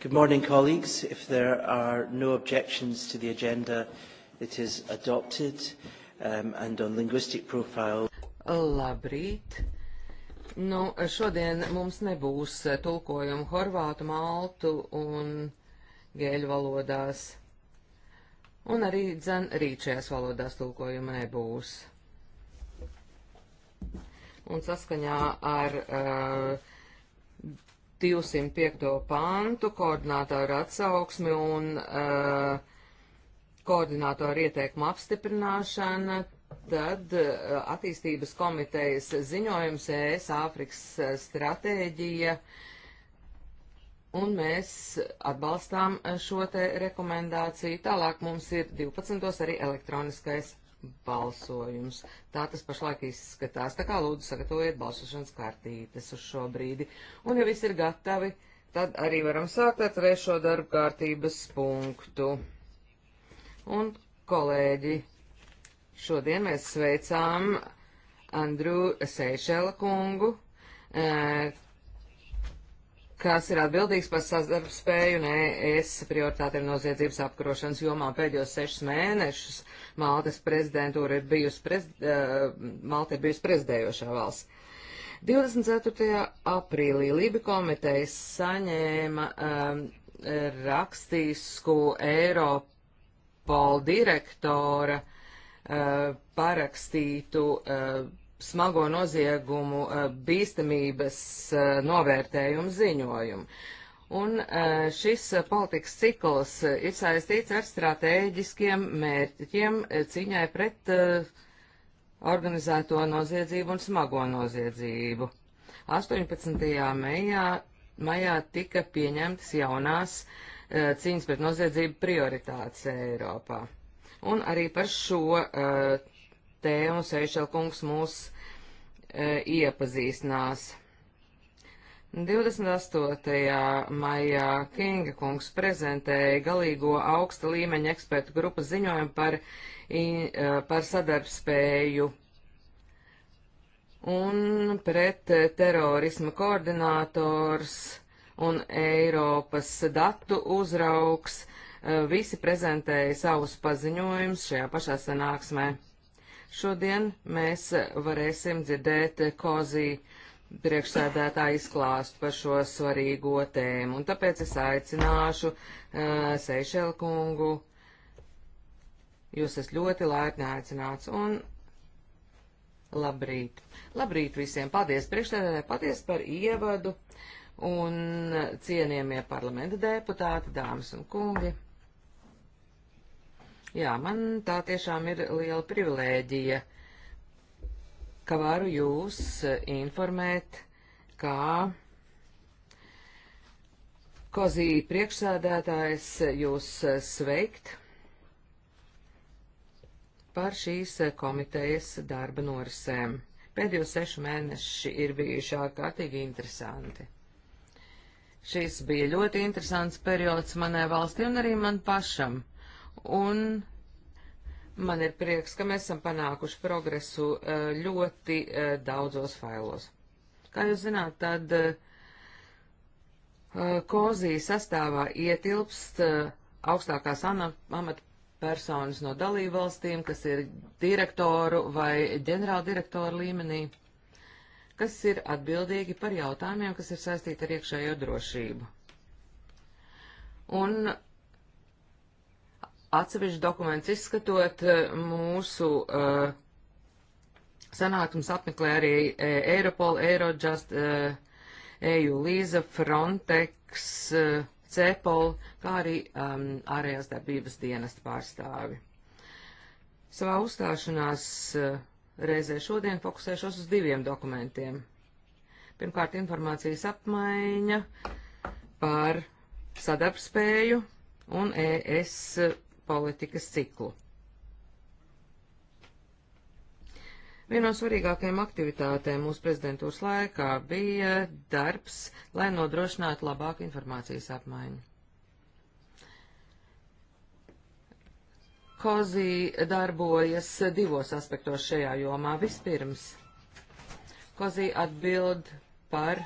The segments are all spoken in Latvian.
Good morning, colleagues. If there are no objections to the agenda, it is adopted. Um, and on linguistic profile... Labrīt. Nu, šodien mums nebūs tulkojumu horvātu, maltu un gēļu valodās. Un arī dzen rīčajās valodās tulkojuma nebūs. Un saskaņā ar uh, 205. pantu, koordinātoru atsauksmi un uh, koordinātoru ieteikumu apstiprināšana, tad uh, attīstības komitejas ziņojums ES Āfrikas eh, stratēģija, un mēs atbalstām šo te rekomendāciju. Tālāk mums ir 12. arī elektroniskais balsojums. Tā tas pašlaik izskatās. Tā kā lūdzu sagatavojiet balsošanas kārtītes uz šo brīdi. Un ja viss ir gatavi, tad arī varam sākt ar trešo darbu kārtības punktu. Un kolēģi, šodien mēs sveicām Andru Seišela kungu, eh, kas ir atbildīgs par sadarbspēju un ES prioritātiem noziedzības apkarošanas jomā pēdējos sešus mēnešus. Maltas prezidentūra ir bijusi, prez, uh, Malta ir bijusi prezidējošā valsts. 24. aprīlī Lībi komiteja saņēma um, eh, rakstīsku Eiropol direktora uh, parakstītu uh, smago noziegumu eh, bīstamības eh, novērtējumu ziņojumu. Un eh, šis politikas cikls ir saistīts ar stratēģiskiem mērķiem ciņai pret organizēto noziedzību un smago noziedzību. 18. maijā, maijā tika pieņemtas jaunās cīņas pret noziedzību prioritātes Eiropā. Un arī par šo uh, tēmu Seišelkungs mūs e, iepazīstinās. 28. maijā Kinga kungs prezentēja galīgo augsta līmeņa ekspertu grupas ziņojumu par, i, e, par sadarbspēju un pret terorisma koordinators un Eiropas datu uzraugs e, visi prezentēja savus paziņojumus šajā pašā sanāksmē. Šodien mēs varēsim dzirdēt kozī priekšsēdētāju izklāstu par šo svarīgo tēmu, un tāpēc es aicināšu uh, eh, Seišelu kungu. Jūs esat ļoti laipni aicināts, un labrīt. Labrīt visiem, paldies priekšsēdētāji, paldies par ievadu, un cienījamie parlamenta deputāti, dāmas un kungi. Jā, man tā tiešām ir liela privilēģija, ka varu jūs eh, informēt, kā Kozī priekšsēdētājs jūs eh, sveikt par šīs eh, komitejas darba norisēm. Pēdējo sešu mēneši ir bijuši ārkārtīgi interesanti. Šis bija ļoti interesants periods manai valstī un arī man pašam Un man ir prieks, ka mēs esam panākuši progresu eh, ļoti eh, daudzos failos. Kā jūs zināt, tad eh, Kozī sastāvā ietilpst augstākās amatpersonas no dalībvalstīm, kas ir direktoru vai ģenerāldirektoru līmenī, kas ir atbildīgi par jautājumiem, kas ir saistīti ar iekšējo drošību. Un atsevišķi dokumentus izskatot, mūsu uh, eh, sanāksmes apmeklē arī eh, Eiropol, Eurojust, uh, eh, EU Līza, Frontex, uh, CEPOL, kā arī um, ārējās darbības dienesta pārstāvi. Savā uzstāšanās uh, reizē šodien fokusēšos uz diviem dokumentiem. Pirmkārt, informācijas apmaiņa par sadarbspēju un ES politikas ciklu. Viena no svarīgākajām aktivitātēm mūsu prezidentūras laikā bija darbs, lai nodrošinātu labāku informācijas apmaiņu. Kozī darbojas divos aspektos šajā jomā. Vispirms, Kozī atbild par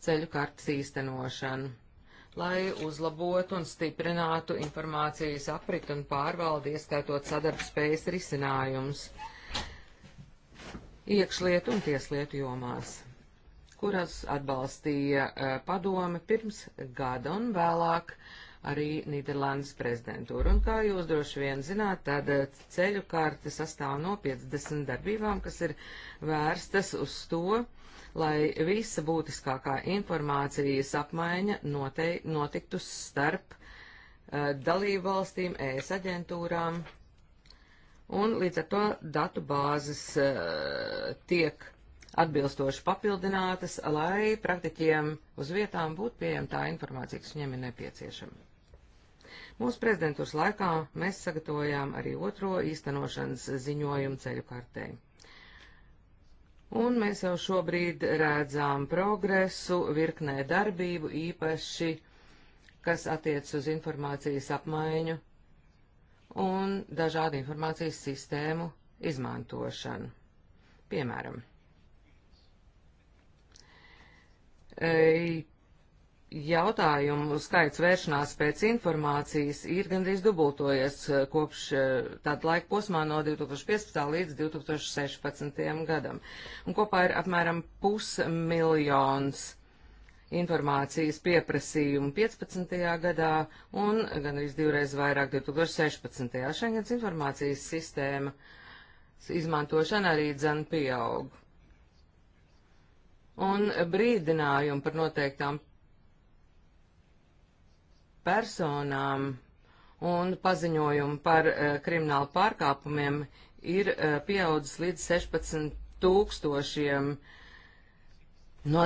ceļu kartas īstenošanu lai uzlabotu un stiprinātu informācijas aprit un pārvaldi, ieskaitot sadarbspējas risinājums iekšlietu un tieslietu jomās, kuras atbalstīja uh, padome pirms gada un vēlāk arī Nīderlandes prezidentūra. Un kā jūs droši vien zināt, tad e, ceļu karte sastāv no 50 darbībām, kas ir vērstas uz to, lai visa būtiskākā informācijas apmaiņa notei, notiktu starp uh, dalību valstīm, ES aģentūrām, un līdz ar to datu bāzes uh, tiek atbilstoši papildinātas, lai praktiķiem uz vietām būtu pieejama tā informācija, kas viņiem ir nepieciešama. Mūsu prezidentūras laikā mēs sagatavojām arī otro īstenošanas ziņojumu ceļu kartei. Un mēs jau šobrīd redzām progresu virknē darbību, īpaši, kas attiec uz informācijas apmaiņu un dažādu informācijas sistēmu izmantošanu. Piemēram, jautājumu skaits vēršanās pēc informācijas ir gandrīz dubultojies eh, kopš eh, tāda laika posmā no 2015. līdz 2016. gadam. Un kopā ir apmēram pusmiljons informācijas pieprasījumu 15. gadā un gandrīz divreiz vairāk 2016. Šengens informācijas sistēma izmantošana arī dzen pieaug. Un brīdinājumu par noteiktām personām un paziņojumu par uh, kriminālu pārkāpumiem ir uh, pieaudzis līdz 16 tūkstošiem no,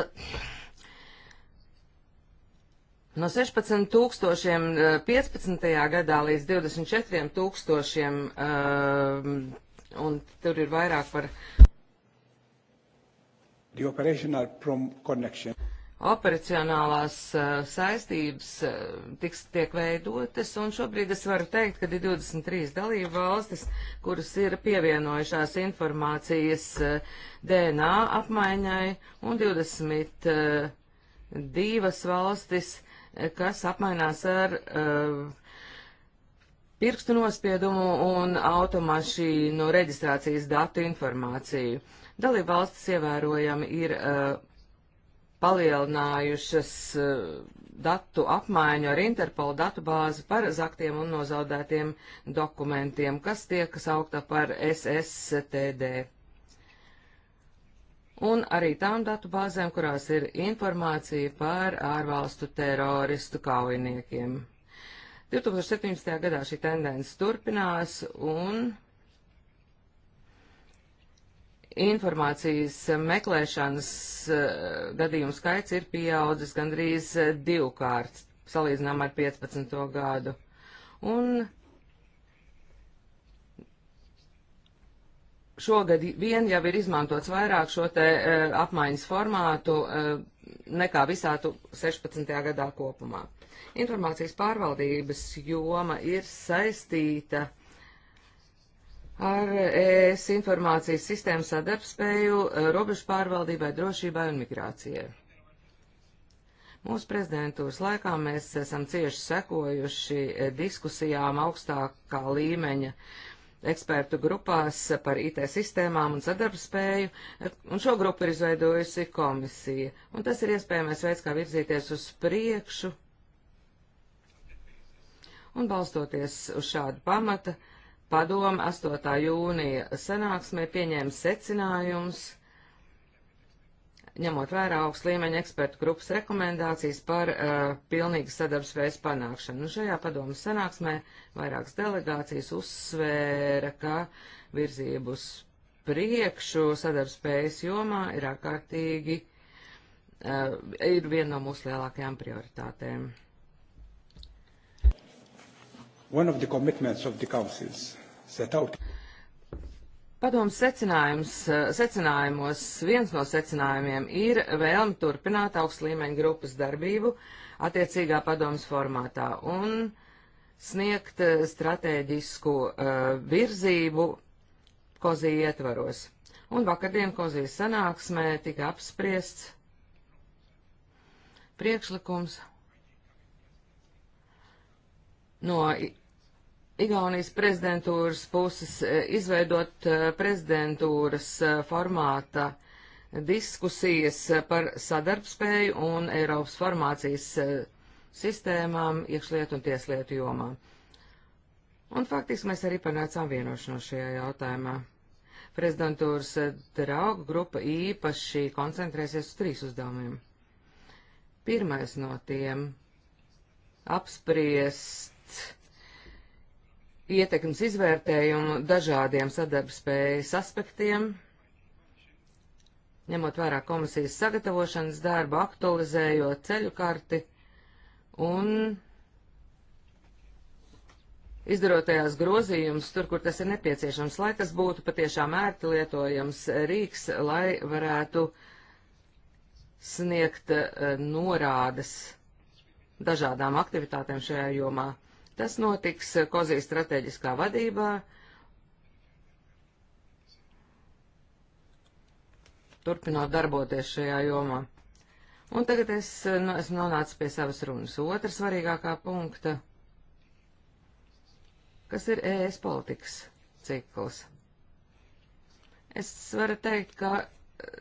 no 16 tūkstošiem 15. E, gadā līdz 24 tūkstošiem, uh, un tur ir vairāk par. The operation are from connection operacionālās uh, saistības uh, tiks, tiek veidotas, un šobrīd es varu teikt, ka ir 23 dalību valstis, kuras ir pievienojušās informācijas uh, eh, DNA apmaiņai, un 22 valstis, kas apmainās ar pirkstu nospiedumu un automašīnu reģistrācijas datu informāciju. Dalību valstis ievērojami ir uh, palielinājušas eh, datu apmaiņu ar Interpolu datubāzi par zaktiem un nozaudētiem dokumentiem, kas tiek saukta par SSTD. Un arī tām datubāzēm, kurās ir informācija par ārvalstu teroristu kaujiniekiem. 2017. gadā šī tendence turpinās un Informācijas meklēšanas eh, gadījumu skaits ir pieaudzis gandrīz eh, divkārt, salīdzinām ar 15. gadu. Un šogad vien jau ir izmantots vairāk šo te uh, apmaiņas formātu uh, nekā visā 16. gadā kopumā. Informācijas pārvaldības joma ir saistīta ar ES informācijas sistēmu sadarbspēju e, robežu pārvaldībai, drošībai un migrācijai. Mūsu prezidentūras laikā mēs esam cieši sekojuši e, diskusijām augstākā līmeņa ekspertu grupās par IT sistēmām un sadarbspēju, e, un šo grupu ir izveidojusi komisija. Un tas ir iespējamais veids, kā virzīties uz priekšu. Un balstoties uz šādu pamata, uh, Padoma 8. jūnija sanāksmē pieņēma secinājums, ņemot vērā augsts līmeņa ekspertu grupas rekomendācijas par uh, pilnīgas sadarbspējas panākšanu. Un nu, šajā padomas sanāksmē vairākas delegācijas uzsvēra, ka virzību uz priekšu sadarbspējas jomā ir ārkārtīgi, uh, ir viena no mūsu lielākajām prioritātēm. One of the commitments of the councils set out. Padoms secinājums, eh, secinājumos viens no secinājumiem ir vēlme turpināt augstlīmeņa grupas darbību attiecīgā padomas formātā un sniegt eh, stratēģisku uh, eh, virzību kozī ietvaros. Un vakardien kozīs sanāksmē tika apspriests priekšlikums no Igaunijas prezidentūras puses e, izveidot e, prezidentūras e, formāta diskusijas par sadarbspēju un Eiropas formācijas sistēmām iekšlietu un tieslietu jomā. Un faktiski mēs arī panācām vienošanos šajā jautājumā. Prezidentūras draugu grupa īpaši koncentrēsies uz trīs uzdevumiem. Pirmais no tiem - apspriest ietekmes izvērtējumu dažādiem sadarbspējas aspektiem, ņemot vērā komisijas sagatavošanas darbu, aktualizējot ceļu karti un izdarotajās grozījumus tur, kur tas ir nepieciešams, lai tas būtu patiešām ērti lietojams rīks, lai varētu sniegt eh, norādes dažādām aktivitātēm šajā jomā. Tas notiks eh, Kozī strateģiskā vadībā. Turpinot darboties šajā jomā. Un tagad es eh, nu, esmu nonācis pie savas runas otra svarīgākā punkta, kas ir ES politikas cikls. Es varu teikt, ka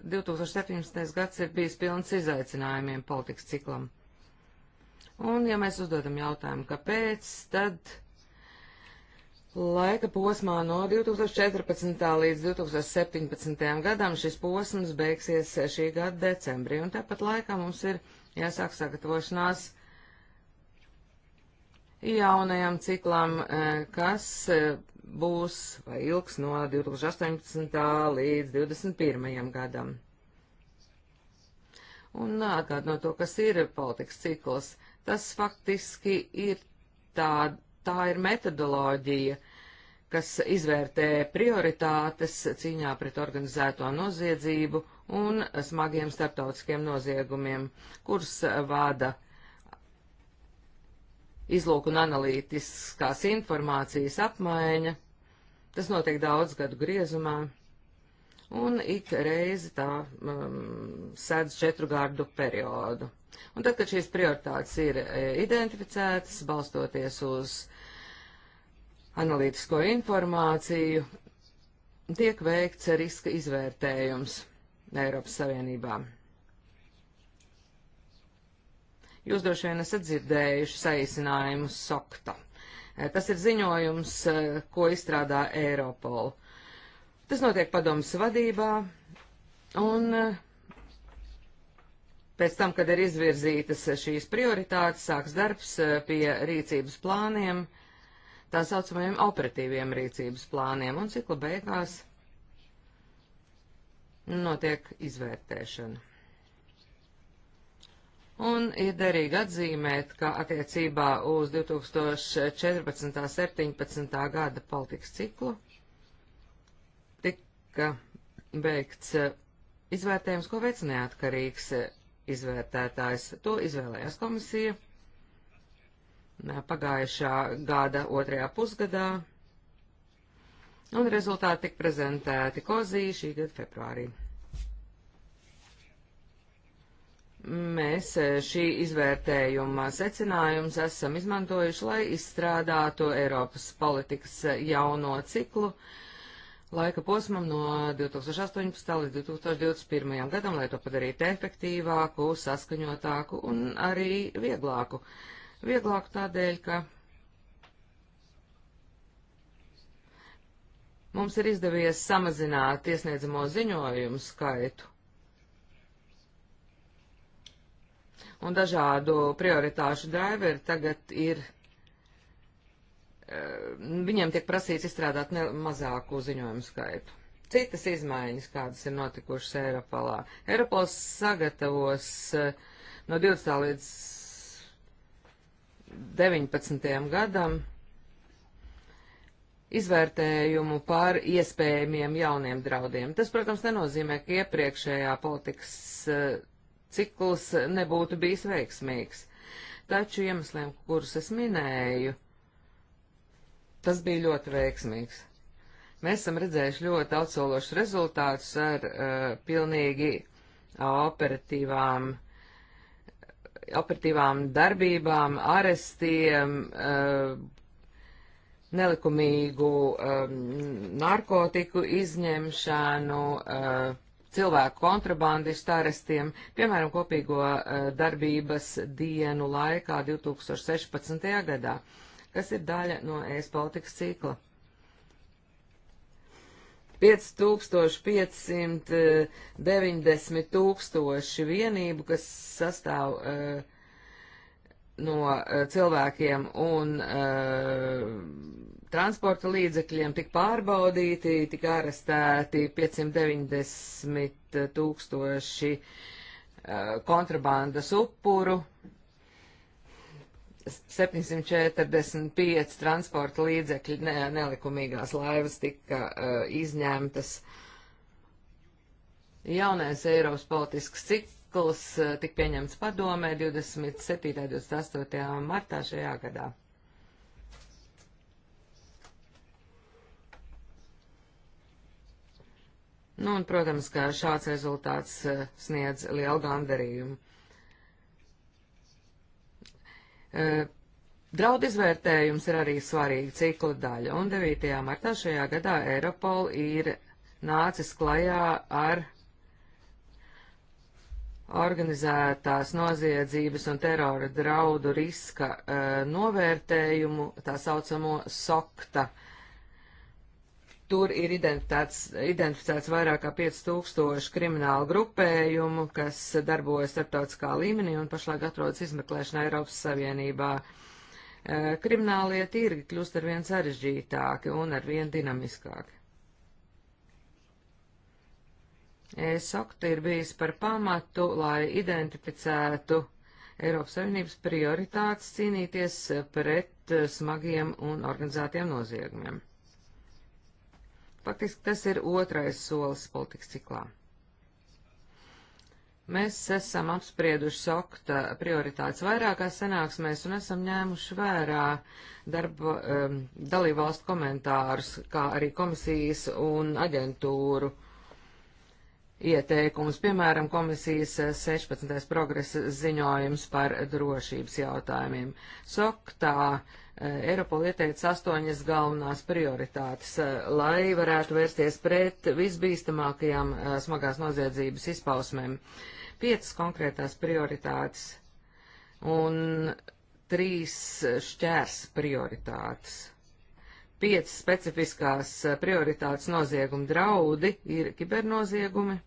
2017. Eh, gads ir bijis pilns izaicinājumiem politikas ciklam. Un, ja mēs uzdodam jautājumu, kāpēc, tad laika posmā no 2014. līdz 2017. gadam šis posms beigsies šī gada decembrī. Un tāpat laikā mums ir jāsāk sagatavošanās jaunajam ciklam, eh, kas eh, būs vai ilgs no 2018. līdz 2021. gadam. Un eh, atgādinot to, kas ir politikas cikls, Tas faktiski ir tā, tā ir metodoloģija, kas izvērtē prioritātes cīņā pret organizēto noziedzību un smagiem starptautiskiem noziegumiem, kurus vada izlūku un analītiskās informācijas apmaiņa. Tas notiek daudz gadu griezumā, un ik reizi tā um, sēdz četru gadu periodu. Un tad, kad šīs prioritātes ir e, identificētas, balstoties uz analītisko informāciju, tiek veikts riska izvērtējums Eiropas Savienībā. Jūs droši vien esat dzirdējuši saīsinājumu SOKTA. E, tas ir ziņojums, e, ko izstrādā Eiropola. Tas notiek padomas vadībā, un Pēc tam, kad ir izvirzītas šīs prioritātes, sāks darbs eh, pie rīcības plāniem, tā saucamajiem operatīviem rīcības plāniem, un cikla beigās notiek izvērtēšana. Un ir derīgi atzīmēt, ka attiecībā uz 2014.-17. gada politikas ciklu tika veikts eh, izvērtējums, ko veic neatkarīgs eh, izvērtētājs. To izvēlējās komisija pagājušā gada otrajā pusgadā, un rezultāti tika prezentēti Kozī šī gada februārī. Mēs e, šī izvērtējuma secinājums esam izmantojuši, lai izstrādātu Eiropas politikas e, jauno ciklu, uh, laika posmam no 2018. līdz 2021. gadam, lai to padarītu efektīvāku, saskaņotāku un arī vieglāku. Vieglāku tādēļ, ka mums ir izdevies samazināt iesniedzamo ziņojumu skaitu un dažādu prioritāšu driveri tagad ir Eh, viņiem tiek prasīts izstrādāt ne, mazāku ziņojumu skaitu. Citas izmaiņas, kādas ir notikušas Eiropolā. Eiropols sagatavos eh, no 20. līdz 19. gadam izvērtējumu par iespējamiem jauniem draudiem. Tas, protams, nenozīmē, ka iepriekšējā politikas eh, cikls nebūtu bijis veiksmīgs. Taču iemesliem, kurus es minēju, Tas bija ļoti veiksmīgs. Mēs esam redzējuši ļoti atsološus rezultātus ar uh, pilnīgi operatīvām, eh, operatīvām darbībām, arestiem, uh, nelikumīgu um, narkotiku izņemšanu, uh, cilvēku kontrabandistu arestiem, piemēram, kopīgo uh, darbības dienu laikā 2016. gadā kas ir daļa no ēst politikas cikla. 5590 tūkstoši vienību, kas sastāv uh, no uh, cilvēkiem un uh, transporta līdzekļiem, tik pārbaudīti, tik arestēti 590 tūkstoši kontrabandas upuru, 745 transporta līdzekļi ne, nelikumīgās laivas tika uh, izņemtas. Jaunais Eiropas politisks cikls uh, tika pieņemts padomē 27. un 28. martā šajā gadā. Nu, un, protams, ka šāds rezultāts uh, sniedz lielu gandarījumu. E, draudu izvērtējums ir arī svarīga cikla daļa, un 9. martā šajā gadā Eiropol ir nācis klajā ar organizētās noziedzības un terora draudu riska uh, novērtējumu, tā saucamo SOKTA uh, Tur ir identificēts vairāk kā 5000 kriminālu grupējumu, kas darbojas starptautiskā līmenī un pašlaik atrodas izmeklēšanā Eiropas Savienībā. Eh, kriminālie tirgi kļūst arvien sarežģītāki un arvien dinamiskāki. ESOKT ir bijis par pamatu, lai identificētu Eiropas Savienības prioritātes cīnīties pret smagiem un organizētiem noziegumiem. Faktiski tas ir otrais solis politikas ciklā. Mēs esam apsprieduši sokta prioritātes vairākās sanāksmēs un esam ņēmuši vērā darba, um, dalībvalstu komentārus, kā arī komisijas un aģentūru ieteikumus, piemēram, komisijas 16. progresa ziņojums par drošības jautājumiem. Soktā uh, Eh, Eiropola ieteica astoņas galvenās prioritātes, eh, lai varētu vērsties pret visbīstamākajām eh, smagās noziedzības izpausmēm. Piecas konkrētās prioritātes un trīs šķērs prioritātes. Piecas specifiskās prioritātes nozieguma draudi ir kibernoziegumi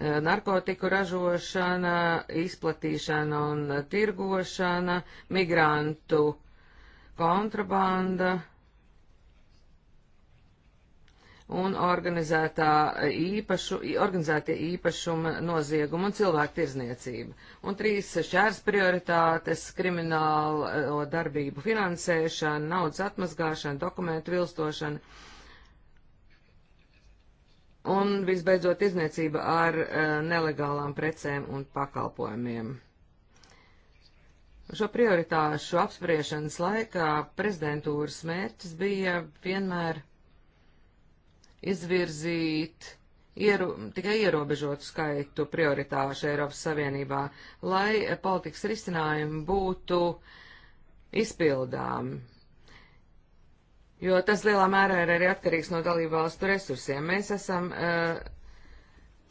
Eh, narkotiku ražošana, izplatīšana un tirgošana, migrantu kontrabanda un organizētā īpašu, organizētie īpašuma nozieguma un cilvēku tirzniecība. Un trīs šķērs prioritātes - kriminālo darbību finansēšana, naudas atmazgāšana, dokumentu vilstošana Un visbeidzot izniecība ar uh, nelegālām precēm un pakalpojumiem. Šo prioritāšu apspriešanas laikā prezidentūras mērķis bija vienmēr izvirzīt ieru, tikai ierobežotu skaitu prioritāšu Eiropas Savienībā, lai eh, politikas risinājumi būtu izpildāmi jo tas lielā mērā ir arī atkarīgs no dalībvalstu resursiem. Mēs esam uh,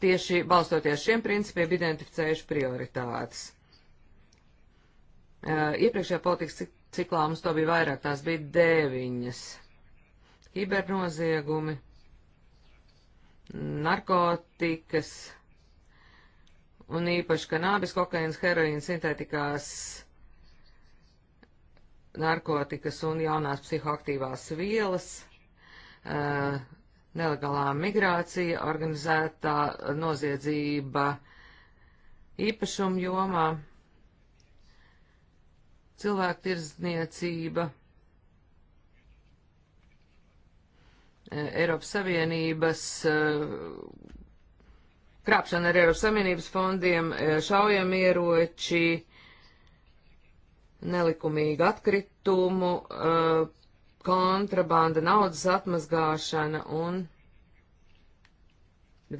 tieši balstoties šiem principiem identificējuši prioritātes. Uh, Iepriekšējā politikas ciklā mums to bija vairāk, tās bija dēviņas. Kibernoziegumi, narkotikas un īpaši kanābis, kokaīns, heroīns, sintetikās narkotikas un jaunās psihoaktīvās vielas, uh, nelegālā migrācija, organizētā noziedzība īpašumu jomā, cilvēktirzniecība, Eiropas Savienības, krāpšana ar Eiropas Savienības fondiem, šaujamieroči, nelikumīgu atkritumu, uh, kontrabanda, naudas atmazgāšana un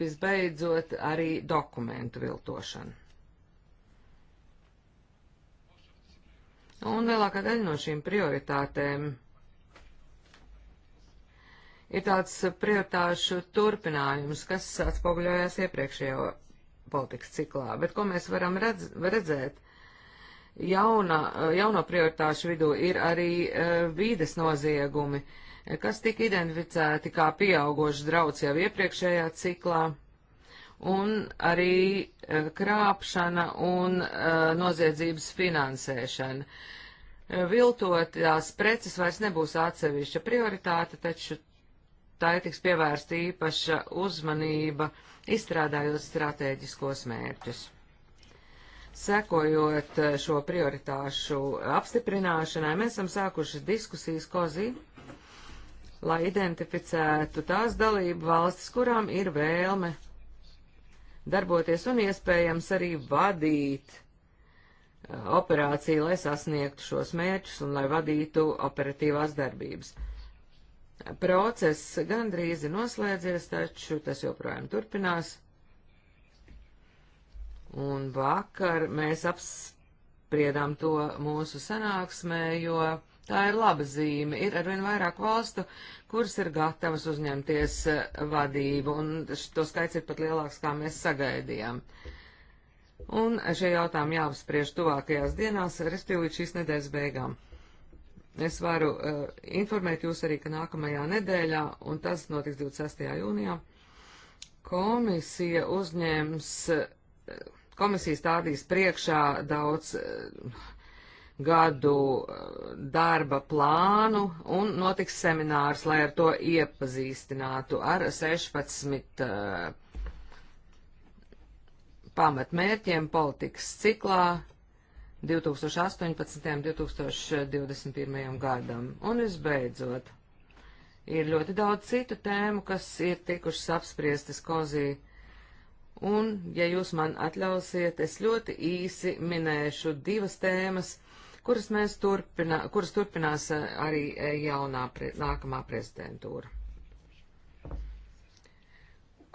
visbeidzot arī dokumentu viltošana. Un lielākā daļa no šīm prioritātēm ir tāds prioritāšu turpinājums, kas atspoguļojās iepriekšējo politikas ciklā, bet ko mēs varam redz, redzēt? Jauna, jauno prioritāšu vidū ir arī e, vīdes noziegumi, kas tika identificēti kā pieaugošs drauds jau iepriekšējā ciklā, un arī e, krāpšana un e, noziedzības finansēšana. Viltotās preces vairs nebūs atsevišķa prioritāte, taču tā ir tiks pievērsta īpaša uzmanība, izstrādājot strateģiskos mērķus. Sekojot eh, šo prioritāšu apstiprināšanai, mēs esam sākuši diskusijas kozī, lai identificētu tās dalību valstis, kurām ir vēlme darboties un iespējams arī vadīt eh, operāciju, lai sasniegtu šos mērķus un lai vadītu operatīvās darbības. Process gandrīz ir noslēdzies, taču tas joprojām turpinās. Un vakar mēs apspriedām to mūsu sanāksmē, jo tā ir laba zīme. Ir arvien vairāk valstu, kuras ir gatavas uzņemties eh, vadību, un to skaits ir pat lielāks, kā mēs sagaidījām. Un šie jautājumi jāapspriež tuvākajās dienās, respektīvi līdz šīs nedēļas beigām. Es varu uh, informēt jūs arī, ka nākamajā nedēļā, un tas notiks 26. jūnijā, komisija uzņems uh, komisija stādīs priekšā daudz eh, gadu eh, darba plānu un notiks seminārs, lai ar to iepazīstinātu ar 16 eh, pamatmērķiem politikas ciklā 2018. 2021. gadam. Un visbeidzot, ir ļoti daudz citu tēmu, kas ir tikušas apspriestas kozī Un, ja jūs man atļausiet, es ļoti īsi minēšu divas tēmas, kuras mēs turpinā, kuras turpinās eh, arī eh, jaunā pre, nākamā prezidentūra.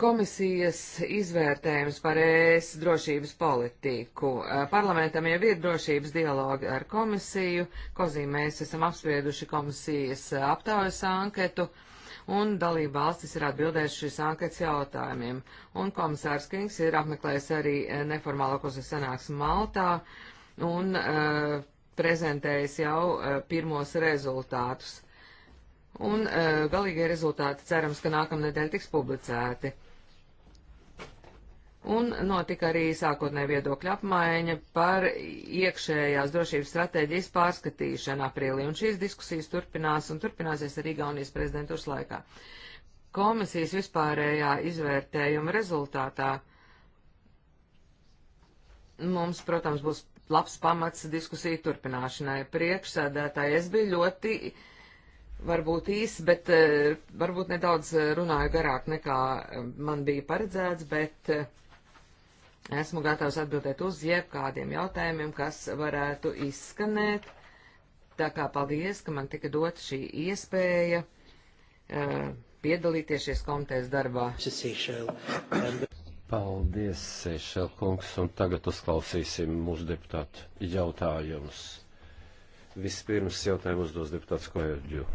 Komisijas izvērtējums par ēs drošības politiku. Eh, parlamentam jau ir drošības dialogi ar komisiju. Kozīm mēs esam apsvieduši komisijas aptaujas anketu. Uh, un dalība valstis ir atbildējuši šīs anketas jautājumiem. Un komisārs Kings ir apmeklējis arī eh, neformālo kosmosa sanāksmu Maltā un uh, prezentējis jau uh, pirmos rezultātus. Un uh, galīgie rezultāti cerams, ka nākamnedēļ tiks publicēti un notika arī sākotnēja viedokļa apmaiņa par iekšējās drošības stratēģijas pārskatīšanu aprīlī, un šīs diskusijas turpinās un turpināsies arī Gaunijas prezidentūras laikā. Komisijas vispārējā izvērtējuma rezultātā mums, protams, būs labs pamats diskusiju turpināšanai. Priekšsēdētāji, es biju ļoti varbūt īsi, bet eh, varbūt nedaudz eh, runāju garāk nekā eh, man bija paredzēts, bet Esmu gatavs atbildēt uz jebkādiem jautājumiem, kas varētu izskanēt. Tā kā paldies, ka man tika dot šī iespēja uh, piedalīties šies komitejas darbā. Paldies, Seišel kungs, un tagad uzklausīsim mūsu deputātu jautājumus. Vispirms jautājumu uzdos deputāts Kojoģu.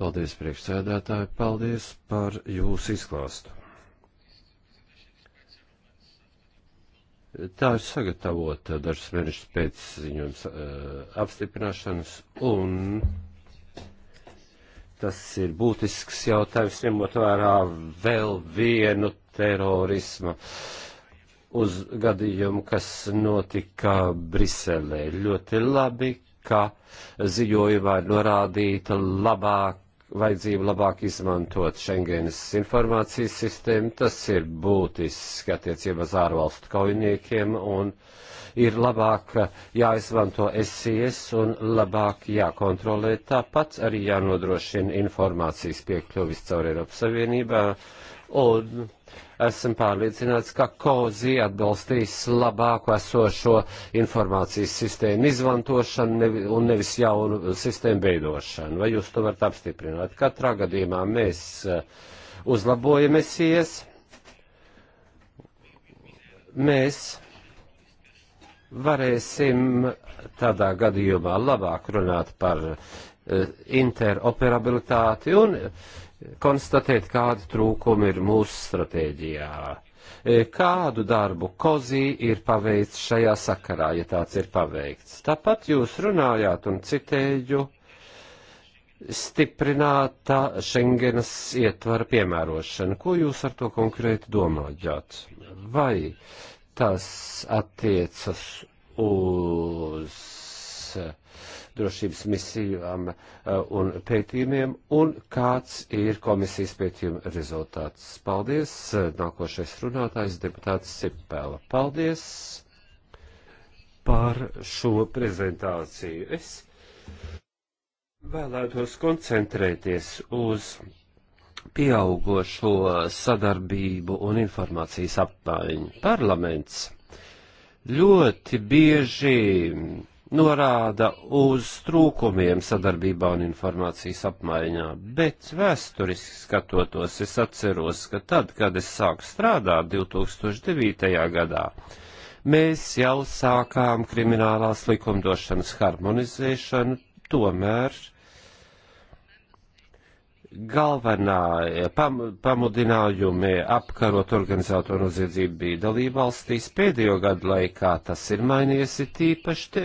Paldies, priekšsēdētāji, paldies par jūsu izklāstu. Tā ir sagatavota dažus mēnešus pēc ziņojums eh, apstiprināšanas, un tas ir būtisks jautājums, ņemot vērā vēl vienu terorisma uz gadījumu, kas notika Briselē. Ļoti labi, ka ziņojumā ir norādīta labāk vajadzību labāk izmantot Schengenes informācijas sistēmu. Tas ir būtiski attiecībā uz ārvalstu kaujiniekiem un ir labāk jāizmanto SIS un labāk jākontrolē. Tāpat arī jānodrošina informācijas piekļuvis caur Eiropas Savienībā un Esam pārliecināts, ka Kozi atbalstīs labāku esošo informācijas sistēmu izmantošanu nevi, un nevis jaunu sistēmu veidošanu. Vai jūs to varat apstiprināt? Katrā gadījumā mēs eh, uzlabojamies, mēs varēsim tādā gadījumā labāk runāt par eh, interoperabilitāti un konstatēt, kādi trūkumi ir mūsu stratēģijā. E, kādu darbu Kozī ir paveicis šajā sakarā, ja tāds ir paveikts? Tāpat jūs runājāt un citēju stiprināta Schengenas ietvara piemērošana. Ko jūs ar to konkrēti domājat? Vai tas attiecas uz uh, drošības misijām eh, un pētījumiem, un kāds ir komisijas pētījuma rezultāts. Paldies! Nākošais runātājs deputāts Sipēla. Paldies par šo prezentāciju. Es vēlētos koncentrēties uz pieaugošo sadarbību un informācijas apmaiņu. Parlaments ļoti bieži norāda uz trūkumiem sadarbībā un informācijas apmaiņā, bet vēsturiski skatotos, es atceros, ka tad, kad es sāku strādāt 2009. gadā, mēs jau sākām kriminālās likumdošanas harmonizēšanu, tomēr galvenā eh, pam, pamudinājumi apkarot organizēto noziedzību bija dalībvalstīs. Pēdējo gadu laikā tas ir mainījies it īpaši te,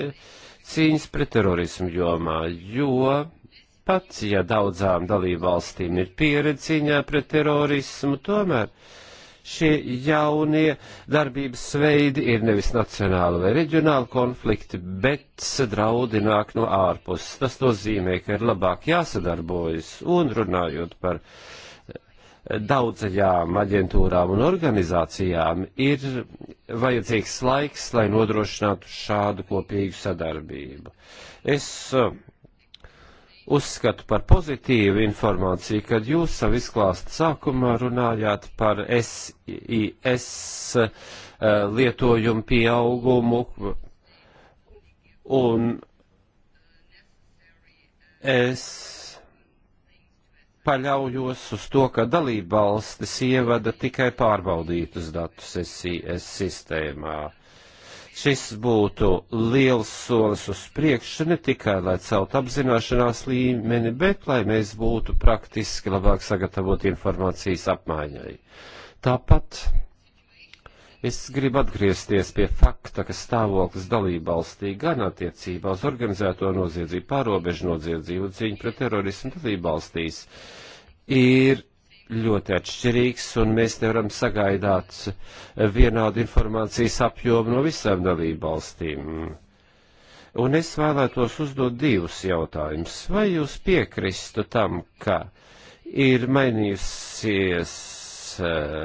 cīņas pret terorismu jomā, jo pat, ja daudzām dalībvalstīm ir pieredze cīņā pret terorismu, tomēr šie jaunie darbības veidi ir nevis nacionāli vai reģionāli konflikti, bet draudi nāk no ārpuses. Tas nozīmē, ka ir labāk jāsadarbojas un runājot par eh, daudzajām aģentūrām un organizācijām ir vajadzīgs laiks, lai nodrošinātu šādu kopīgu sadarbību. Es uh, uzskatu par pozitīvu informāciju, kad jūs savu izklāstu sākumā runājāt par SIS eh, lietojumu pieaugumu un es paļaujos uz to, ka dalībvalstis ievada tikai pārbaudītus datus SIS sistēmā. Šis būtu liels solis uz priekšu ne tikai, lai celt apzināšanās līmeni, bet lai mēs būtu praktiski labāk sagatavot informācijas apmaiņai. Tāpat Es gribu atgriezties pie fakta, ka stāvoklis dalībvalstī gan attiecībā uz organizēto noziedzību, pārobežu noziedzību un cīņu pret terorismu dalībvalstīs ir ļoti atšķirīgs, un mēs nevaram sagaidāt vienādu informācijas apjomu no visām dalību valstīm. Un es vēlētos uzdot divus jautājumus. Vai jūs piekristu tam, ka ir mainījusies eh,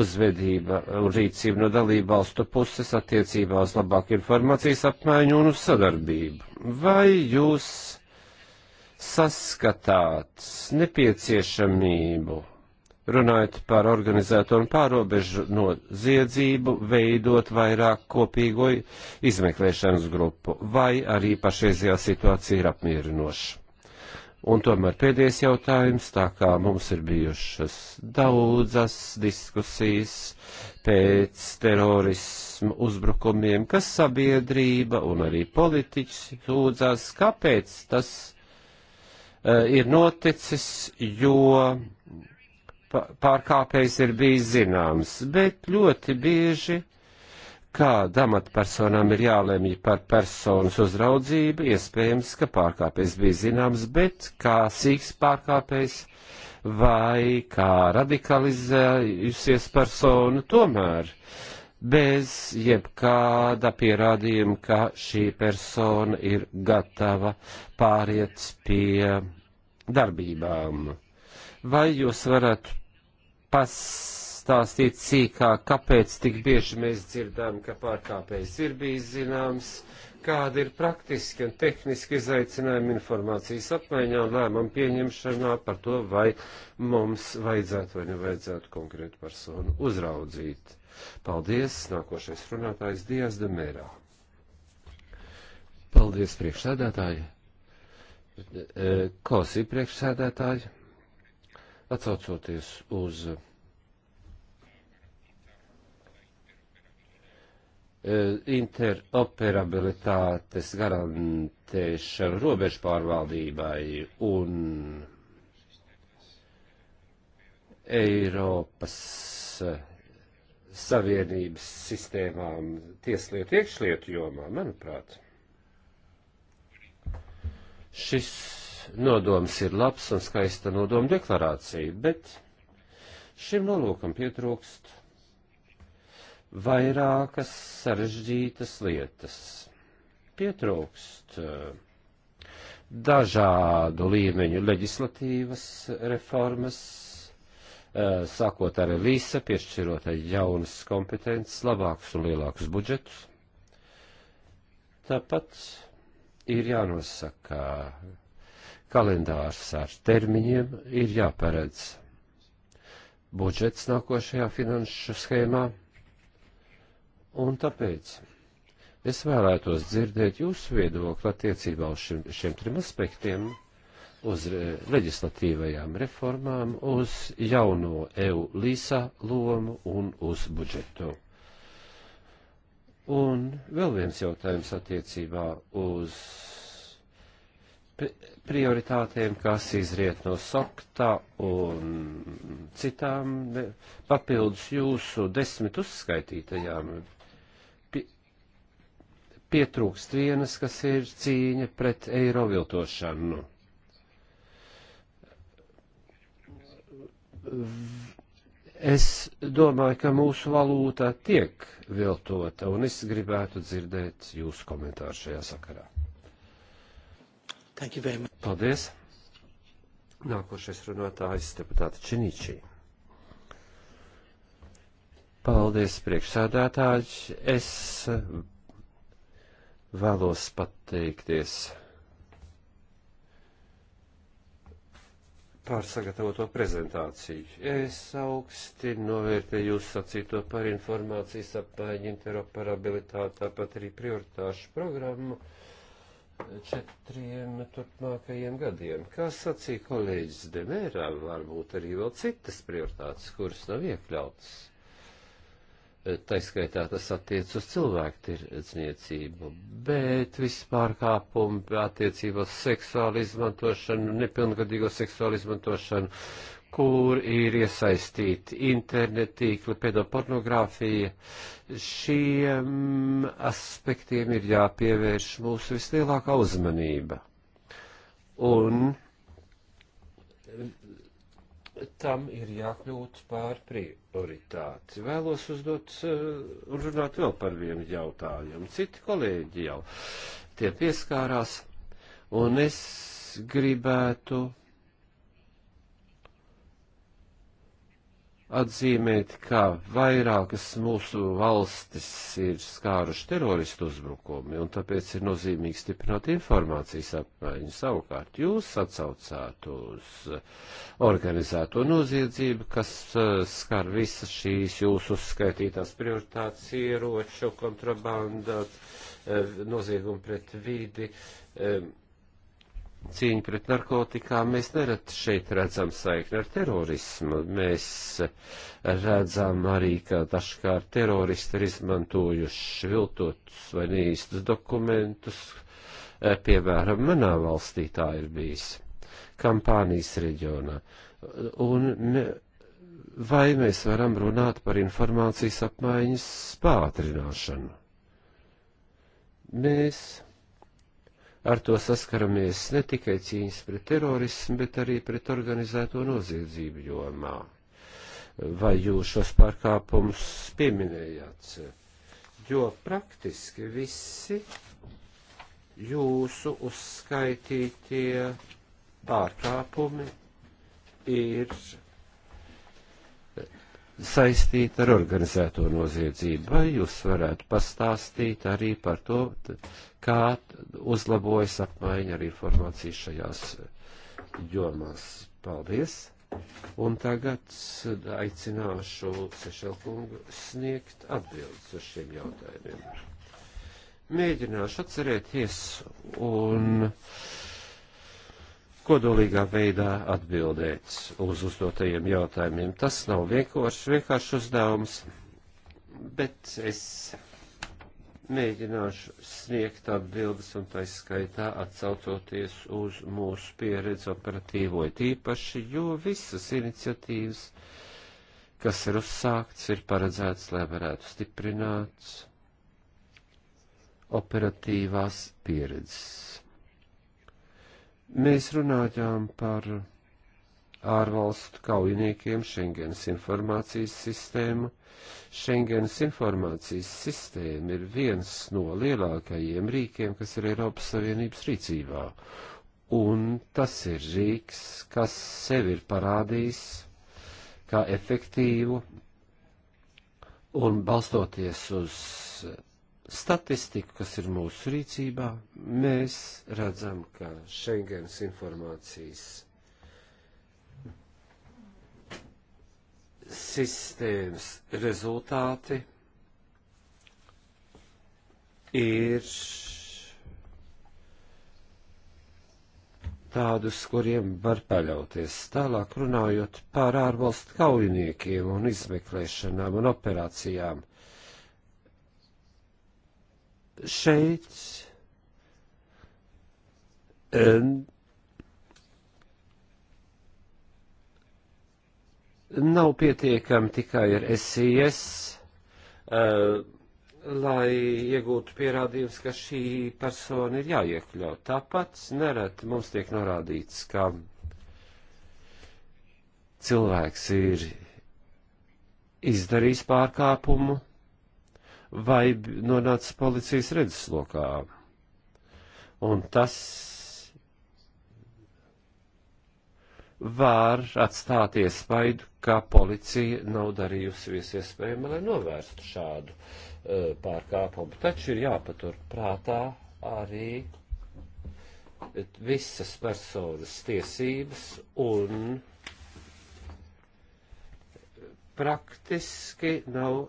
uzvedība un rīcība no dalību valstu puses attiecībā uz labāku informācijas apmaiņu un uz sadarbību? Vai jūs saskatāt nepieciešamību, runājot par organizēto un pārobežu noziedzību, veidot vairāk kopīgo izmeklēšanas grupu, vai arī pašreizajā situācija ir apmierinoša. Un tomēr pēdējais jautājums, tā kā mums ir bijušas daudzas diskusijas pēc terorismu uzbrukumiem, kas sabiedrība un arī politiķis lūdzās, kāpēc tas Eh, ir noticis, jo pārkāpējs ir bijis zināms, bet ļoti bieži, kad amatpersonām ir jālemj par personas uzraudzību, iespējams, ka pārkāpējs bija zināms, bet kā sīks pārkāpējs vai kā radikalizējusies persona tomēr. Uh, bez jebkāda pierādījuma, ka šī persona ir gatava pāriet pie darbībām. Vai jūs varat pastāstīt sīkāk, kāpēc tik bieži mēs dzirdām, ka pārkāpējs ir bijis zināms, kādi ir praktiski un tehniski izaicinājumi informācijas apmaiņā un lēmumu pieņemšanā par to, vai mums vajadzētu vai nevajadzētu konkrētu personu uzraudzīt. Paldies, nākošais runātājs Dijas Demērā. Paldies, priekšsēdētāji. E, Kosī priekšsēdētāji, atsaucoties uz e, interoperabilitātes garantēšanu robežu pārvaldībai un Eiropas Savienības sistēmām tieslietu iekšlietu jomā, manuprāt. Šis nodoms ir labs un skaista nodoma deklarācija, bet šim nolūkam pietrūkst vairākas sarežģītas lietas. Pietrūkst eh, dažādu līmeņu leģislatīvas reformas, Eh, sākot ar Elīsa, piešķirot jaunas kompetences, labākus un lielākus budžetus. Tāpat ir jānosaka kalendārs ar termiņiem, ir jāparedz budžets nākošajā finanšu schēmā, un tāpēc es vēlētos dzirdēt jūsu viedokli attiecībā uz šim, šiem trim aspektiem uz leģislatīvajām reformām, uz jauno EU līsā lomu un uz budžetu. Un vēl viens jautājums attiecībā uz prioritātēm, kas izriet no soktā un citām papildus jūsu desmit uzskaitītajām. Pietrūkst vienas, kas ir cīņa pret eiro viltošanu Es domāju, ka mūsu valūtā tiek viltota, un es gribētu dzirdēt jūsu komentāru šajā sakarā. Paldies! Nākošais runātājs deputāta Činīčī. Paldies, priekšsādātāji! Es vēlos pateikties par sagatavoto prezentāciju. Es augsti novērtēju jūs sacīto par informācijas apmaiņu, interoperabilitāti, tāpat arī prioritāšu programmu četriem turpmākajiem gadiem. Kā sacīja kolēģis Demērā, varbūt arī vēl citas prioritātes, kuras nav iekļautas taiskaitā tas attiec uz cilvēku tirdzniecību, bet vispārkāpumi attiecībā uz seksuālu izmantošanu, nepilngadīgo seksuālu izmantošanu, kur ir iesaistīti internetīkli, pedopornogrāfija. Šiem aspektiem ir jāpievērš mūsu vislielākā uzmanība. Un tam ir jākļūt par prioritāti. Vēlos uzdot un eh, runāt vēl par vienu jautājumu. Citi kolēģi jau tie pieskārās, un es gribētu atzīmēt, ka vairākas mūsu valstis ir skāruši teroristu uzbrukumi, un tāpēc ir nozīmīgi stiprināt informācijas apmaiņu. Savukārt jūs atsaucāt uz organizēto noziedzību, kas eh, skar visas šīs jūsu uzskaitītās prioritātes ieroču, kontrabanda, eh, noziegumu pret vidi. Um, cīņu pret narkotikām, mēs nerad šeit redzam saikni ar terorismu. Mēs redzam arī, ka dažkārt teroristi ir izmantojuši viltotus vai neīstus dokumentus. E, piemēram, manā valstī tā ir bijis, kampānijas reģionā. Un ne, vai mēs varam runāt par informācijas apmaiņas pātrināšanu? Mēs ar to saskaramies ne tikai cīņas pret terorismu, bet arī pret organizēto noziedzību jomā. Vai jūs šos pārkāpumus pieminējāt? Jo praktiski visi jūsu uzskaitītie pārkāpumi ir saistīta ar organizēto noziedzību. Vai jūs varētu pastāstīt arī par to, kā uzlabojas apmaiņa ar informāciju šajās jomās. Paldies! Un tagad aicināšu Sešelkungu sniegt atbildes uz šiem jautājumiem. Mēģināšu atcerēties un kodolīgā veidā atbildēt uz uzdotajiem jautājumiem. Tas nav vienkārši, vienkārši uzdevums, bet es mēģināšu sniegt atbildes un tā izskaitā atsaucoties uz mūsu pieredzi operatīvo tīpaši, jo visas iniciatīvas, kas ir uzsākts, ir paredzētas, lai varētu stiprināt operatīvās pieredzes. Mēs runājām par ārvalstu kaujiniekiem Schengens informācijas sistēmu. Schengens informācijas sistēma ir viens no lielākajiem rīkiem, kas ir Eiropas Savienības rīcībā. Un tas ir rīks, kas sev ir parādījis kā efektīvu un balstoties uz statistiku, kas ir mūsu rīcībā, mēs redzam, ka Schengens informācijas sistēmas rezultāti ir tādus, kuriem var paļauties. Tālāk runājot par ārvalstu kaujiniekiem un izmeklēšanām un operācijām. Šeit eh, nav pietiekami tikai ar SIS, uh, eh, lai iegūtu pierādījums, ka šī persona ir jāiekļaut. Tāpat nereti mums tiek norādīts, ka cilvēks ir izdarījis pārkāpumu vai nonācis policijas redzeslokā. Un tas var atstāt iespaidu, ka policija nav darījusi visu iespējamo, lai novērstu šādu uh, pārkāpumu. Taču ir jāpatur prātā arī visas personas tiesības un praktiski nav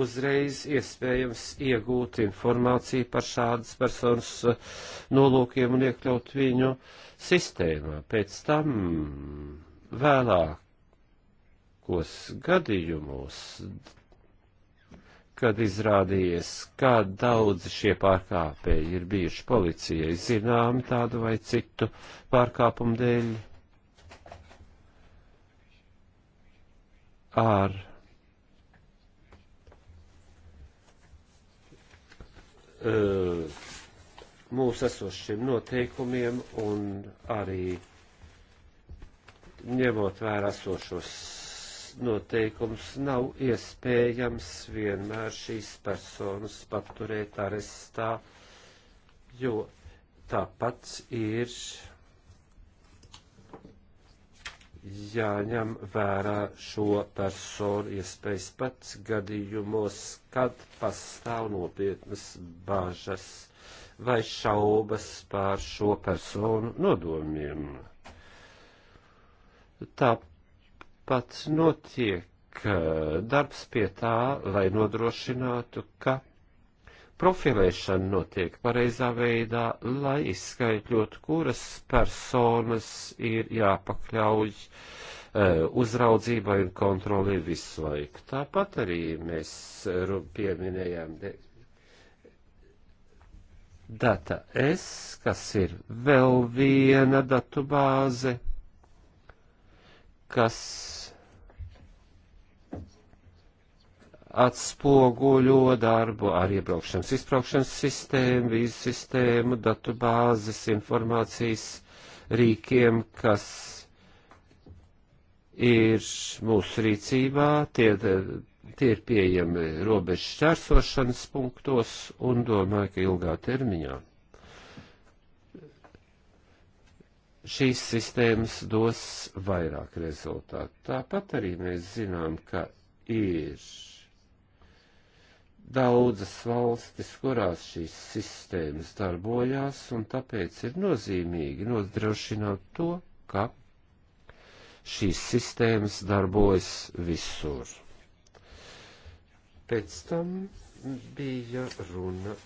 uzreiz iespējams iegūt informāciju par šādas personas e, nolūkiem un iekļaut viņu sistēmā. Pēc tam Vēlākos gadījumos, kad izrādījies, kā daudzi šie pārkāpēji ir bijuši policijai zināmi tādu vai citu pārkāpumu dēļ, ar uh, mūsu esošiem noteikumiem un arī ņemot vērā sošos noteikums, nav iespējams vienmēr šīs personas paturēt arestā, jo tāpat ir jāņem vērā šo personu iespējas pat gadījumos, kad pastāv nopietnas bāžas vai šaubas pār šo personu nodomiem. Tāpat notiek darbs pie tā, lai nodrošinātu, ka profilēšana notiek pareizā veidā, lai izskaidrotu, kuras personas ir jāpakļauj uzraudzībai un kontrolē visu laiku. Tāpat arī mēs pieminējām data S, kas ir vēl viena datu bāze kas atspoguļo darbu ar iebraukšanas izbraukšanas sistēmu, vīzu sistēmu, datu bāzes, informācijas rīkiem, kas ir mūsu rīcībā, tie, tie ir pieejami robežu šķērsošanas punktos un domāju, ka ilgā termiņā šīs sistēmas dos vairāk rezultātu. Tāpat arī mēs zinām, ka ir daudzas valstis, kurās šīs sistēmas darbojās, un tāpēc ir nozīmīgi nodrošināt to, ka šīs sistēmas darbojas visur. Pēc tam bija runa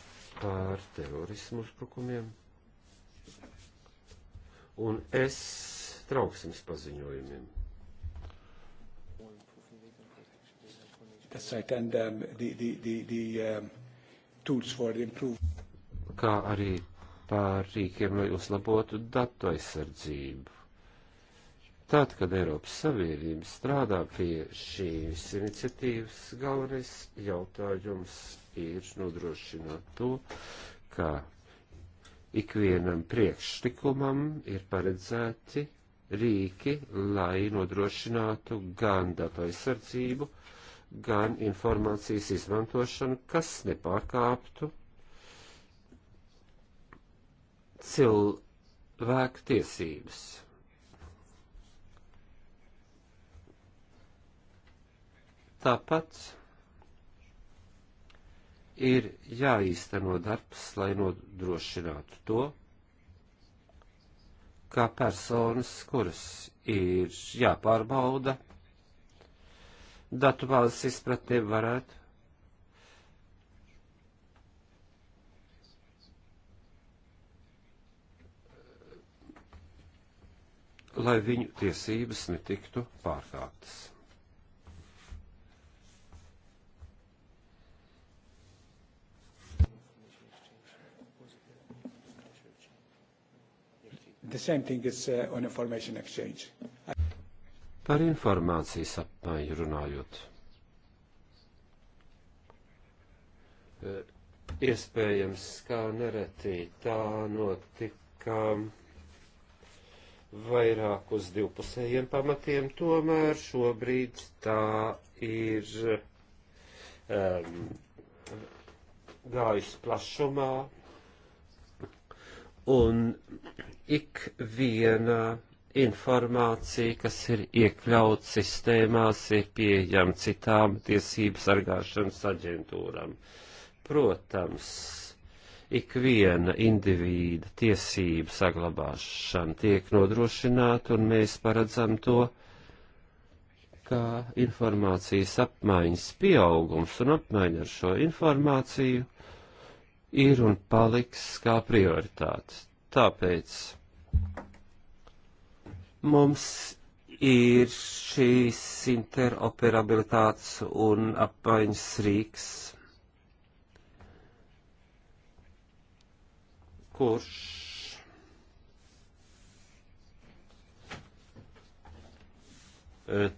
par terorismu uzbrukumiem un es trauksmes paziņojumiem. Right, and, um, the, the, the, the, um, tools for improvement. Kā arī pār rīkiem, lai uzlabotu datu aizsardzību. Tad, kad Eiropas Savienība strādā pie šīs iniciatīvas, galvenais jautājums ir nodrošināt to, ka Ikvienam priekšlikumam ir paredzēti rīki, lai nodrošinātu gan datu aizsardzību, gan informācijas izmantošanu, kas nepārkāptu cilvēku tiesības. Tāpat ir jāīsteno darbs, lai nodrošinātu to, kā personas, kuras ir jāpārbauda, datu bāzes izpratnē varētu lai viņu tiesības netiktu pārkāptas. The same thing is uh, on information exchange. Par informācijas apmaiņu runājot. Uh, iespējams, kā nereti tā notika vairāk uz divpusējiem pamatiem, tomēr šobrīd tā ir um, gājusi plašumā, un ik viena informācija, kas ir iekļauts sistēmās, ir pieejama citām tiesības sargāšanas aģentūram. Protams, ikviena indivīda tiesība saglabāšana tiek nodrošināta, un mēs paredzam to, kā informācijas apmaiņas pieaugums un apmaiņa ar šo informāciju ir un paliks kā prioritāte. Tāpēc mums ir šīs interoperabilitātes un apmaiņas rīks, kurš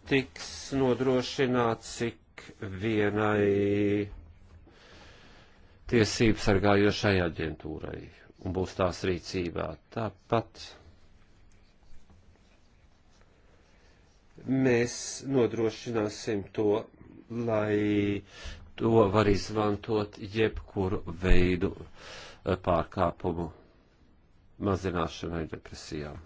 tiks nodrošināts ik vienai tiesību sargājošai aģentūrai un būs tās rīcībā. Tāpat mēs nodrošināsim to, lai to var izmantot jebkuru veidu eh, pārkāpumu mazināšanai depresijām.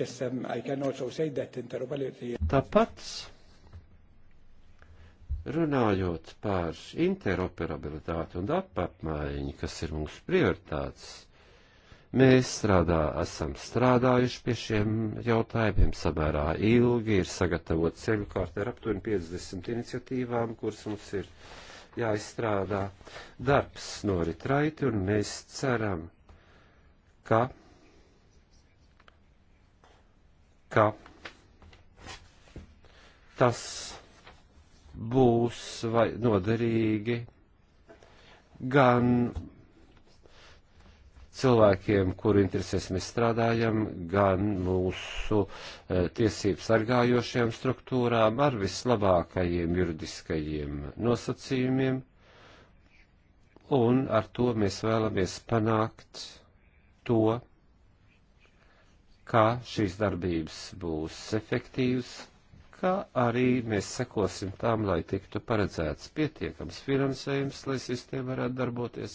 Yes, um, I can also say that interoperability. Tāpat runājot par interoperabilitāti un datu apmaiņu, kas ir mūsu prioritātes, mēs strādā, esam strādājuši pie šiem jautājumiem samērā ilgi, ir sagatavot ceļu kārtu ar aptuveni 50 iniciatīvām, kuras mums ir jāizstrādā. Darbs norit raiti un mēs ceram, ka ka tas būs vai noderīgi gan cilvēkiem, kuru interesēs mēs strādājam, gan mūsu e, tiesību sargājošajām struktūrām ar vislabākajiem juridiskajiem nosacījumiem, un ar to mēs vēlamies panākt to, ka šīs darbības būs efektīvas, ka arī mēs sekosim tām, lai tiktu paredzēts pietiekams finansējums, lai sistēma varētu darboties,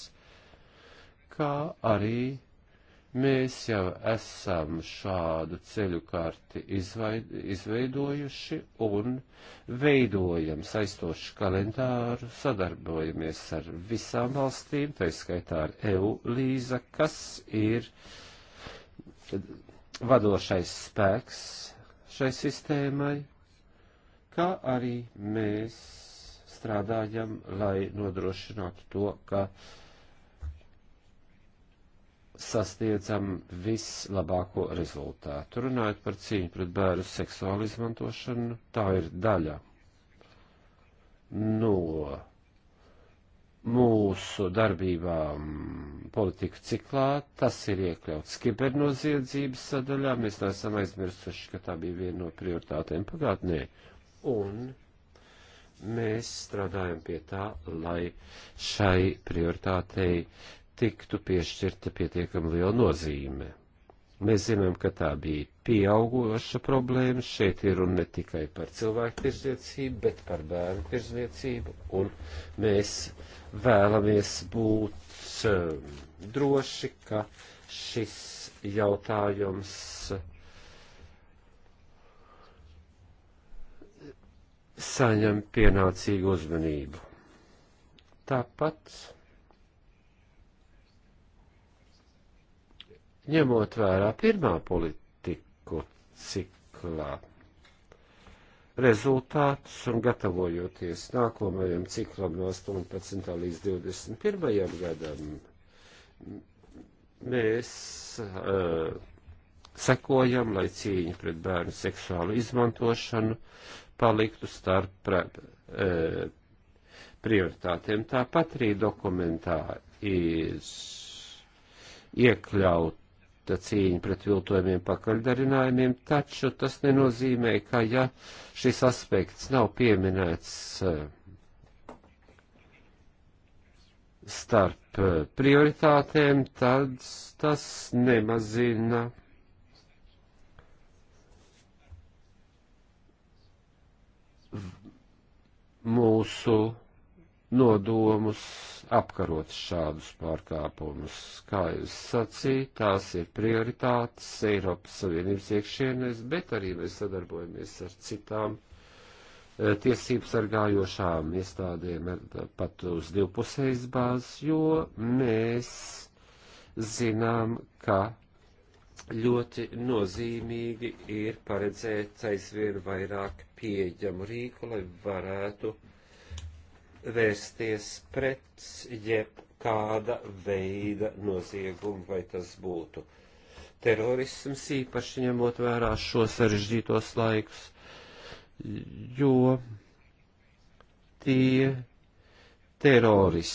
kā arī mēs jau esam šādu ceļu karti izveidojuši un veidojam saistošu kalendāru, sadarbojamies ar visām valstīm, tā skaitā ar EU līza, kas ir vadošais spēks šai sistēmai, kā arī mēs strādājam, lai nodrošinātu to, ka sasniedzam vislabāko rezultātu. Runājot par cīņu pret bērnu seksuālu izmantošanu, tā ir daļa no mūsu darbībām politiku ciklā, tas ir iekļauts kibernoziedzības sadaļā, mēs neesam aizmirsuši, ka tā bija viena no prioritātēm pagātnē. Un mēs strādājam pie tā, lai šai prioritātei tiktu piešķirta pietiekami liela nozīme. Mēs zinām, ka tā bija pieauguša problēma. Šeit ir runa ne tikai par cilvēku tirzniecību, bet par bērnu tirzniecību. Un mēs vēlamies būt um, droši, ka šis jautājums saņem pienācīgu uzmanību. Tāpat ņemot vērā pirmā politi ciklā. Rezultātus un gatavojoties nākamajam ciklam no 18. līdz 21. gadam, mēs uh, sekojam, lai cīņa pret bērnu seksuālu izmantošanu paliktu starp uh, prioritātiem. Tāpat arī dokumentā ir iekļaut cīņa pret viltojumiem pakaļdarinājumiem, taču tas nenozīmē, ka ja šis aspekts nav pieminēts eh, starp eh, prioritātēm, tad tas nemazina mūsu nodomus apkarot šādus pārkāpumus. Kā jūs sacījāt, tās ir prioritātes Eiropas Savienības iekšienēs, bet arī mēs sadarbojamies ar citām eh, tiesību sargājošām iestādēm eh, pat uz divpusējas bāzes, jo mēs zinām, ka ļoti nozīmīgi ir paredzēt aizvien vairāk pieejamu rīku, lai varētu uh, vērsties pret jebkāda veida noziegumu, vai tas būtu terorisms, īpaši ņemot vērā šo sarežģītos laikus, jo tie terorismā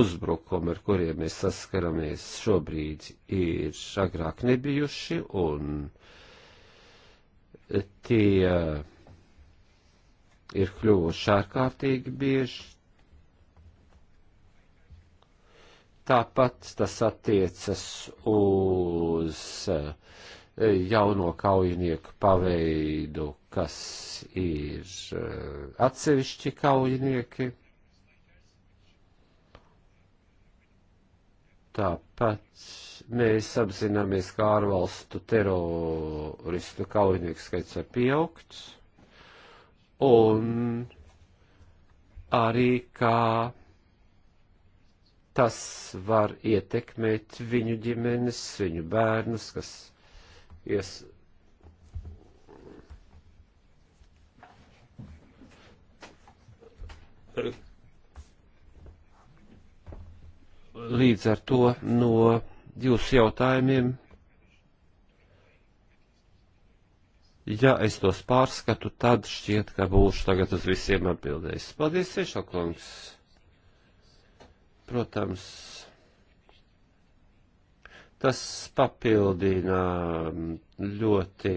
uzbrukumi, ar kuriem mēs saskaramies šobrīd, ir agrāk nebijuši, un tie ir kļuvuši ārkārtīgi bieži. Tāpat tas attiecas uz eh, jauno kaujinieku paveidu, kas ir eh, atsevišķi kaujinieki. Tāpat mēs apzināmies, ka ārvalstu teroristu kaujinieku skaits var pieaugt un arī kā tas var ietekmēt viņu ģimenes, viņu bērnus, kas ies. Līdz ar to no jūsu jautājumiem ja es tos pārskatu, tad šķiet, ka būšu tagad uz visiem atbildējis. Paldies, Sešakungs! Protams, tas papildina mm, ļoti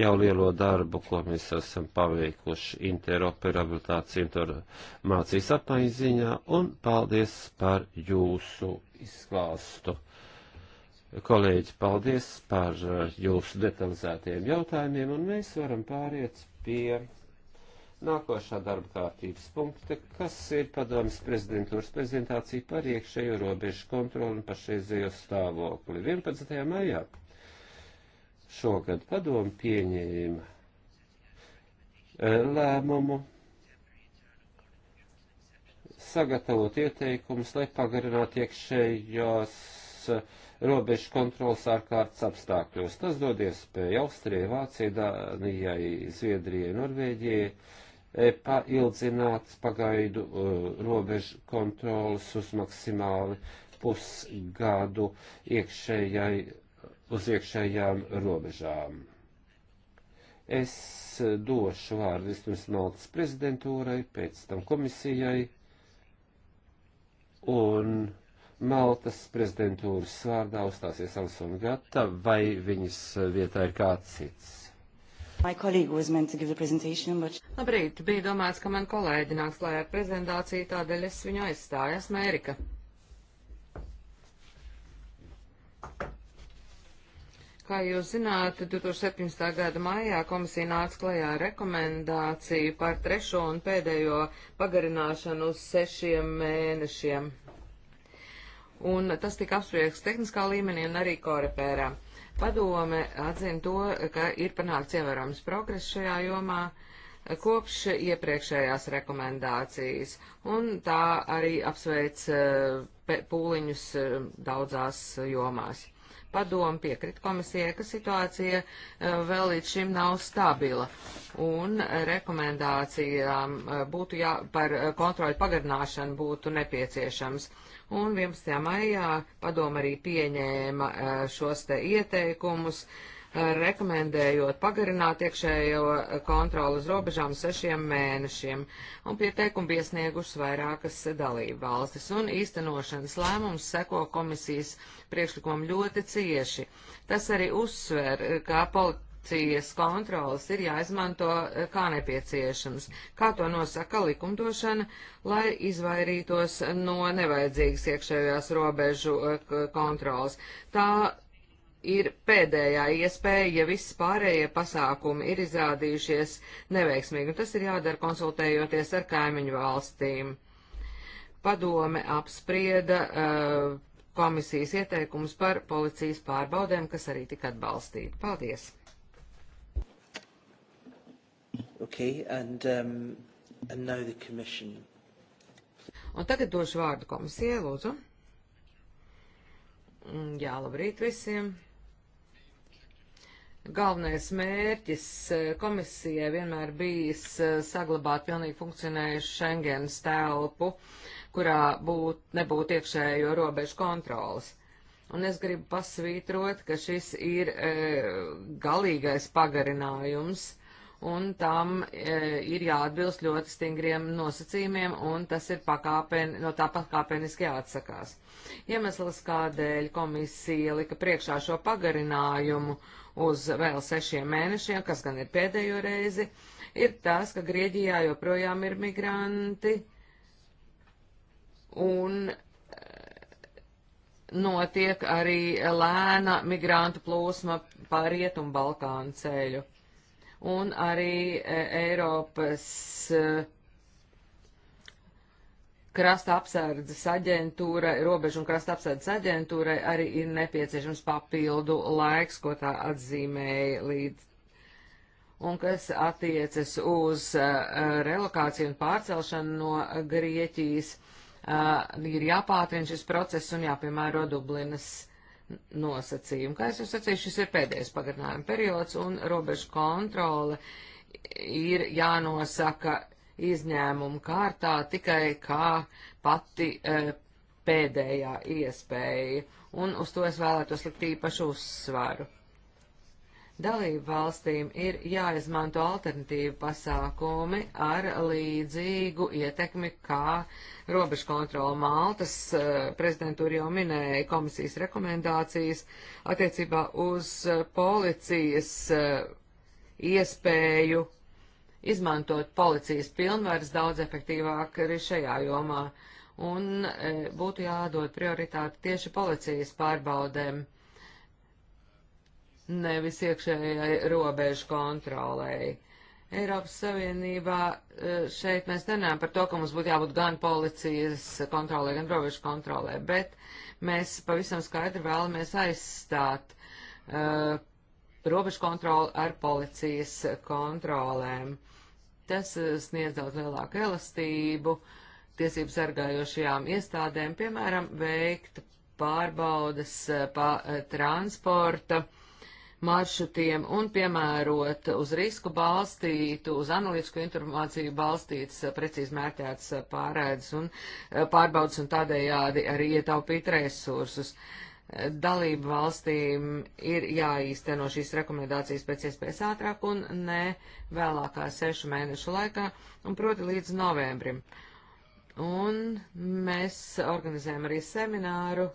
jau lielo darbu, ko mēs esam paveikuši interoperabilitātes informācijas apmaiņā, un paldies par jūsu izklāstu. Kolēģi, paldies par eh, jūsu detalizētajiem jautājumiem, un mēs varam pāriet pie nākošā darba kārtības punkta, kas ir padomjas prezidentūras prezentācija par iekšējo robežu kontroli un pašreizējo stāvokli. 11. maijā šogad padomu pieņēma eh, lēmumu sagatavot ieteikumus, lai pagarinātu iekšējos uh, robežu kontrolas ārkārtas apstākļos. Tas dod iespēju Austrijai, Vācijai, Dānijai, Zviedrijai, Norvēģijai paildzināt pagaidu uh, robežu kontrolas uz maksimāli pusgadu iekšējai, uz iekšējām robežām. Es uh, došu vārdu vispirms Maltas prezidentūrai, pēc tam komisijai un Maltas prezidentūras vārdā uzstāsies Ansona Gata, vai viņas vietā ir kāds cits? But... Labrīt, bija domāts, ka man kolēģi nāks klājā ar prezentāciju, tādēļ es viņu aizstāju, esmu Erika. Kā jūs zināt, 2017. gada maijā komisija nāca klajā rekomendāciju par trešo un pēdējo pagarināšanu uz sešiem mēnešiem un tas tika apspriests tehniskā līmenī un arī korepērā. Padome atzina to, ka ir panākts ievērojams progress šajā jomā kopš iepriekšējās rekomendācijas, un tā arī apsveic eh, pūliņus eh, daudzās jomās. Padomu piekrit komisijai, ka situācija eh, vēl līdz šim nav stabila, un rekomendācijām būtu jā, par kontroli pagarināšanu būtu nepieciešams un 11. maijā padoma arī pieņēma e, šos te ieteikumus, e, rekomendējot pagarināt iekšējo kontroli uz robežām sešiem mēnešiem, un pieteikumu bija sniegušas vairākas dalību valstis, un īstenošanas lēmums seko komisijas priekšlikumu ļoti cieši. Tas arī uzsver, kā politika korupcijas kontrolas ir jāizmanto eh, kā nepieciešams, kā to nosaka likumdošana, lai izvairītos no nevajadzīgas iekšējās robežu eh, kontrolas. Tā ir pēdējā iespēja, ja viss pārējie pasākumi ir izrādījušies neveiksmīgi, un tas ir jādara konsultējoties ar kaimiņu valstīm. Padome apsprieda uh, komisijas ieteikumus par policijas pārbaudēm, kas arī tika atbalstīti. Paldies! Okay, and, um, and now the commission. Un tagad došu vārdu komisijai, lūdzu. Jā, labrīt visiem. Galvenais mērķis eh, komisijai vienmēr bijis eh, saglabāt pilnīgi funkcionējušu Schengens telpu, kurā būt, nebūtu iekšējo robežu kontrolas. Un es gribu pasvītrot, ka šis ir e, galīgais pagarinājums un tam e, ir jāatbilst ļoti stingriem nosacījumiem, un tas ir pakāpen, no tā pakāpeniski jāatsakās. Iemesls, kādēļ komisija lika priekšā šo pagarinājumu uz vēl sešiem mēnešiem, kas gan ir pēdējo reizi, ir tas, ka Grieģijā joprojām ir migranti, un e, notiek arī lēna migrantu plūsma pār Rietumu Balkānu ceļu un arī e, Eiropas e, krasta apsardzes aģentūrai, robežu un krasta apsardzes aģentūrai arī ir nepieciešams papildu laiks, ko tā atzīmēja līdz. Un kas attiecas uz uh, relokāciju un pārcelšanu no Grieķijas, uh, ir jāpātrina šis process un jāpiemēro Dublinas nosacījumi. Kā es jau sacīju, šis ir pēdējais pagarinājuma periods, un robežu kontrole ir jānosaka izņēmumu kārtā tikai kā pati e, pēdējā iespēja, un uz to es vēlētos likt īpašu uzsvaru. Dalību valstīm ir jāizmanto alternatīvi pasākumi ar līdzīgu ietekmi, kā robežu kontrola Maltas eh, prezidentūra jau minēja komisijas rekomendācijas attiecībā uz eh, policijas eh, iespēju izmantot policijas pilnvaras daudz efektīvāk arī šajā jomā, un e, būtu jādod prioritāti tieši policijas pārbaudēm nevis iekšējai robežu kontrolēji. Eiropas Savienībā e, šeit mēs nenām par to, ka mums būtu jābūt gan policijas kontrolē, gan robežu kontrolē, bet mēs pavisam skaidri vēlamies aizstāt uh, robežu kontroli ar policijas kontrolēm. Tas e, sniedz daudz lielāku elastību tiesību sargājošajām iestādēm, piemēram, veikt pārbaudas pa transporta uh, maršrutiem un piemērot uz risku balstītu, uz analītisku informāciju balstītas, eh, precīzi mērķētas eh, pārēdes un eh, pārbaudas un tādējādi arī ietaupīt resursus. Dalību valstīm ir jāīsteno šīs rekomendācijas pēc iespējas ātrāk un ne vēlākā sešu mēnešu laikā, un proti līdz novembrim. Un mēs organizējam arī semināru uh,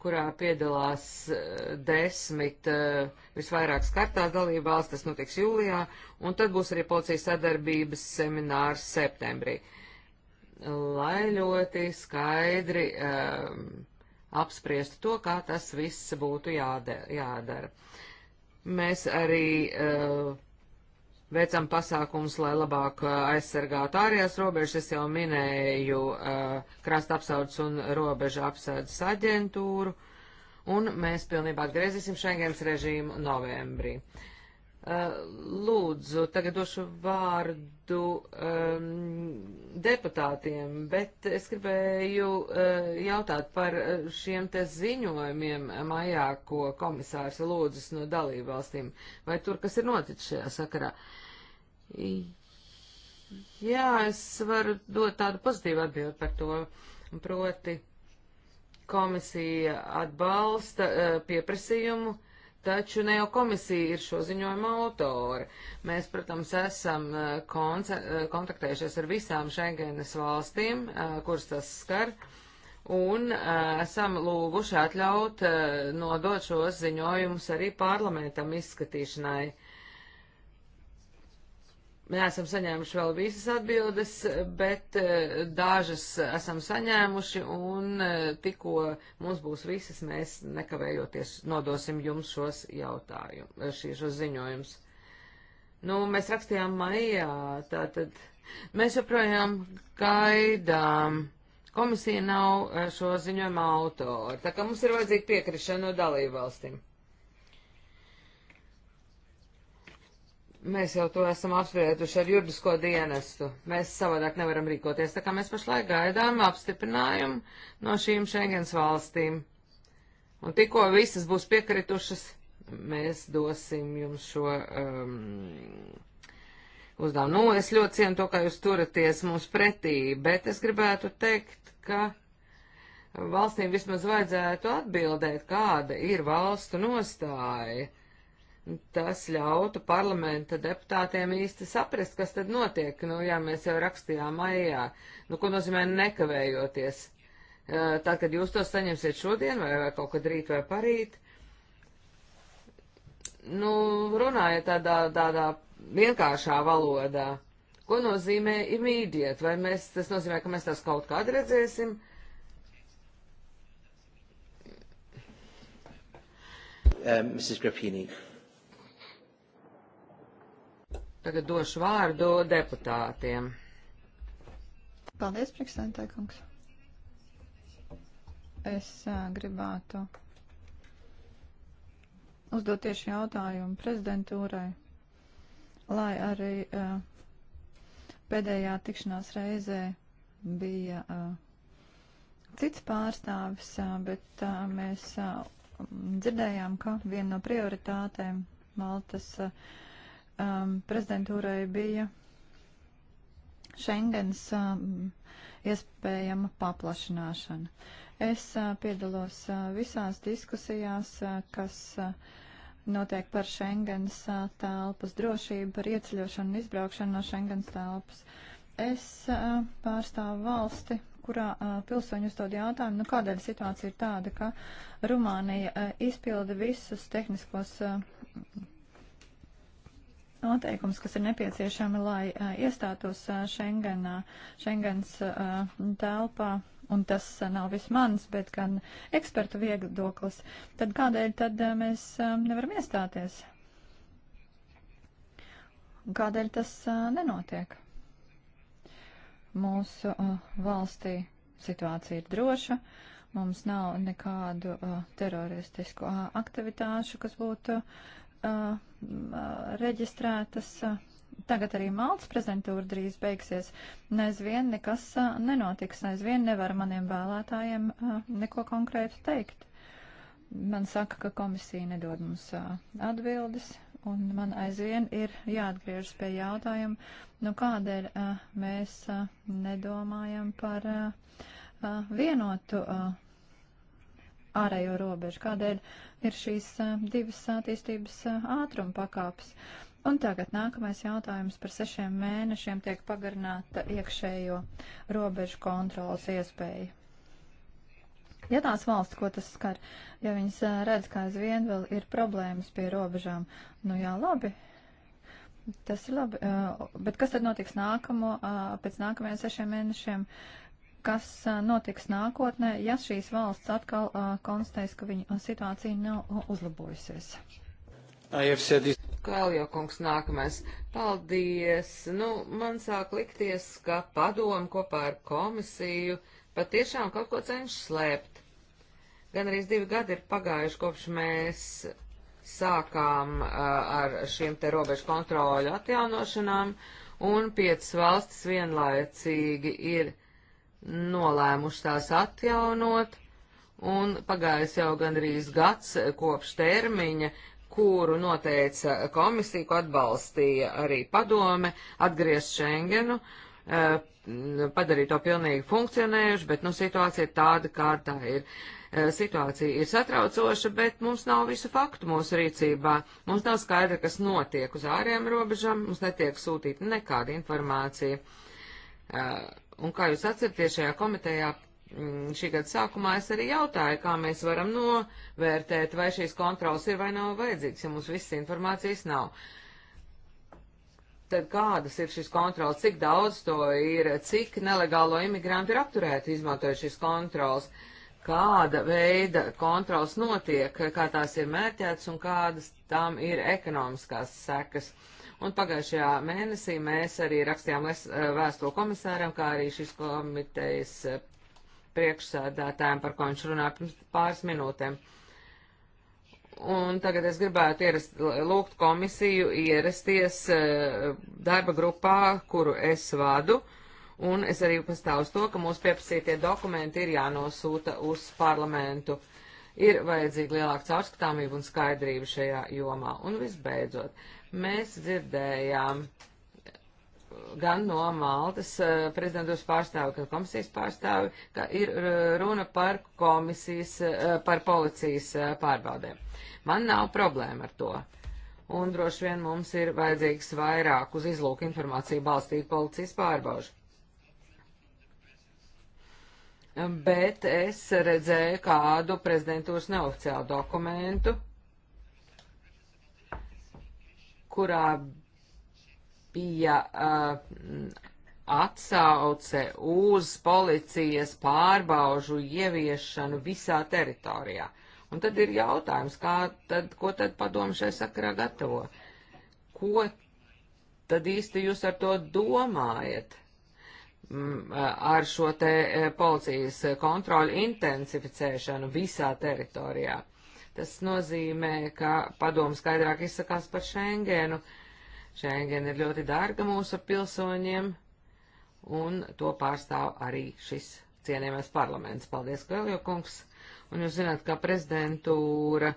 kurā piedalās eh, desmit eh, visvairāk skartās dalībās, tas notiks jūlijā, un tad būs arī policijas sadarbības seminārs septembrī. Lai ļoti skaidri um, apspriestu to, kā tas viss būtu jāda, jādara. Mēs arī uh, veicam pasākums, lai labāk uh, aizsargātu ārējās robežas. Es jau minēju uh, krasta apsaudas un robeža apsaudas aģentūru, un mēs pilnībā atgriezīsim Schengens režīmu novembrī. Uh, lūdzu, tagad došu vārdu um, deputātiem, bet es gribēju uh, jautāt par šiem te ziņojumiem maijā, ko komisārs lūdzas no dalībvalstīm. Vai tur kas ir noticis šajā sakarā? Uh, Jā, es varu dot tādu pozitīvu atbildi par to. Proti, komisija atbalsta eh, pieprasījumu, taču ne jau komisija ir šo ziņojumu autori. Mēs, protams, esam eh, eh, kontaktējušies ar visām Schengenes valstīm, kuras tas skar un uh, esam lūguši atļaut uh, nodot šos ziņojumus arī parlamentam izskatīšanai. Neesam saņēmuši vēl visas atbildes, bet eh, dažas esam saņēmuši un eh, tikko mums būs visas, mēs nekavējoties nodosim jums šos jautājumus, eh, šos ziņojumus. Nu, mēs rakstījām maijā, tātad mēs joprojām gaidām. Komisija nav šo ziņojumu autori, tā kā mums ir vajadzīga piekrišana no dalību valstīm. Mēs jau to esam apsprieduši ar juridisko dienestu. Mēs savādāk nevaram rīkoties, tā kā mēs pašlaik gaidām apstiprinājumu no šīm Schengens valstīm. Un tikko visas būs piekritušas, mēs dosim jums šo um, uzdevumu. Nu, es ļoti cienu to, kā jūs turaties mums pretī, bet es gribētu teikt, ka valstīm vismaz vajadzētu atbildēt, kāda ir valstu nostāja tas ļautu parlamenta deputātiem īsti saprast, kas tad notiek. Nu, jā, mēs jau rakstījām maijā. Nu, ko nozīmē nekavējoties? Tad, kad jūs to saņemsiet šodien vai, vai kaut kad rīt vai parīt, nu, runājiet tādā, tādā vienkāršā valodā. Ko nozīmē immediate? Vai mēs, tas nozīmē, ka mēs tās kaut kādu redzēsim? Um, Mrs. Grappini. Tagad došu vārdu deputātiem. Paldies, priekšsēdētāj kungs. Es uh, gribētu uzdot tieši jautājumu prezidentūrai, lai arī uh, pēdējā tikšanās reizē bija uh, cits pārstāvis, uh, bet uh, mēs uh, dzirdējām, ka viena no prioritātēm Maltas uh, um, prezidentūrai bija Schengens um, iespējama paplašināšana. Es uh, piedalos uh, visās diskusijās, uh, kas. Uh, notiek par Schengens uh, telpas drošību, par ieceļošanu un izbraukšanu no Schengens telpas. Es a, uh, pārstāvu valsti, kurā a, uh, pilsoņi uzdod jautājumu, nu kādēļ situācija ir tāda, ka Rumānija a, izpilda visus tehniskos noteikums, kas ir nepieciešami, lai uh, iestātos uh, Schengenā, Schengens uh, telpā, un tas uh, nav viss mans, bet gan ekspertu viedoklis, tad kādēļ tad uh, mēs uh, nevaram iestāties? Kādēļ tas uh, nenotiek? Mūsu uh, valstī situācija ir droša, mums nav nekādu uh, teroristisku uh, aktivitāšu, kas būtu. Uh, Uh, uh, reģistrētas. Uh, tagad arī Maltas prezidentūra drīz beigsies. Neizvien nekas uh, nenotiks, neizvien nevar maniem vēlētājiem uh, neko konkrētu teikt. Man saka, ka komisija nedod mums uh, atbildes, un man aizvien ir jāatgriežas pie jautājuma, nu kādēļ uh, mēs uh, nedomājam par uh, uh vienotu. Uh, ārējo robežu. Kādēļ ir šīs divas attīstības ātruma pakāpes? Un tagad nākamais jautājums par sešiem mēnešiem tiek pagarināta iekšējo robežu kontrolas iespēja. Ja tās valsts, ko tas skar, ja viņas redz, ka aizvien vēl ir problēmas pie robežām, nu jā, labi, Tas ir labi, bet kas tad notiks nākamo, pēc nākamajiem sešiem mēnešiem? kas notiks nākotnē, ja šīs valsts atkal uh, konstatēs, ka viņu situācija nav uzlabojusies. Kaljo kungs nākamais. Paldies! Nu, man sāk likties, ka padomu kopā ar komisiju patiešām kaut ko cenšas slēpt. Gan arī divi gadi ir pagājuši kopš mēs sākām uh, ar šiem te robežu kontroļu atjaunošanām, un piecas valstis vienlaicīgi ir uh, nolēmuši tās atjaunot, un pagājis jau gandrīz gads kopš termiņa, kuru noteica komisija, ko atbalstīja arī padome, atgriezt Schengenu, eh, padarīt to pilnīgi funkcionējuši, bet nu, situācija ir tāda, kā tā ir. Eh, situācija ir satraucoša, bet mums nav visu faktu mūsu rīcībā. Mums nav skaidra, kas notiek uz āriem robežām, mums netiek sūtīta nekāda informācija. Uh, Un kā jūs atceraties šajā komitejā, mm, šī gada sākumā es arī jautāju, kā mēs varam novērtēt, vai šīs kontrols ir vai nav vajadzīgs, ja mums visas informācijas nav. Tad kādas ir šīs kontrols, cik daudz to ir, cik nelegālo imigrantu ir apturēti izmantojot šīs kontrols, kāda veida kontrols notiek, kā tās ir mērķētas un kādas tām ir ekonomiskās sekas. Uh, Un pagājušajā mēnesī mēs arī rakstījām eh, vēstuli komisāram, kā arī šīs komitejas eh, priekšsēdētājiem, par ko viņš runāja pirms pāris minūtēm. Un tagad es gribētu ierast, lūgt komisiju ierasties eh, darba grupā, kuru es vadu, un es arī pastāvu to, ka mūsu pieprasītie dokumenti ir jānosūta uz parlamentu. Ir vajadzīga lielāka caurskatāmība un skaidrība šajā jomā. Un visbeidzot, Mēs dzirdējām gan no Maltas eh, prezidentūras pārstāvi, gan komisijas pārstāvi, ka ir eh, runa par komisijas, eh, par policijas pārbaudēm. Man nav problēma ar to. Un droši vien mums ir vajadzīgs vairāk uz izlūku informāciju balstīt policijas pārbaužu. Bet es redzēju kādu prezidentūras neoficiālu dokumentu, kurā bija uh, atsauce uz policijas pārbaužu ieviešanu visā teritorijā. Un tad ir jautājums, kā tad, ko tad padomu šai sakarā gatavo? Ko tad īsti jūs ar to domājat? Mm, uh, ar šo te eh, policijas kontroļu intensificēšanu visā teritorijā. Uh, Tas nozīmē, ka padomu skaidrāk izsakās par Schengenu. Schengen ir ļoti dārga mūsu pilsoņiem, un to pārstāv arī šis cienījamais parlaments. Paldies, Kvēljo kungs! Un jūs zināt, ka prezidentūra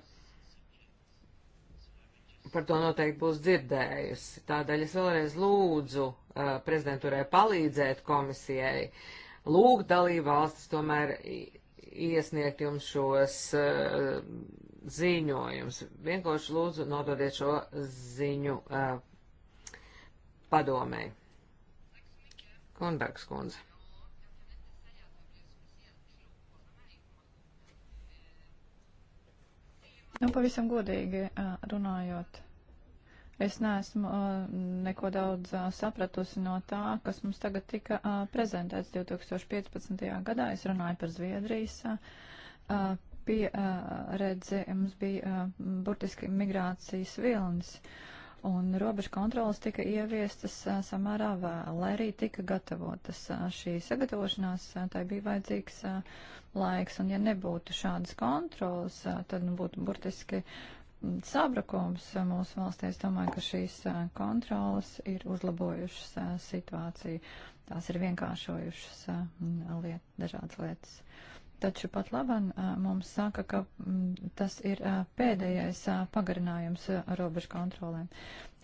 par to noteikti būs dzirdējusi. Tādēļ es vēlreiz lūdzu uh, prezidentūrai palīdzēt komisijai, lūgt dalību valstis tomēr iesniegt jums šos uh, ziņojums. Vienkārši lūdzu nododiet šo ziņu uh, eh, padomē. Kundags kundze. Nu, pavisam godīgi eh, runājot, es neesmu eh, neko daudz sapratusi no tā, kas mums tagad tika prezentēts 2015. gadā. Es runāju par Zviedrijas pieredzi, mums bija burtiski migrācijas vilnis. Un robežu kontrolas tika ieviestas samērā vēl, lai arī tika gatavotas šī sagatavošanās, tai bija vajadzīgs laiks, un ja nebūtu šādas kontrolas, tad nu, būtu burtiski sabrakums mūsu valstī. Es domāju, ka šīs kontrolas ir uzlabojušas situāciju, tās ir vienkāršojušas liet, dažādas lietas. Taču pat laban mums saka, ka mm, tas ir pēdējais pagarinājums robežu kontrolēm.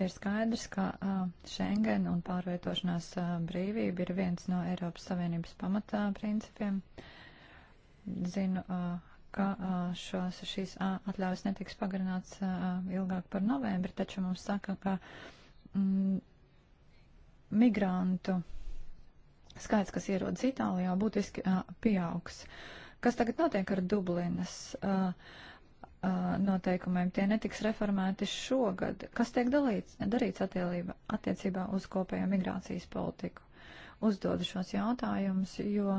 Ir skaidrs, ka Schengen un pārvietošanās brīvība ir viens no Eiropas Savienības pamatā principiem. Zinu, ka šos, šīs atļaujas netiks pagarināts ilgāk par novembri, taču mums saka, ka mm, migrantu skaits, kas ierodas Itālijā, būtiski pieaugs. Uh, Kas tagad notiek ar Dublinas uh, uh, noteikumiem? Tie netiks reformēti šogad. Kas tiek dalīts, darīts attielība, attiecībā uz kopējo migrācijas politiku? Uzdodu šos jautājumus, jo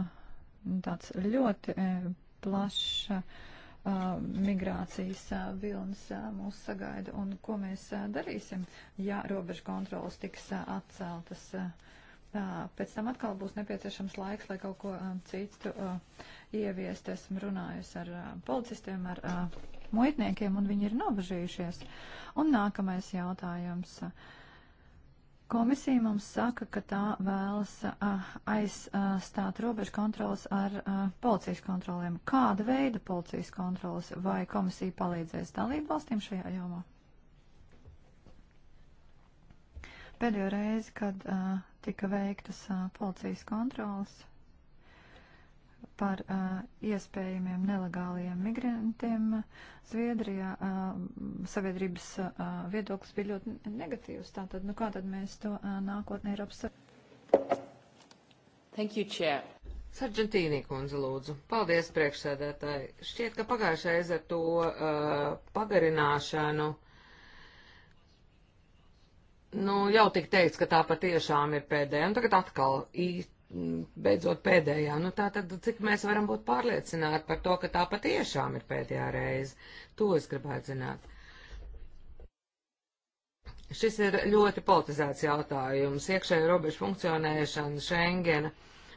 tāds ļoti uh, e, plašs. Uh, e, migrācijas e, vilnis mūs sagaida un ko mēs darīsim, ja robežu kontrolas tiks atceltas. Pēc tam atkal būs nepieciešams laiks, lai kaut ko citu ieviest. Esmu runājusi ar uh, policistiem, ar uh, muitniekiem, un viņi ir nobežījušies. Un nākamais jautājums. Komisija mums saka, ka tā vēlas uh, aizstāt uh, robežu kontrolas ar uh, policijas kontroliem. Kāda veida policijas kontrolas vai komisija palīdzēs dalību valstīm šajā jomā? Pēdējo reizi, kad uh, tika veiktas uh, policijas kontrolas, par uh, iespējamiem nelegāliem migrantiem. Zviedrijā uh, sabiedrības uh, viedoklis bija ļoti negatīvs. Tātad, nu kā tad mēs to uh, nākotnē Eiropas Thank you, Chair. Sargentīnī kundze lūdzu. Paldies, priekšsēdētāji. Šķiet, ka pagājušais ar to uh, pagarināšanu. Nu, jau tik teikts, ka tā patiešām ir pēdējā, un tagad atkal īsti beidzot pēdējā. Nu, tā tad, cik mēs varam būt pārliecināti par to, ka tā patiešām ir pēdējā reize? To es gribētu zināt. Šis ir ļoti politizēts jautājums. Iekšēja robeža funkcionēšana, Schengena.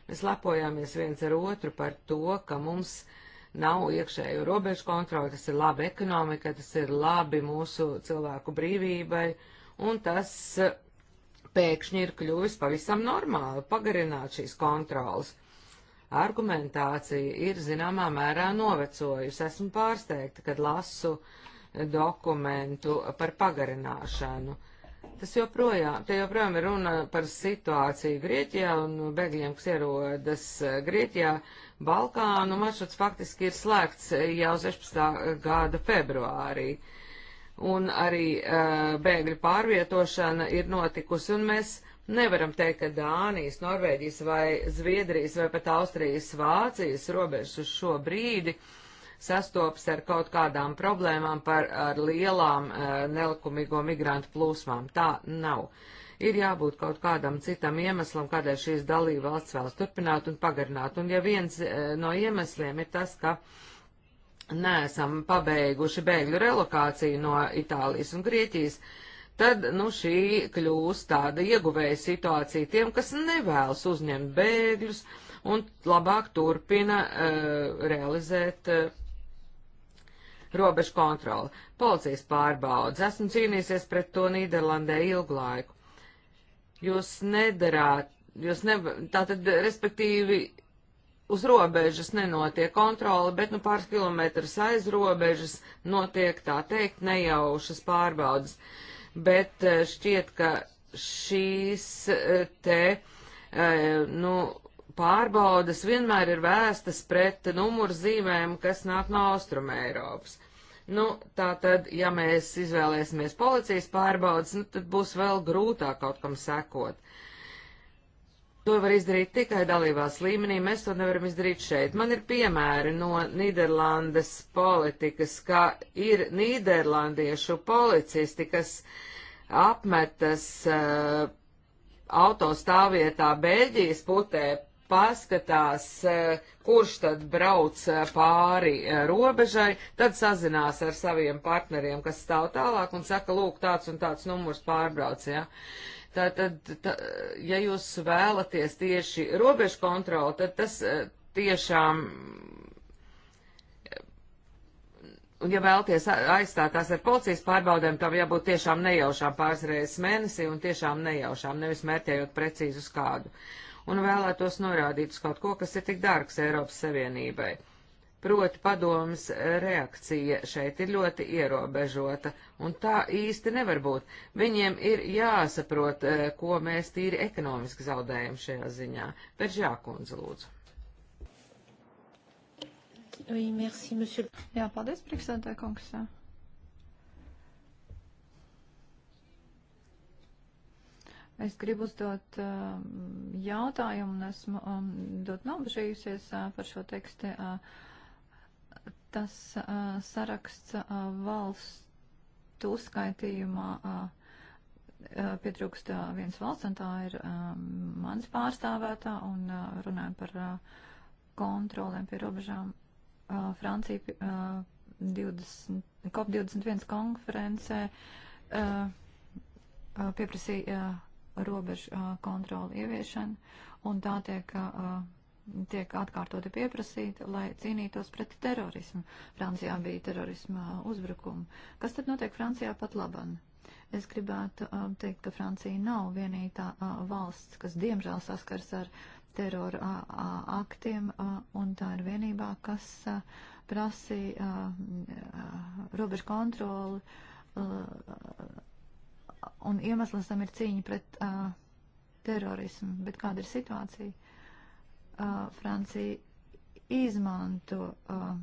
Mēs lepojāmies viens ar otru par to, ka mums nav iekšēju robežu kontroli, tas ir labi ekonomikai, tas ir labi mūsu cilvēku brīvībai, un tas pēkšņi ir kļuvis pavisam normāli pagarināt šīs kontrolas. Argumentācija ir zināmā mērā novecojusi. Esmu pārsteigta, kad lasu dokumentu par pagarināšanu. Tas joprojām, te joprojām ir runa par situāciju Grieķijā un bēgļiem, kas ierodas Grieķijā. Balkānu maršruts faktiski ir slēgts jau 16. gada februārī. Uh, un arī uh, bēgļu pārvietošana ir notikusi, un mēs nevaram teikt, ka Dānijas, Norvēģijas vai Zviedrijas vai pat Austrijas, Vācijas robežas uz šo brīdi sastopas ar kaut kādām problēmām par ar lielām uh, nelikumīgo migrantu plūsmām. Tā nav. Ir jābūt kaut kādam citam iemeslam, kādēļ šīs dalība valsts vēlas turpināt un pagarināt. Un ja viens uh, no iemesliem ir tas, ka uh, neesam pabeiguši bēgļu relokāciju no Itālijas un Grieķijas, tad nu, šī kļūs tāda ieguvēja situācija tiem, kas nevēlas uzņemt bēgļus un labāk turpina uh, realizēt uh, robežu kontroli. Policijas pārbaudas. Esmu cīnīsies pret to Nīderlandē ilgu laiku. Jūs nedarāt, jūs ne, tātad, respektīvi, uz robežas nenotiek kontrole, bet nu pāris kilometrus aiz robežas notiek tā teikt nejaušas pārbaudas. Bet eh, šķiet, ka šīs eh, te, eh, nu, pārbaudas vienmēr ir vēstas pret numurzīmēm, kas nāk no Austrum Eiropas. Nu, tā tad, ja mēs izvēlēsimies policijas pārbaudas, nu, tad būs vēl grūtāk kaut kam sekot. To var izdarīt tikai dalībās līmenī, mēs to nevaram izdarīt šeit. Man ir piemēri no Nīderlandes politikas, kā ir nīderlandiešu policisti, kas apmetas uh, autostāvvietā Beļģijas putē, paskatās, uh, kurš tad brauc uh, pāri uh, robežai, tad sazinās ar saviem partneriem, kas stāv tālāk un saka, lūk, tāds un tāds numurs pārbrauc, jā. Ja? Tātad, tā, ja jūs vēlaties tieši robežu kontroli, tad tas eh, tiešām, un ja vēlaties aizstāt tās ar policijas pārbaudēm, tam jābūt tiešām nejaušām pāris reizes mēnesī un tiešām nejaušām, nevis mērķējot precīzi uz kādu. Un vēlētos norādīt uz kaut ko, kas ir tik dārgs Eiropas Savienībai. Uh, proti padomas reakcija šeit ir ļoti ierobežota, un tā īsti nevar būt. Viņiem ir jāsaprot, eh, ko mēs tīri ekonomiski zaudējam šajā ziņā. Peržā kundze, lūdzu. Oui, merci, monsieur. Jā, paldies, priekšsēdētāj kungs. Es gribu uzdot eh, jautājumu, un esmu um, dot nobežījusies uh, par šo tekstu. Uh, tas uh, saraksts uh, valstu uzskaitījumā uh, pietrūkst uh, viens valsts, un tā ir uh, mans pārstāvētā, un uh, runājam par uh, kontrolēm pie robežām. Uh, Francija uh, 20, COP21 konferencē uh, uh, pieprasīja uh, robežu uh, kontroli ieviešanu, un tā tiek. Uh, tiek atkārtoti pieprasīti, lai cīnītos pret terorismu. Francijā bija terorisma uzbrukumi. Kas tad notiek Francijā pat laban? Es gribētu um, teikt, ka Francija nav vienīgā uh, valsts, kas diemžēl saskars ar terora uh, uh aktiem, uh, un tā ir vienībā, kas uh, prasīja uh, uh, robežu kontroli, uh, un iemesls tam ir cīņa pret uh, terorismu. Bet kāda ir situācija? uh, Francija izmanto uh, uh,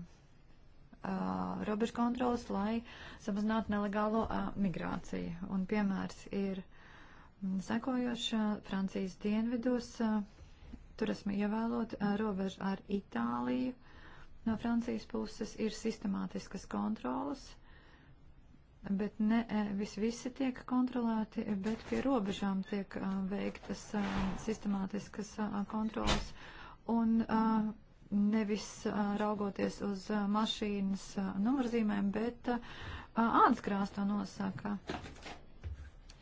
robežu kontrolas, lai samazinātu nelegālo uh, migrāciju. Un piemērs ir mm, sekojošs uh, Francijas dienvidos. Uh, tur esmu ievēlot uh, robežu ar Itāliju. No Francijas puses ir sistemātiskas kontrolas, bet ne e, vis visi tiek kontrolēti, bet pie robežām tiek uh, veiktas uh, sistemātiskas uh, kontrolas. Uh, un uh, nevis uh, raugoties uz uh, mašīnas uh, numurzīmēm, bet uh, ādas krāstā nosaka.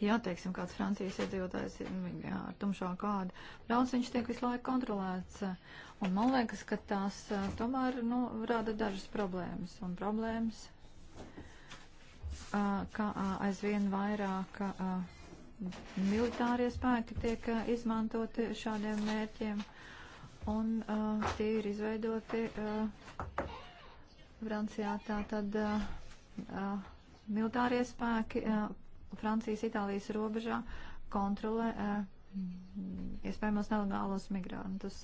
Jā, teiksim, kāds Francijas iedzīvotājs jā, ar tumšāku kādu. Daudz viņš tiek visu laiku kontrolēts. Un man liekas, ka tās tomēr nu, rada dažas problēmas. Un problēmas, ka aizvien vairāk militārie spēki tiek izmantoti šādiem mērķiem. Uh, un uh, tie ir izveidoti uh, Francijā tātad uh, uh, militārie spēki uh, Francijas, Itālijas robežā kontrolē uh, iespējamos nelegālos migrantus.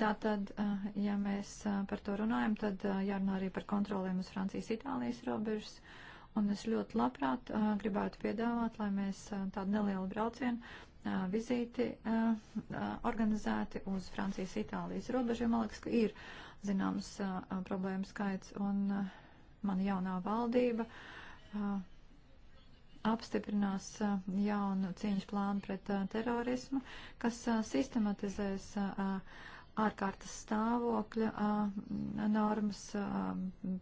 Tātad, uh, ja mēs uh, par to runājam, tad uh, jārunā arī par kontrolēm uz Francijas, Itālijas robežas. Un es ļoti labprāt gribētu piedāvāt, lai mēs tādu nelielu braucienu vizīti organizēti uz Francijas, Itālijas robežiem. Man liekas, ka ir zināms problēmu skaits un mana jaunā valdība apstiprinās jaunu cīņas plānu pret terorismu, kas sistematizēs ārkārtas stāvokļa normas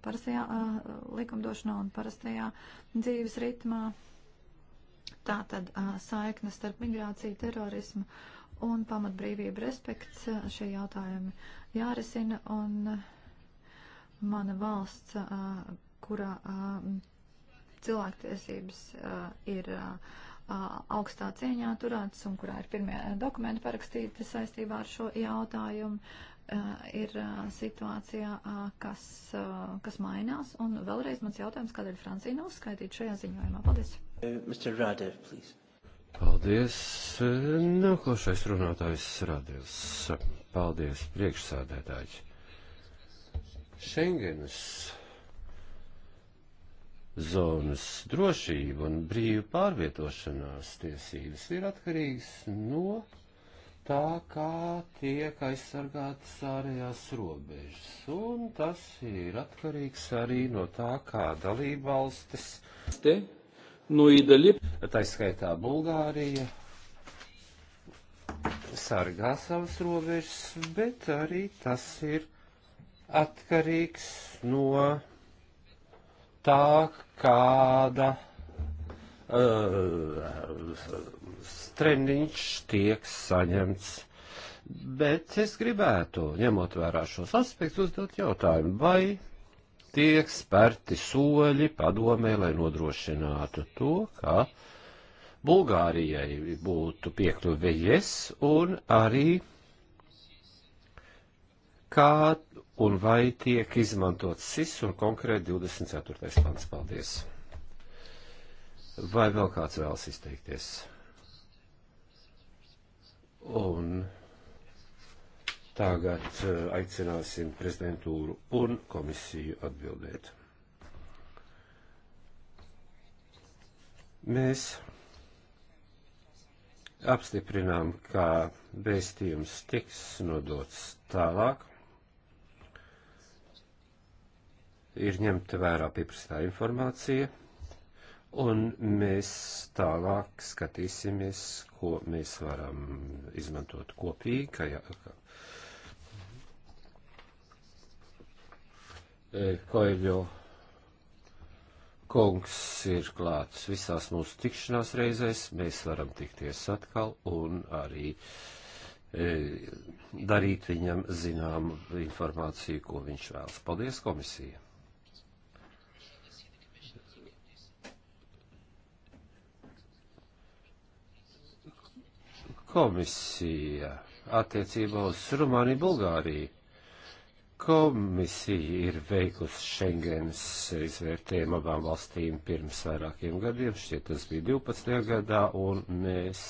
parastajā likumdošanā un parastajā dzīves ritmā Tā tad saikne starp migrāciju, terorismu un pamatbrīvību respekts šie jautājumi jārisina un mana valsts, kurā cilvēktiesības ir augstā cieņā turētas un kurā ir pirmie dokumenti parakstīti saistībā ar šo jautājumu, ir situācijā, kas, kas mainās. Un vēlreiz mans jautājums, kādēļ Francija nav uzskaitīta šajā ziņojumā. Paldies! Uh, Mr. Radev, please. Paldies. Nākošais runātājs Radevs. Paldies, priekšsādētāji. Šengenas zonas drošība un brīva pārvietošanās tiesības ir atkarīgas no tā, kā tiek aizsargātas ārējās robežas, un tas ir atkarīgs arī no tā, kā dalībvalstis. Te Nu, īdaļi. Tā skaitā Bulgārija sargā savas robežas, bet arī tas ir atkarīgs no tā, kāda uh, strendiņš tiek saņemts. Bet es gribētu, ņemot vērā šos aspektus, uzdot jautājumu, vai tiek spērti soļi padomē, lai nodrošinātu to, ka Bulgārijai būtu piekļuve yes un arī kā un vai tiek izmantot SIS un konkrēti 24. pants. Paldies! Vai vēl kāds vēlas izteikties? Un Tagad eh, aicināsim prezidentūru un komisiju atbildēt. Mēs apstiprinām, ka vēstījums tiks nodots tālāk. Ir ņemta vērā pieprasītā informācija, un mēs tālāk skatīsimies, ko mēs varam izmantot kopīgi, E, Koeļo kungs ir klāts visās mūsu tikšanās reizēs, mēs varam tikties atkal un arī e, darīt viņam zinām informāciju, ko viņš vēlas. Paldies, komisija! Komisija attiecībā uz Rumāniju Bulgāriju Komisija ir veikusi Schengens izvērtējumu abām valstīm pirms vairākiem gadiem, šķiet tas bija 12. gadā, un mēs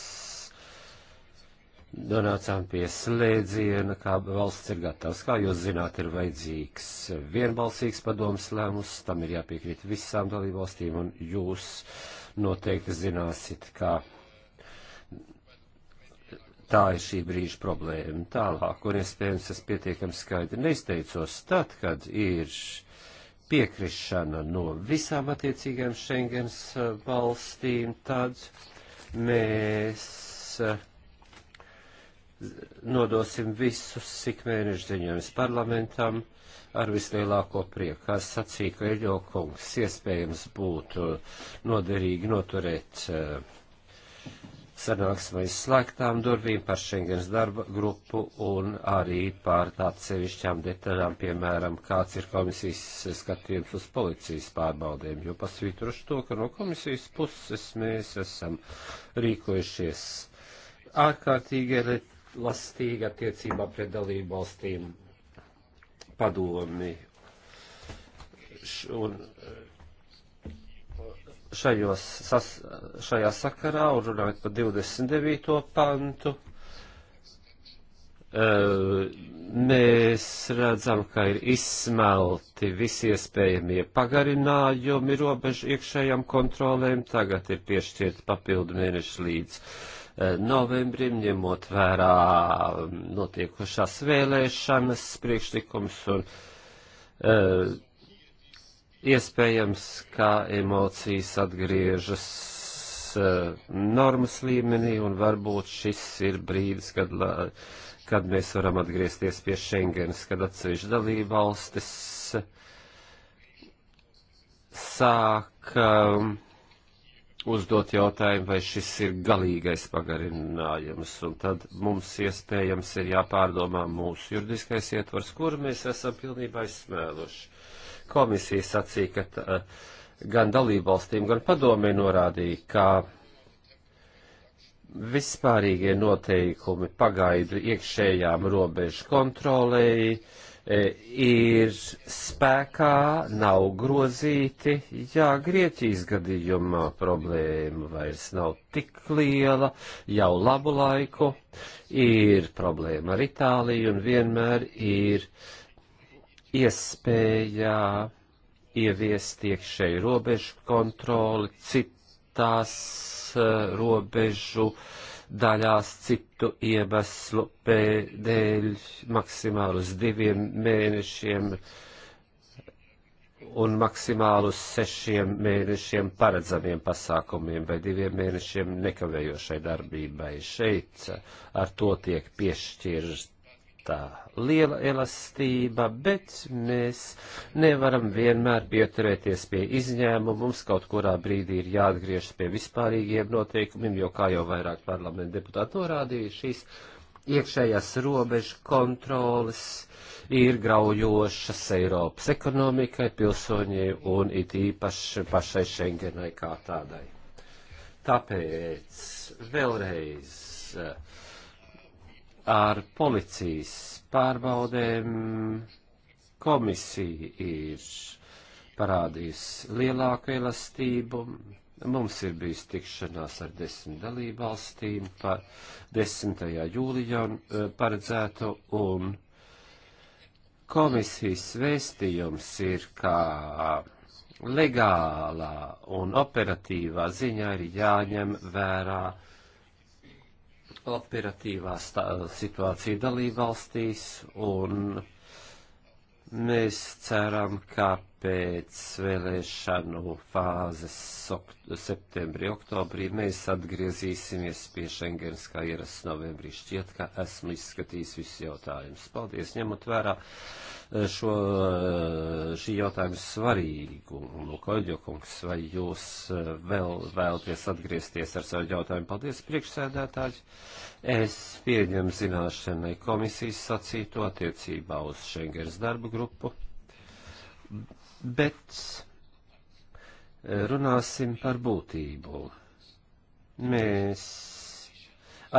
nonācām pie slēdziena, kā valsts ir gatavs. Kā jūs zināt, ir vajadzīgs vienbalsīgs padomas lēmums, tam ir jāpiekrīt visām dalībvalstīm, un jūs noteikti zināsit, kā. Ka Tā ir šī brīža problēma. Tālāk, un iespējams, es pietiekami skaidri neizteicos tad, kad ir piekrišana no visām attiecīgām Schengens eh, valstīm, tad mēs eh, nodosim visus sikmēnešu ziņojumus parlamentam ar vislielāko prieku. Kā sacīja Kveļo kungs, iespējams būtu noderīgi noturēt uh, sanāksmēs slēgtām durvīm par Schengens darba grupu un arī par atsevišķām detaļām, piemēram, kāds ir komisijas skatījums uz policijas pārbaudēm, jo pasvītroši to, ka no komisijas puses mēs esam rīkojušies ārkārtīgi elastīgi attiecībā pret dalību valstīm padomi. Un, šajos, sas, šajā sakarā un runājot par 29. pantu. E, mēs redzam, ka ir izsmelti visi iespējamie pagarinājumi robežu iekšējām kontrolēm. Tagad ir piešķirta papildu mēneši līdz e, novembrim, ņemot vērā notiekušās vēlēšanas priekšlikums un uh, Iespējams, kā emocijas atgriežas eh, normas līmenī, un varbūt šis ir brīdis, kad, kad mēs varam atgriezties pie Schengenas, kad atsevišķi dalībvalstis sāk um, uzdot jautājumu, vai šis ir galīgais pagarinājums, un tad mums iespējams ir jāpārdomā mūsu juridiskais ietvars, kuru mēs esam pilnībā izsmēluši komisija sacīja, ka tā, eh, gan dalībvalstīm, gan padomē norādīja, ka vispārīgie noteikumi pagaidu iekšējām robežu kontrolēji eh, ir spēkā, nav grozīti. Jā, Grieķijas gadījumā problēma vairs nav tik liela, jau labu laiku ir problēma ar Itāliju un vienmēr ir uh, iespējā ieviest iekšēju robežu kontroli citās eh, robežu daļās citu iemeslu pēdēļ maksimāli uz diviem mēnešiem un maksimāli uz sešiem mēnešiem paredzamiem pasākumiem vai diviem mēnešiem nekavējošai darbībai. Šeit ar to tiek piešķirt tā liela elastība, bet mēs nevaram vienmēr pieturēties pie izņēmumu. Mums kaut kurā brīdī ir jāatgriežas pie vispārīgiem noteikumiem, jo, kā jau vairāk parlamenta deputāti norādīja, šīs iekšējās robežu kontroles ir graujošas Eiropas ekonomikai, pilsoņiem un it īpaši pašai Schengenai kā tādai. Tāpēc vēlreiz uh, ar policijas pārbaudēm komisija ir parādījusi lielāku elastību. Mums ir bijis tikšanās ar desmit dalībvalstīm par 10. jūlijā e, paredzētu un komisijas vēstījums ir, ka legālā un operatīvā ziņā ir jāņem vērā uh, operatīvā situācija dalībvalstīs, un mēs ceram, ka pēc vēlēšanu fāzes septembrī, oktobrī mēs atgriezīsimies pie Schengens kā ierasts novembrī. Šķiet, ka esmu izskatījis visus jautājumus. Paldies, ņemot vērā eh, šo, eh, šī jautājuma svarīgumu. Koļģokungs, vai jūs eh, vēl vēlties atgriezties ar savu jautājumu? Paldies, priekšsēdētāji. Es pieņemu zināšanai komisijas sacīto attiecībā uz Schengens darba grupu bet eh, runāsim par būtību. Mēs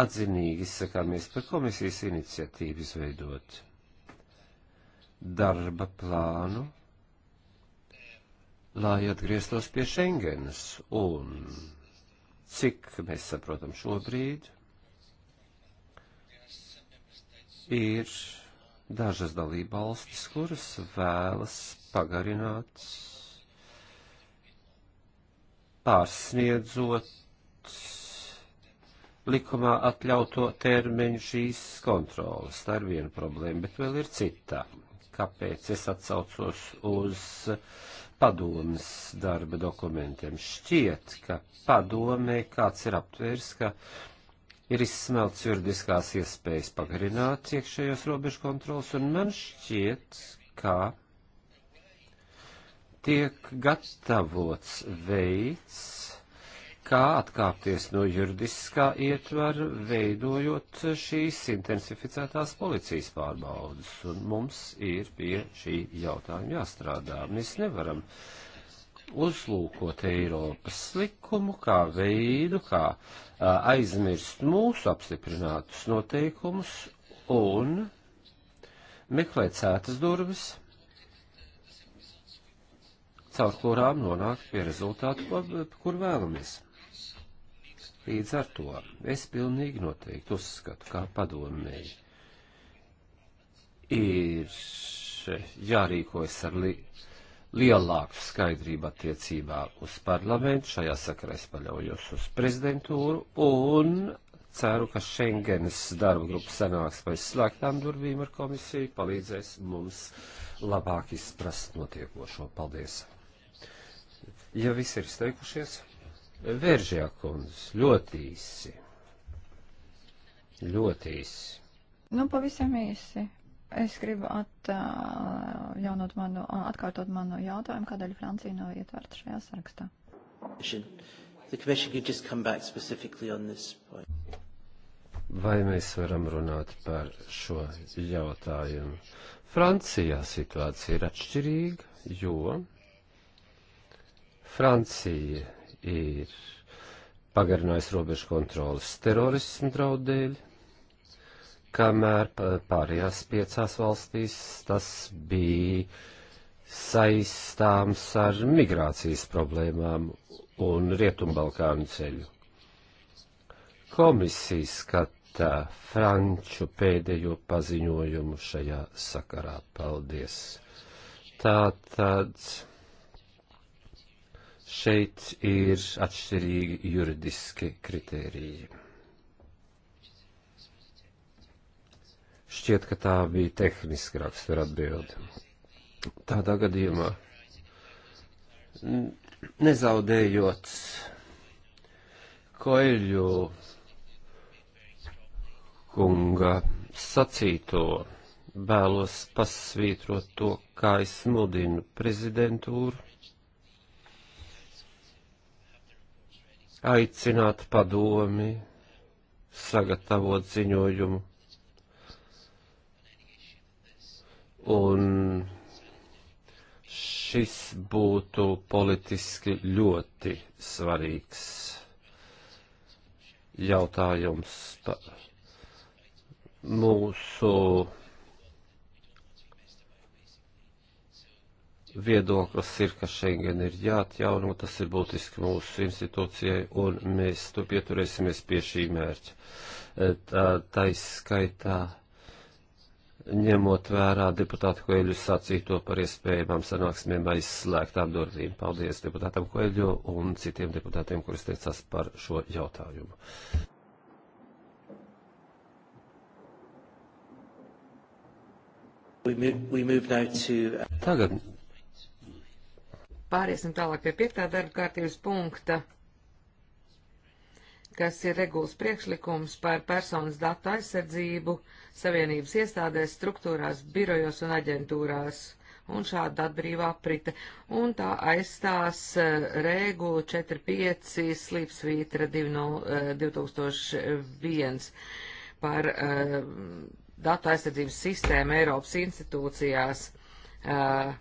atzinīgi izsakāmies par komisijas iniciatīvu izveidot darba plānu, lai atgrieztos pie Schengenas un cik mēs saprotam šobrīd, ir dažas dalībvalstis, kuras vēlas pagarināts, pārsniedzot likumā atļauto termiņu šīs kontrolas. Tā ir viena problēma, bet vēl ir citā. Kāpēc es atsaucos uz padomas darba dokumentiem? Šķiet, ka padomē kāds ir aptvērs, ka ir izsmelts juridiskās iespējas pagarināt iekšējos robežu kontrols, un man šķiet, ka tiek gatavots veids, kā atkāpties no juridiskā ietvara, veidojot šīs intensificētās policijas pārbaudas, un mums ir pie šī jautājuma jāstrādā. Mēs nevaram uzlūkot Eiropas likumu kā veidu, kā a, aizmirst mūsu apstiprinātus noteikumus un meklēt sētas durvis caur kurām nonākt pie rezultātu, kur, kur vēlamies. Līdz ar to es pilnīgi noteikti uzskatu, kā padomēji, ir jārīkojas ar li lielāku skaidrību attiecībā uz parlamentu, šajā sakarā es paļaujos uz prezidentūru un ceru, ka Schengenas darba grupa sanāks vai slēgtām durvīm ar komisiju palīdzēs mums labāk izprast notiekošo. Paldies! Ja visi ir steikušies, vēržjā kundze, ļoti īsi. Ļoti īsi. Nu, pavisam īsi. Es gribu atjaunot manu, atkārtot manu jautājumu, kādēļ Francija nav ietverta šajā sarakstā. Vai mēs varam runāt par šo jautājumu? Francijā situācija ir atšķirīga, jo Francija ir pagarinājusi robežu kontrolas terorismu draudēļ, kamēr pārējās piecās valstīs tas bija saistāms ar migrācijas problēmām un Rietumbalkānu ceļu. Komisija skata Franču pēdējo paziņojumu šajā sakarā. Paldies! Tātad. Tā, Šeit ir atšķirīgi juridiski kritēriji. Šķiet, ka tā bija tehniska rakstura atbilde. Tādā gadījumā, nezaudējot koeļu kunga sacīto, vēlos pasvītrot to, kā es mudinu prezidentūru aicināt padomi, sagatavot ziņojumu. Un šis būtu politiski ļoti svarīgs jautājums mūsu viedoklis ir, ka Schengen ir jāatjauno, tas ir būtiski mūsu institūcijai, un mēs tu pieturēsimies pie šī mērķa. E, tā, tā izskaitā, ņemot vērā deputātu Koeļu sacīto par iespējamām sanāksmēm aizslēgtām durvīm. Paldies deputātam Koeļu un citiem deputātiem, kurus teicās par šo jautājumu. We move, we move now to... Uh, Tagad Pāriesim tālāk pie piektā darba kārtības punkta, kas ir regulas priekšlikums par personas datu aizsardzību savienības iestādēs, struktūrās, birojos un aģentūrās un šāda atbrīvā prite. Un tā aizstās uh, regulu 45 slīpsvītra 2 no, uh, eh, 2001 par uh, datu aizsardzības sistēmu Eiropas institūcijās. Uh,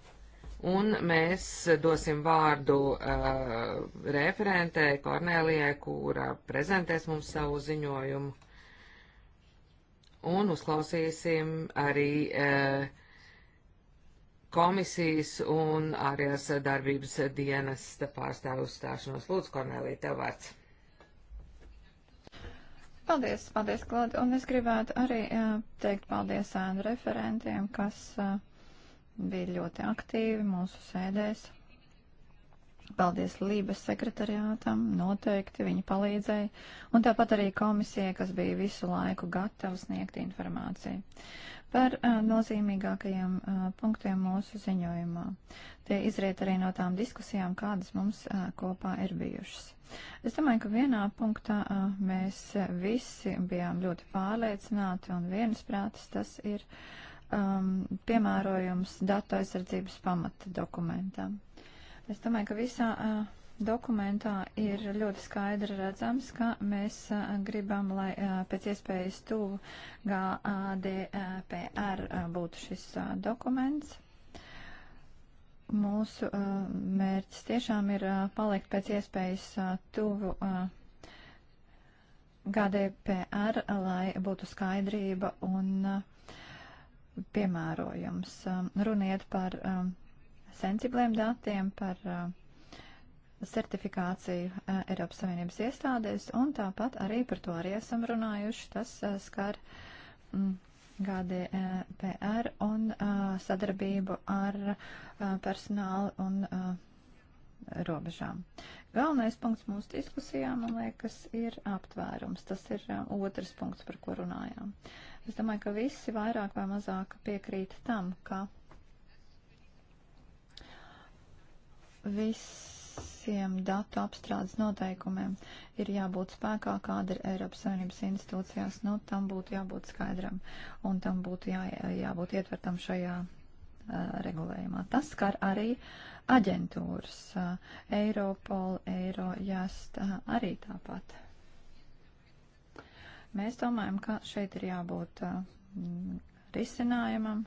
Un mēs dosim vārdu uh, referentē Kornēlijai, kura prezentēs mums savu ziņojumu. Un uzklausīsim arī uh, komisijas un ārējās darbības dienas pārstāvu uzstāšanos. Lūdzu, Kornēlija, tev vārds. Paldies, paldies, Klaud. Un es gribētu arī uh, teikt paldies ēnu referentiem, kas uh, bija ļoti aktīvi mūsu sēdēs. Paldies Lībes sekretariātam, noteikti viņi palīdzēja, un tāpat arī komisijai, kas bija visu laiku gatava sniegt informāciju. Par uh, nozīmīgākajiem uh, punktiem mūsu ziņojumā. Tie izriet arī no tām diskusijām, kādas mums uh, kopā ir bijušas. Es domāju, ka vienā punktā uh, mēs visi bijām ļoti pārliecināti un viensprātis tas ir. Uh, um, piemērojums datu aizsardzības pamata dokumentam. Es domāju, ka visā uh, dokumentā ir ļoti skaidri redzams, ka mēs uh, gribam, lai uh, pēc iespējas tuvu GADPR uh, būtu šis uh, dokuments. Mūsu uh, mērķis tiešām ir uh, palikt pēc iespējas uh, tuvu. Uh, GDPR, lai būtu skaidrība un uh, piemērojums. Um, runiet par um, sensibliem datiem, par um, certifikāciju uh, Eiropas Savienības iestādēs, un tāpat arī par to arī esam runājuši. Tas uh, skar mm, GDPR e un uh, sadarbību ar personālu un robežām. Galvenais punkts mūsu diskusijā, man liekas, ir aptvērums. Tas ir otrs punkts, par ko runājām. Uh, Es domāju, ka visi vairāk vai mazāk piekrīt tam, ka visiem datu apstrādes noteikumiem ir jābūt spēkā, kāda ir Eiropas Savienības institūcijās. Nu, tam būtu jābūt skaidram un tam būtu jā, jābūt ietvertam šajā regulējumā. Tas skar arī aģentūras, Eiropol, Eirojust, arī tāpat. Mēs domājam, ka šeit ir jābūt uh, risinājumam,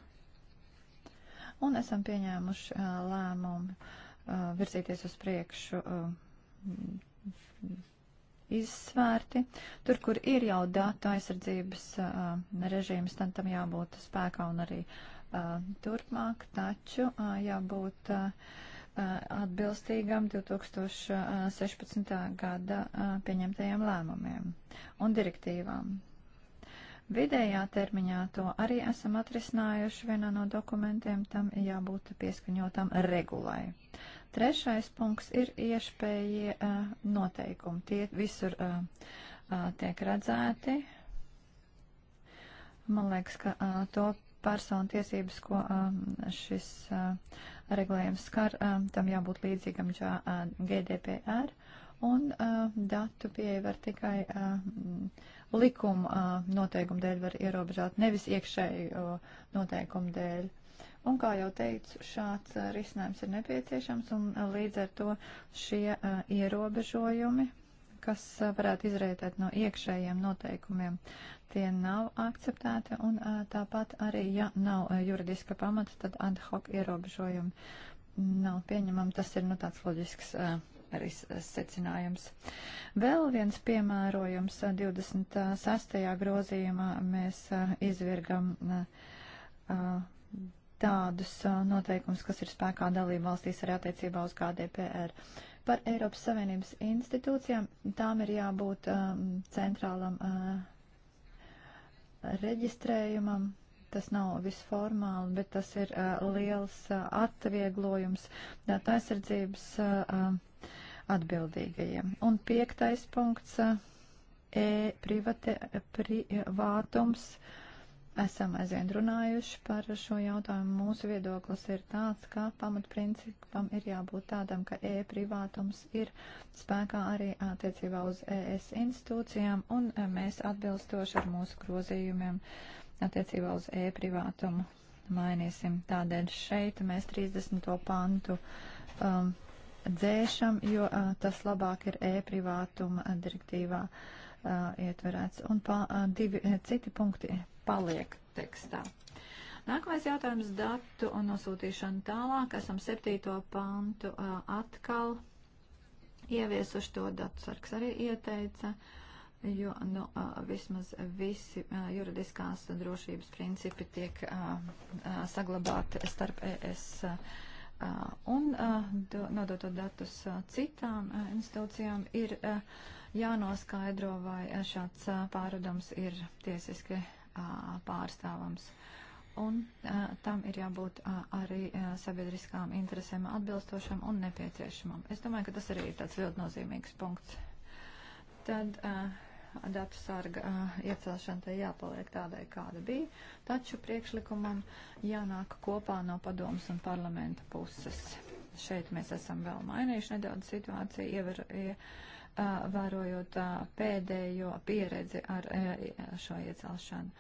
un esam pieņēmuši uh, lēmumu uh, virzīties uz priekšu uh, izsvērti. Tur, kur ir jau datu aizsardzības uh, režīms, tad tam jābūt spēkā un arī uh, turpmāk, taču jābūt. Uh, atbilstīgam 2016. gada pieņemtajiem lēmumiem un direktīvām. Vidējā termiņā to arī esam atrisinājuši vienā no dokumentiem, tam jābūt pieskaņotam regulai. Trešais punkts ir iespējie noteikumi. Tie visur tiek redzēti. Man liekas, ka to personu tiesības, ko šis regulējums skar, um, tam jābūt līdzīgam džā, uh, GDPR, un uh, datu pieeja var tikai uh, likuma uh, noteikumu dēļ var ierobežot, nevis iekšēju uh, noteikumu dēļ. Un, kā jau teicu, šāds uh, risinājums ir nepieciešams, un uh, līdz ar to šie uh, ierobežojumi kas varētu izrietēt no iekšējiem noteikumiem tie nav akceptēti, un tāpat arī, ja nav juridiska pamata, tad ad hoc ierobežojumi nav pieņemami. Tas ir nu, tāds loģisks arī secinājums. Vēl viens piemērojums 26. grozījumā mēs izvirgam tādus noteikumus, kas ir spēkā dalība valstīs arī attiecībā uz GDPR par Eiropas Savienības institūcijām, tām ir jābūt um, centrālam uh, reģistrējumam. Tas nav viss formāli, bet tas ir uh, liels uh, atvieglojums datu aizsardzības uh, atbildīgajiem. Un piektais punkts uh, e - privātums. Uh, esam aizvien runājuši par šo jautājumu. Mūsu viedoklis ir tāds, ka pamatprincipam ir jābūt tādam, ka e-privātums ir spēkā arī attiecībā uz ES institūcijām, un e, mēs atbilstoši ar mūsu grozījumiem attiecībā uz e-privātumu mainīsim. Tādēļ šeit mēs 30. pantu um, dzēšam, jo uh, tas labāk ir e-privātuma direktīvā uh, ietverēts. Un pa, uh, divi uh, citi punkti paliek tekstā. Nākamais jautājums - datu un nosūtīšana tālāk. Esam septīto pantu a, atkal ieviesuši to datu sargs arī ieteica, jo nu, a, vismaz visi a, juridiskās drošības principi tiek saglabāti starp ES un do, nodoto datus citām institūcijām ir jānoskaidro, vai šāds pārādums ir tiesiski pārstāvams. Un tam ir jābūt arī sabiedriskām interesēm atbilstošam un nepieciešamam. Es domāju, ka tas arī ir tāds ļoti nozīmīgs punkts. Tad datu sarga iecelšana tai jāpaliek tādai, kāda bija, taču priekšlikumam jānāk kopā no padomas un parlamenta puses. Šeit mēs esam vēl mainījuši nedaudz situāciju, ievēr, ievēr, vērojot pēdējo pieredzi ar šo iecelšanu.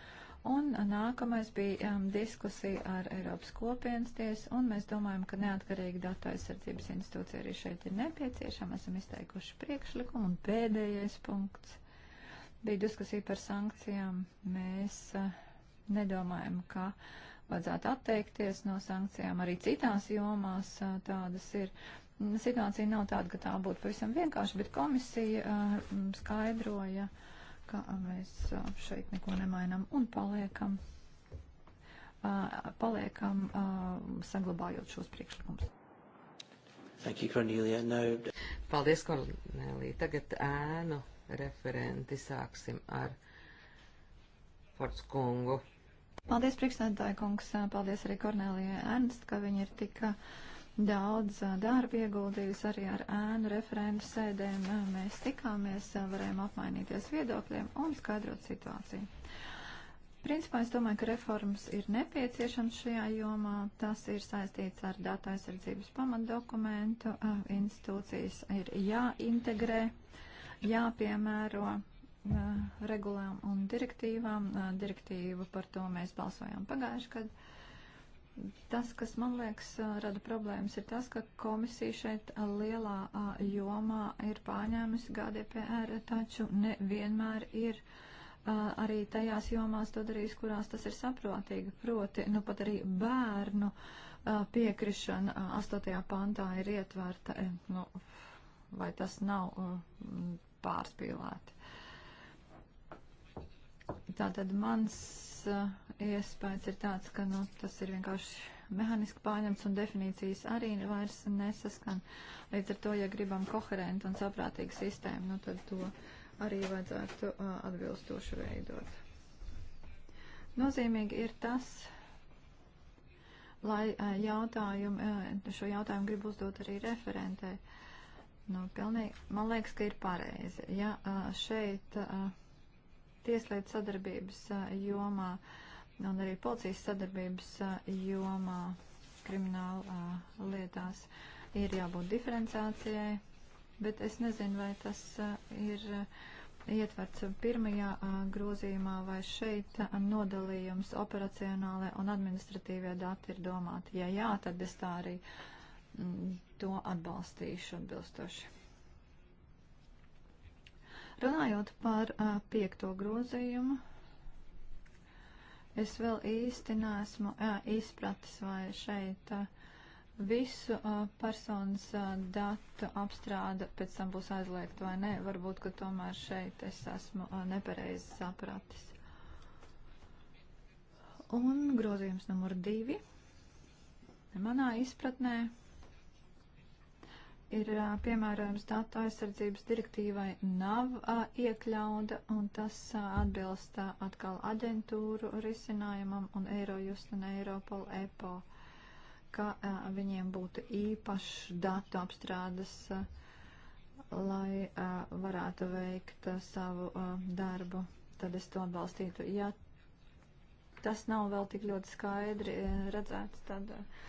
Un nākamais bija um, diskusija ar Eiropas kopienas tiesu, un mēs domājam, ka neatkarīga datu aizsardzības institūcija arī šeit ir nepieciešama. Esam izteikuši priekšlikumu, un pēdējais punkts bija diskusija par sankcijām. Mēs uh, nedomājam, ka vajadzētu atteikties no sankcijām. Arī citās jomās uh, tādas ir. Situācija nav tāda, ka tā būtu pavisam vienkārši, bet komisija eh, skaidroja, ka eh, mēs eh, šeit neko nemainam un paliekam, paliekam saglabājot šos priekšlikumus. Thank you, Cornelia. No. Paldies, Kornelija. Tagad ēnu referenti sāksim ar Forts kungu. Paldies, priekšsēdētāji kungs. Paldies arī Kornelijai Ernst, ka viņa ir tik daudz darba ieguldījusi arī ar ēnu referentu sēdēm. Mēs tikāmies, varējām apmainīties viedokļiem un skaidrot situāciju. Principā es domāju, ka reformas ir nepieciešams šajā jomā. Tas ir saistīts ar datu aizsardzības pamatdokumentu. Institūcijas ir jāintegrē, jāpiemēro regulām un direktīvām. Direktīvu par to mēs balsojām pagājušajā gadā. Tas, kas man liekas rada problēmas, ir tas, ka komisija šeit lielā jomā ir pārņēmusi GDPR, taču nevienmēr ir arī tajās jomās to darījis, kurās tas ir saprotīgi. Proti, nu pat arī bērnu piekrišana 8. pantā ir ietverta, nu, vai tas nav pārspīlēti. Tātad mans iespējas ir tāds, ka nu, tas ir vienkārši mehāniski pārņemts un definīcijas arī vairs nesaskan. Līdz ar to, ja gribam koherentu un saprātīgu sistēmu, nu, tad to arī vajadzētu uh, atbilstoši veidot. Nozīmīgi ir tas, lai uh, jautājumu, uh, šo jautājumu grib uzdot arī referentē. Nu, pilnīgi, man liekas, ka ir pareizi. Ja uh, šeit uh, tieslietu sadarbības uh, jomā uh, un arī policijas sadarbības jomā krimināla lietās ir jābūt diferenciācijai, bet es nezinu, vai tas ir ietverts pirmajā grozījumā, vai šeit nodalījums operacionālajā un administratīvajā dati ir domāti. Ja jā, tad es tā arī to atbalstīšu atbilstoši. Runājot par piekto grozījumu, Es vēl īsti nesmu izpratis, vai šeit a, visu a, personas a, datu apstrāde pēc tam būs aizliegta vai nē. Varbūt, ka tomēr šeit es esmu nepareizi sapratis. Un grozījums numur divi. Manā izpratnē ir piemērojams datu aizsardzības direktīvai nav a, iekļauda, un tas a, atbilst a, atkal aģentūru risinājumam un Eirojust un Eiropol EPO, ka viņiem būtu īpašs datu apstrādes, lai varētu veikt savu darbu. Tad es to atbalstītu. Ja tas nav vēl tik ļoti skaidri redzēts, tad. Uh,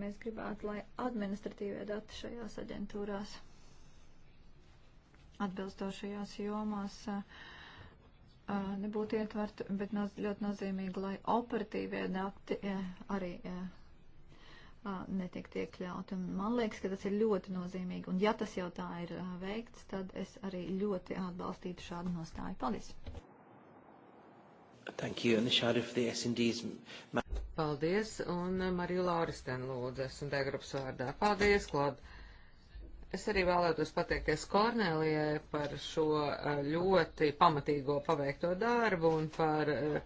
Mēs gribētu, lai administratīvie dati šajās aģentūrās atbilstošajās jomās nebūtu ietverti, bet noz, ļoti nozīmīgi, lai operatīvie dati arī netiek iekļauti. Un man liekas, ka tas ir ļoti nozīmīgi. Un ja tas jau tā ir veikts, tad es arī ļoti atbalstītu šādu nostāju. Paldies! Thank you. And the shadow for the S&Ds. Paldies, un uh, Mariju Lauristen lūdzu, S&D grupas vārdā. Paldies, Klod. Es arī vēlētos pateikties Kornelijai par šo uh, ļoti pamatīgo paveikto darbu un par uh,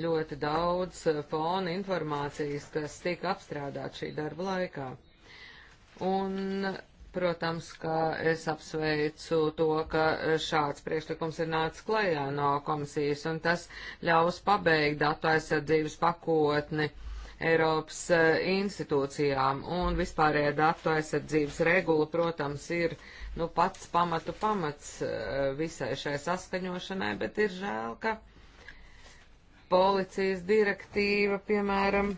ļoti daudz fona informācijas, kas tika apstrādāt šī darba laikā. Un Protams, ka es apsveicu to, ka šāds priekšlikums ir nācis klajā no komisijas, un tas ļaus pabeigt datu aizsardzības pakotni Eiropas e, institūcijām, un vispārējā datu aizsardzības regula, protams, ir nu, pats pamatu pamats e, visai šai saskaņošanai, bet ir žēl, ka policijas direktīva, piemēram,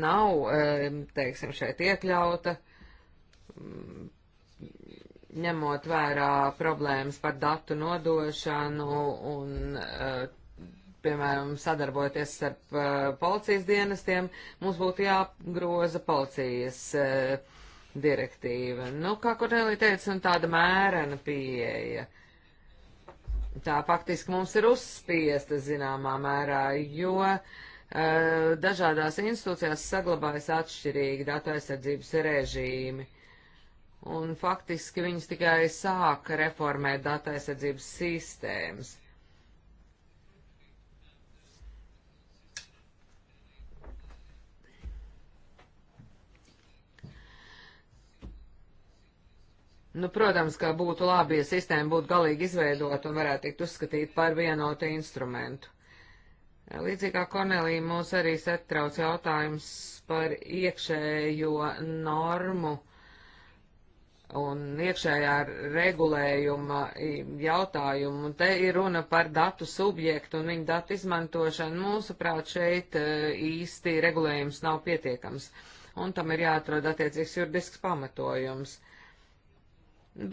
nav, teiksim, šeit iekļauta, ņemot vērā problēmas par datu nodošanu un, eh, piemēram, sadarbojoties ar eh, policijas dienestiem, mums būtu jāgroza policijas eh, direktīva. Nu, kā Kornelija teica, un tāda mērena pieeja. Tā faktiski mums ir uzspiesta zināmā mērā, jo uh, Eh, dažādās institūcijās saglabājas atšķirīgi datu aizsardzības režīmi. Un faktiski viņas tikai sāka reformēt datu aizsardzības sistēmas. Nu, protams, ka būtu labi, ja sistēma būtu galīgi izveidota un varētu tikt uzskatīt par vienotu instrumentu. Līdzīgā Kornelija mūs arī satrauc jautājums par iekšējo normu un iekšējā regulējuma jautājumu. Un te ir runa par datu subjektu un viņu datu izmantošanu. Mūsuprāt, šeit e, īsti regulējums nav pietiekams, un tam ir jāatrod attiecīgs juridisks pamatojums.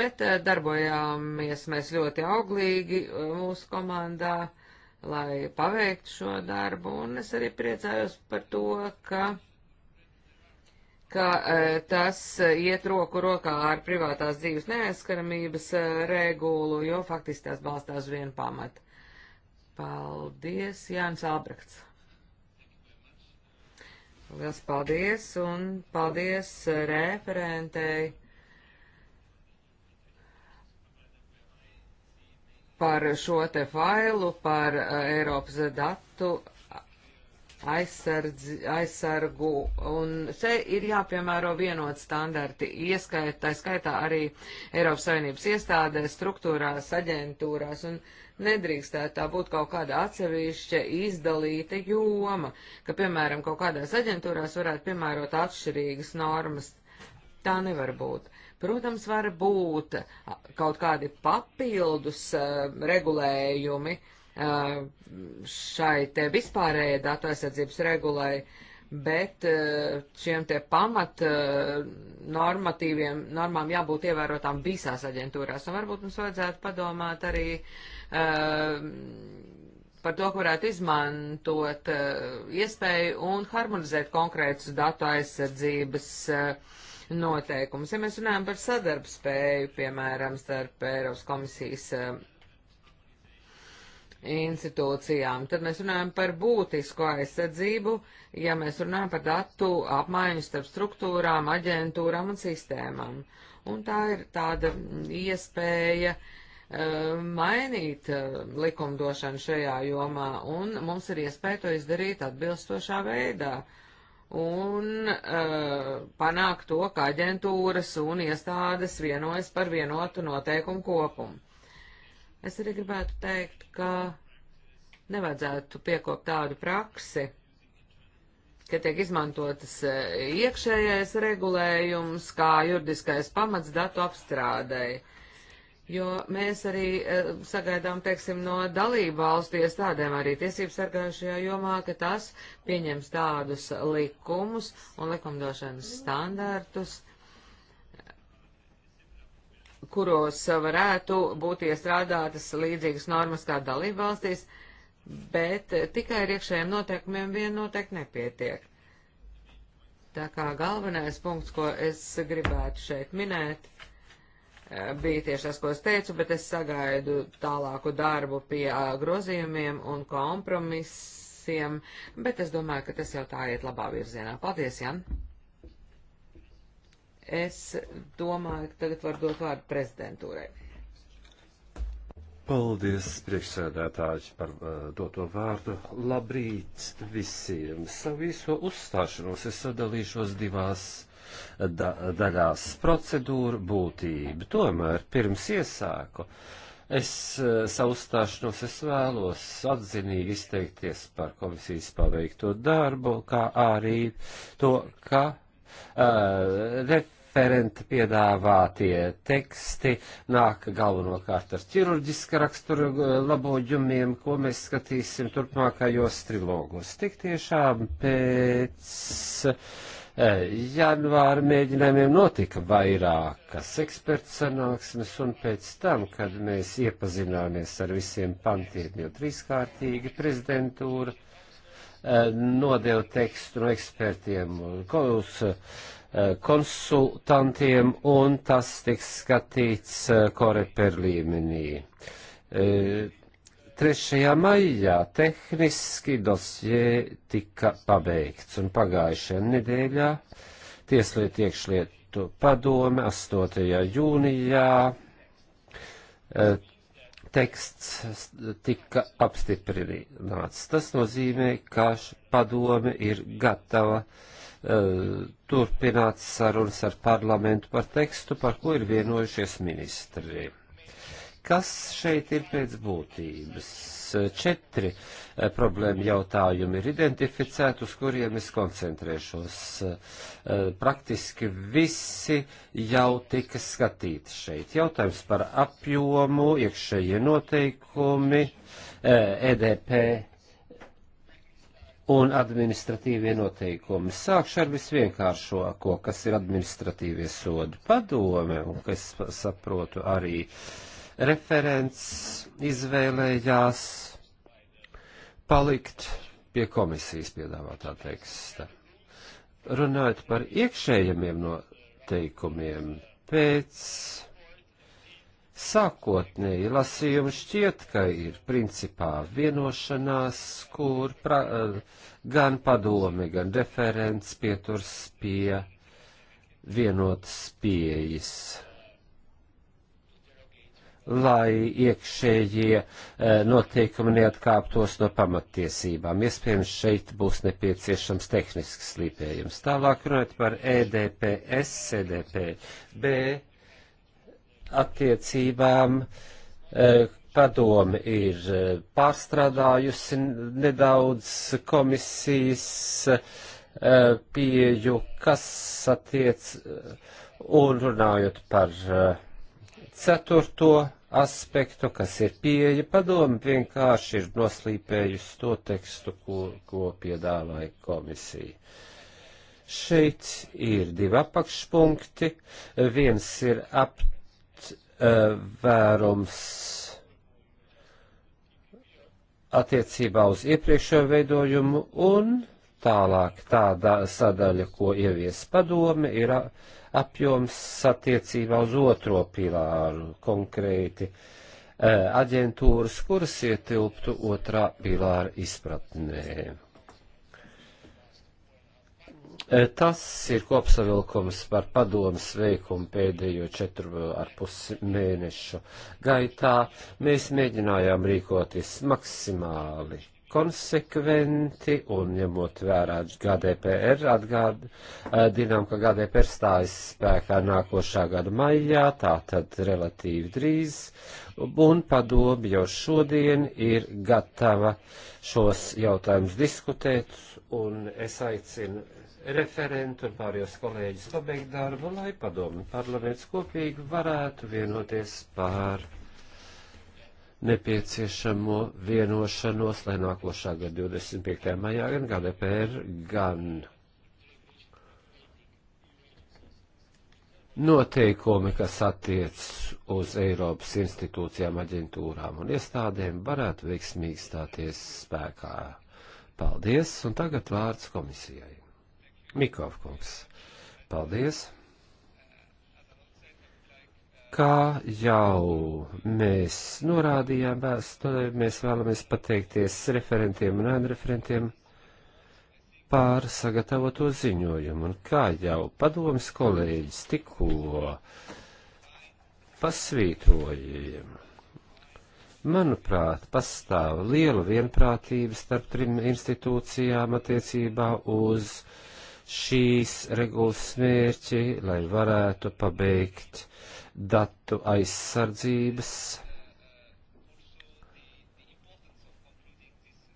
Bet e, darbojāmies mēs ļoti auglīgi e, mūsu komandā lai paveiktu šo darbu, un es arī priecājos par to, ka, ka e, tas iet roku rokā ar privātās dzīves neaizskaramības e, regulu, jo faktiski tās balstās vien pamat. Paldies, Jānis Albrechts! Liels paldies un paldies e, referentei par šo te failu, par uh, Eiropas datu aizsardzi, aizsargu, un te ir jāpiemēro vienot standarti, ieskait, tā skaitā arī Eiropas Savienības iestādēs, struktūrās, aģentūrās, un nedrīkstētu tā būt kaut kāda atsevišķa izdalīta joma, ka, piemēram, kaut kādās aģentūrās varētu piemērot atšķirīgas normas. Tā nevar būt. Uh, Protams, var būt kaut kādi papildus uh, regulējumi uh, šai te vispārējai datu aizsardzības regulai, bet uh, šiem te pamat normatīviem normām jābūt ievērotām visās aģentūrās. Un varbūt mums vajadzētu padomāt arī par to, ka varētu izmantot iespēju un harmonizēt konkrētus datu aizsardzības uh, noteikumus. Ja mēs runājam par sadarbspēju, piemēram, starp Eiropas komisijas eh, institūcijām, tad mēs runājam par būtisko aizsardzību, ja mēs runājam par datu apmaiņu starp struktūrām, aģentūrām un sistēmām. Un tā ir tāda iespēja uh, mainīt uh, likumdošanu šajā jomā, un mums ir iespēja to izdarīt atbilstošā veidā. Uh, un uh, eh, panākt to, ka aģentūras un iestādes vienojas par vienotu noteikumu kopumu. Es arī gribētu teikt, ka nevajadzētu piekopt tādu praksi, ka tiek izmantotas eh, iekšējais regulējums kā juridiskais pamats datu apstrādēji jo mēs arī eh, sagaidām, teiksim, no dalību valstu iestādēm arī tiesību sargājušajā jomā, ka tas pieņems tādus likumus un likumdošanas standartus, kuros varētu būt iestrādātas līdzīgas normas kā dalību valstīs, bet tikai ar iekšējiem noteikumiem vien noteikti nepietiek. Tā kā galvenais punkts, ko es gribētu šeit minēt, ir bija tieši tas, ko es teicu, bet es sagaidu tālāku darbu pie grozījumiem un kompromisiem, bet es domāju, ka tas jau tā iet labā virzienā. Paldies, Jan! Es domāju, ka tagad var dot vārdu prezidentūrai. Paldies, priekšsēdētāji, par uh, doto vārdu. Labrīt visiem! Savu īso uzstāšanos es sadalīšos divās da daļās procedūru būtību. Tomēr pirms iesāku es eh, savu stāšanos es vēlos atzinīgi izteikties par komisijas paveikto darbu, kā arī to, ka uh, referenta piedāvātie teksti nāk galvenokārt ar ķirurģiska rakstura eh, labojumiem, ko mēs skatīsim turpmākajos trilogos. Tik tiešām pēc Eh, janvāra mēģinājumiem notika vairākas eksperts sanāksmes, un pēc tam, kad mēs iepazināmies ar visiem pantiem jau trīskārtīgi, prezidentūra eh, nodeva tekstu no ekspertiem uz eh, konsultantiem, un tas tiks skatīts koreper līmenī 3. maijā tehniski dosjē tika pabeigts, un pagājušajā nedēļā Tieslietu iekšlietu padome 8. jūnijā e, teksts tika apstiprināts. Tas nozīmē, ka padome ir gatava uh, turpināt sarunas ar parlamentu par tekstu, par ko ir vienojušies ministri. Kas šeit ir pēc būtības? Četri eh, problēma jautājumi ir identificēti, uz kuriem es koncentrēšos. Eh, praktiski visi jau tika skatīti šeit. Jautājums par apjomu, iekšējie noteikumi, EDP eh, e un administratīvie noteikumi. Sākšu ar visvienkāršāko, kas ir administratīvie sodi padome, un kas saprotu arī uh, referents izvēlējās palikt pie komisijas piedāvātā teksta. Runājot par iekšējiem noteikumiem, pēc sākotnēji lasījumi šķiet, ka ir principā vienošanās, kur pra, gan padome, gan referents pieturs pie vienotas pieejas lai iekšējie eh, noteikumi neatkāptos no pamattiesībām. Iespējams, šeit būs nepieciešams tehnisks slīpējums. Tālāk runāt par EDPS, EDPB attiecībām. Eh, padome ir eh, pārstrādājusi nedaudz komisijas pieju, kas attiec un runājot par uh, ceturto aspektu, kas ir pieeja padomi, vienkārši ir noslīpējusi to tekstu, ko, ko piedāvāja komisija. Šeit ir divi apakšpunkti. Viens ir aptvērums eh, attiecībā uz iepriekšējo veidojumu un tālāk tāda sadaļa, ko ievies padomi, ir aptvērums apjoms attiecībā uz otro pilāru konkrēti e, aģentūras, kuras ietilptu otrā pilāra izpratnē. E, tas ir kopsavilkums par padomas veikumu pēdējo četru ar pus mēnešu gaitā. Mēs mēģinājām rīkoties maksimāli konsekventi un ņemot vērā GDPR atgādinām, eh, ka GDPR stājas spēkā nākošā gada maijā, tātad relatīvi drīz, un padomi jau šodien ir gatava šos jautājumus diskutēt, un es aicinu referentu un pārējos kolēģis pabeigt darbu, lai padomu parlaments kopīgi varētu vienoties pār nepieciešamo vienošanos, lai nākošā gada 25. maijā gan GDPR, gan noteikumi, kas attiec uz Eiropas institūcijām, aģentūrām un iestādēm, varētu veiksmīgi stāties spēkā. Paldies, un tagad vārds komisijai. Mikovkungs. Paldies! kā jau mēs norādījām vēstulē, mēs vēlamies pateikties referentiem un ēnreferentiem pār sagatavoto ziņojumu. Un kā jau padomas kolēģis tikko pasvītroja, manuprāt, pastāv liela vienprātība starp trim institūcijām attiecībā uz šīs regulas smērķi, lai varētu pabeigt datu aizsardzības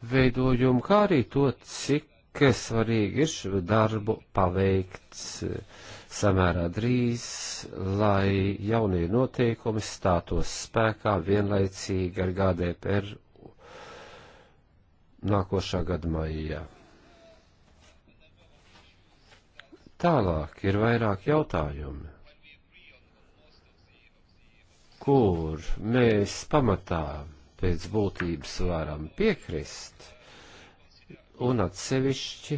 veidojumu, kā arī to, cik svarīgi ir šo darbu paveikt samērā drīz, lai jaunie noteikumi stātos spēkā vienlaicīgi ar GDPR nākošā gada maijā. Tālāk ir vairāk jautājumi kur mēs pamatā pēc būtības varam piekrist, un atsevišķi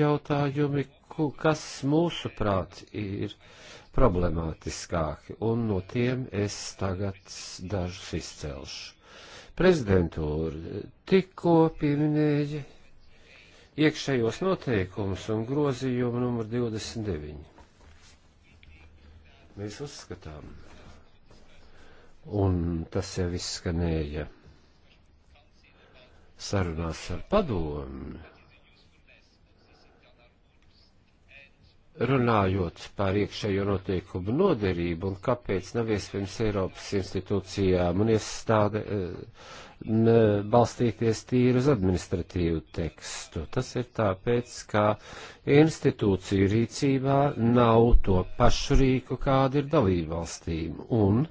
jautājumi, kas mūsuprāt ir problemātiskāki, un no tiem es tagad dažus izcelšu. Prezidentūra tikko pieminēja iekšējos noteikumus un grozījumu numur 29. Mēs uzskatām, un tas jau izskanēja sarunās ar padomu, runājot par iekšējo noteikumu noderību un kāpēc nav iespējams Eiropas institūcijām un iestāde eh, balstīties tīri uz administratīvu tekstu. Tas ir tāpēc, ka institūciju rīcībā nav to pašu rīku, kāda ir dalībvalstīm. Un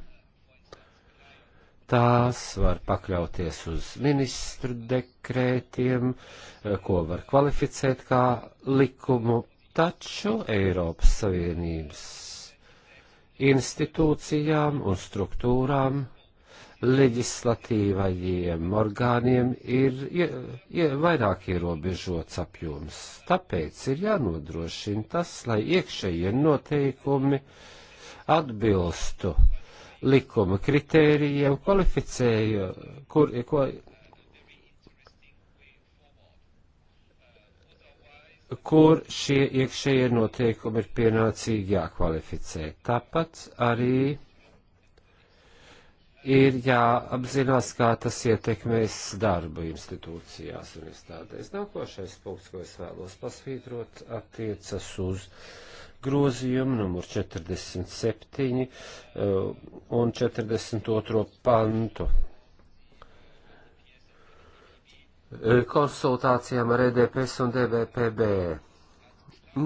tās var pakļauties uz ministru dekrētiem, eh, ko var kvalificēt kā likumu, taču Eiropas Savienības institūcijām un struktūrām, leģislatīvajiem orgāniem ir ie, ie, vairāk ierobežots apjoms. Tāpēc ir jānodrošina tas, lai iekšējie noteikumi atbilstu uh, likuma kritērijiem, kvalificēju, kur, ko, kur šie iekšējie noteikumi ir pienācīgi jākvalificē. Tāpat arī ir jāapzinās, kā tas ietekmēs darbu institūcijās un iestādēs. Nākošais punkts, ko es vēlos pasvītrot, attiecas uz uh, grozījumu numur 47 eh, un 42 pantu. Eh, konsultācijām ar EDPS un DBPB.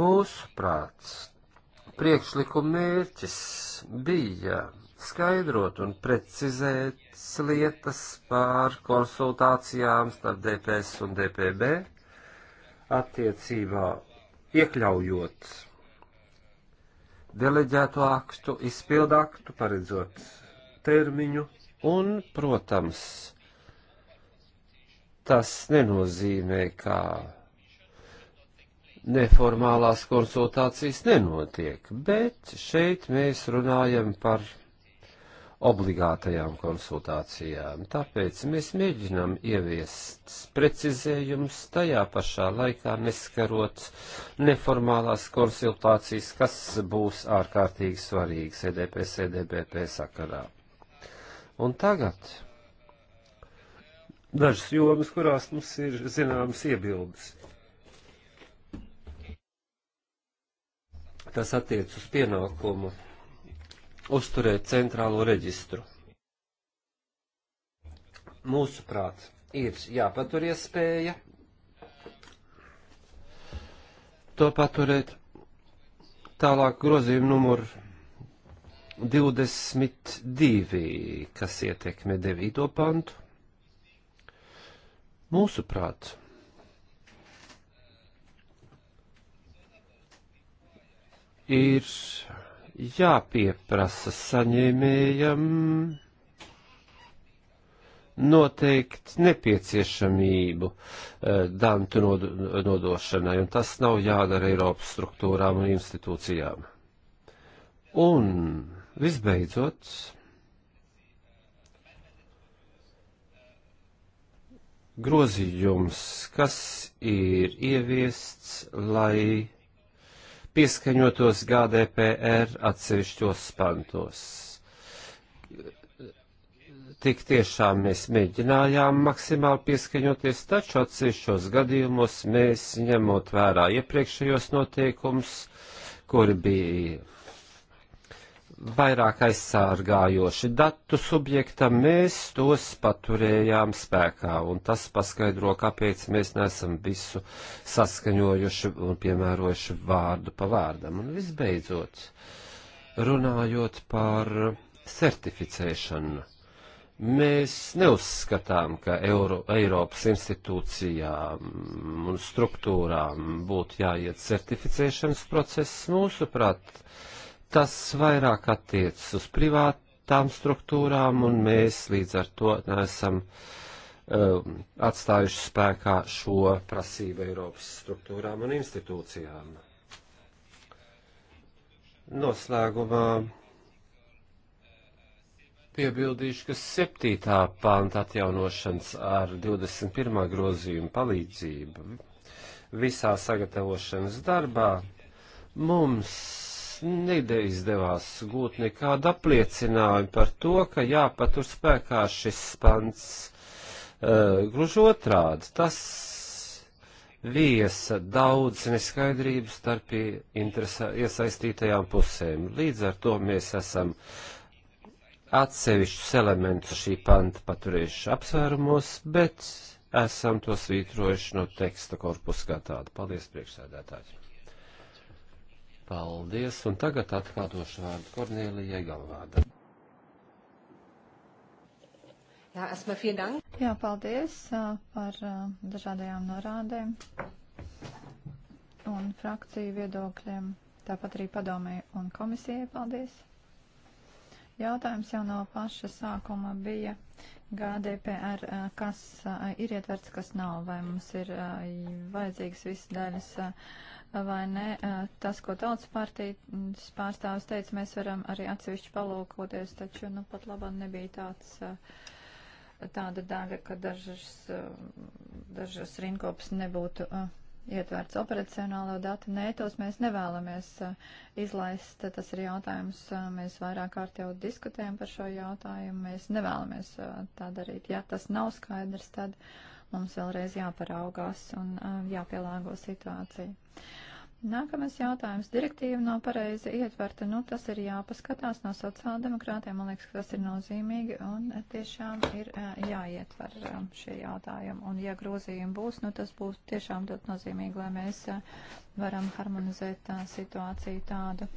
Mūsu prāts priekšlikuma mērķis bija skaidrot un precizēt lietas pār konsultācijām starp DPS un DPB attiecībā iekļaujot deleģēto aktu, izpildaktu, paredzot termiņu, un, protams, tas nenozīmē, ka neformālās konsultācijas nenotiek, bet šeit mēs runājam par obligātajām konsultācijām. Tāpēc mēs mēģinām ieviest precizējums tajā pašā laikā neskarot neformālās konsultācijas, kas būs ārkārtīgi svarīgas EDP, CDBP sakarā. Un tagad dažas jomas, kurās mums ir zināmas iebildes. Tas attiec uz pienākumu uzturēt centrālo reģistru. Mūsuprāt, ir jāpatur iespēja to paturēt. Tālāk grozījuma numur 22, kas ietekmē 9. pantu. Mūsuprāt, ir jāpieprasa saņēmējam noteikt nepieciešamību eh, dantu nodošanai, un tas nav jādara Eiropas struktūrām un institūcijām. Un visbeidzot, grozījums, kas ir ieviests, lai pieskaņotos GDPR atsevišķos spantos. Tik tiešām mēs mēģinājām maksimāli pieskaņoties, taču atsevišķos gadījumos mēs, ņemot vērā iepriekšējos noteikumus, kuri bija vairāk aizsārgājoši datu subjektam, mēs tos paturējām spēkā, un tas paskaidro, kāpēc mēs nesam visu saskaņojuši un piemērojuši vārdu pa vārdam. Un visbeidzot, runājot par certificēšanu, mēs neuzskatām, ka Euro, Eiropas institūcijām un struktūrām būtu jāiet certificēšanas process mūsuprāt. prāt Tas vairāk attiecas uz privātām struktūrām, un mēs līdz ar to neesam um, atstājuši spēkā šo prasību Eiropas struktūrām un institūcijām. Noslēgumā piebildīšu, ka 7. pānta atjaunošanas ar 21. grozījumu palīdzību visā sagatavošanas darbā mums nedeizdevās gūt nekādu apliecinājumu par to, ka jāpatur spēkā šis pants. Uh, gluži otrādi, tas viesa daudz neskaidrību starp iesaistītajām pusēm. Līdz ar to mēs esam atsevišķus elementus šī panta paturējuši apsvērumos, bet esam to svītrojuši no teksta korpusa kā tādu. Paldies, priekšsēdētāji! Paldies, un tagad atkal došu vārdu Kornēlijai Galvāda. Jā, esmu Fiedang. Jā, paldies par dažādajām norādēm un frakciju viedokļiem. Tāpat arī padomēju un komisijai paldies. Jautājums jau no paša sākuma bija GDPR, kas ir ietverts, kas nav, vai mums ir vajadzīgas visas daļas. Uh, vai ne. Tas, ko tautas partijas pārstāvis teica, mēs varam arī atsevišķi palūkoties, taču nu, pat labam nebija tāds. Tāda daļa, ka dažas, dažas rinkopas nebūtu ietverts operacionālo datu. Nē, tos mēs nevēlamies izlaist. Tas ir jautājums, mēs vairāk kārt jau diskutējam par šo jautājumu. Mēs nevēlamies tā darīt. Ja tas nav skaidrs, tad mums vēlreiz jāparaugās un jāpielāgo situācija. Nākamais jautājums. Direktīva nav pareizi ietverta. Nu, tas ir jāpaskatās no sociāldemokrātiem. Man liekas, ka tas ir nozīmīgi un tiešām ir jāietver šie jautājumi. Un ja grozījumi būs, nu, tas būs tiešām ļoti nozīmīgi, lai mēs varam harmonizēt situāciju tādu,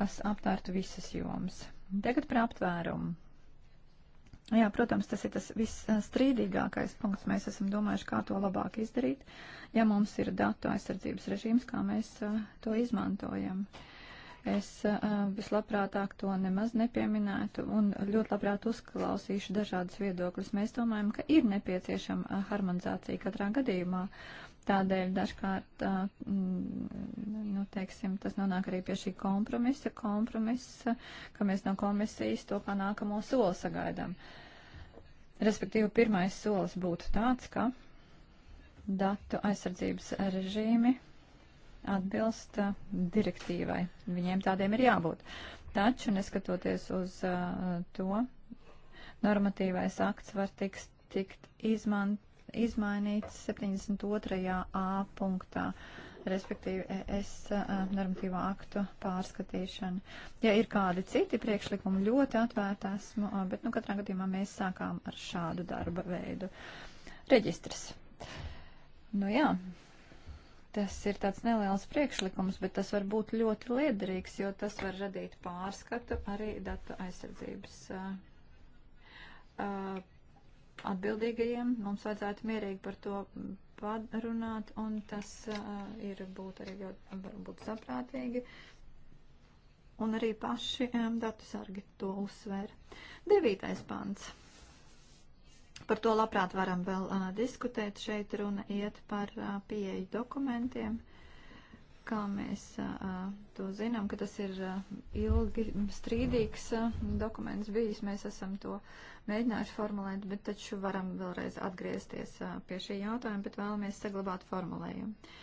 kas aptvērtu visas jomas. Tagad par aptvērumu Jā, protams, tas ir tas visstrīdīgākais punkts. Mēs esam domājuši, kā to labāk izdarīt, ja mums ir datu aizsardzības režīms, kā mēs uh, to izmantojam. Es uh, vislabprātāk to nemaz nepieminētu un ļoti labprāt uzklausīšu dažādas viedokļas. Mēs domājam, ka ir nepieciešama harmonizācija katrā gadījumā. Uh, Tādēļ dažkārt, mm, nu, teiksim, tas nonāk arī pie šī kompromisa, kompromisa, ka mēs no komisijas to kā nākamo soli sagaidām. Respektīvi, pirmais solis būtu tāds, ka datu aizsardzības režīmi atbilst direktīvai. Viņiem tādiem ir jābūt. Taču, neskatoties uz to, normatīvais akts var tikt, tikt izmantot izmainīts 72. A punktā, respektīvi es normatīvā aktu pārskatīšana. Ja ir kādi citi priekšlikumi, ļoti atvērti esmu, bet nu katrā gadījumā mēs sākām ar šādu darba veidu. Reģistrs. Nu jā, tas ir tāds neliels priekšlikums, bet tas var būt ļoti liederīgs, jo tas var radīt pārskatu arī datu aizsardzības uh, uh, atbildīgajiem. Mums vajadzētu mierīgi par to mm, parunāt, un tas uh, ir būt arī ļoti, varbūt saprātīgi. Un arī paši um, datu sargi to uzsvēra. Devītais pants. Par to labprāt varam vēl uh, diskutēt. Šeit runa iet par uh, pieeju dokumentiem kā mēs a, to zinām, ka tas ir a, ilgi strīdīgs a, dokuments bijis, mēs esam to mēģinājuši formulēt, bet taču varam vēlreiz atgriezties pie šī jautājuma, bet vēlamies saglabāt formulējumu.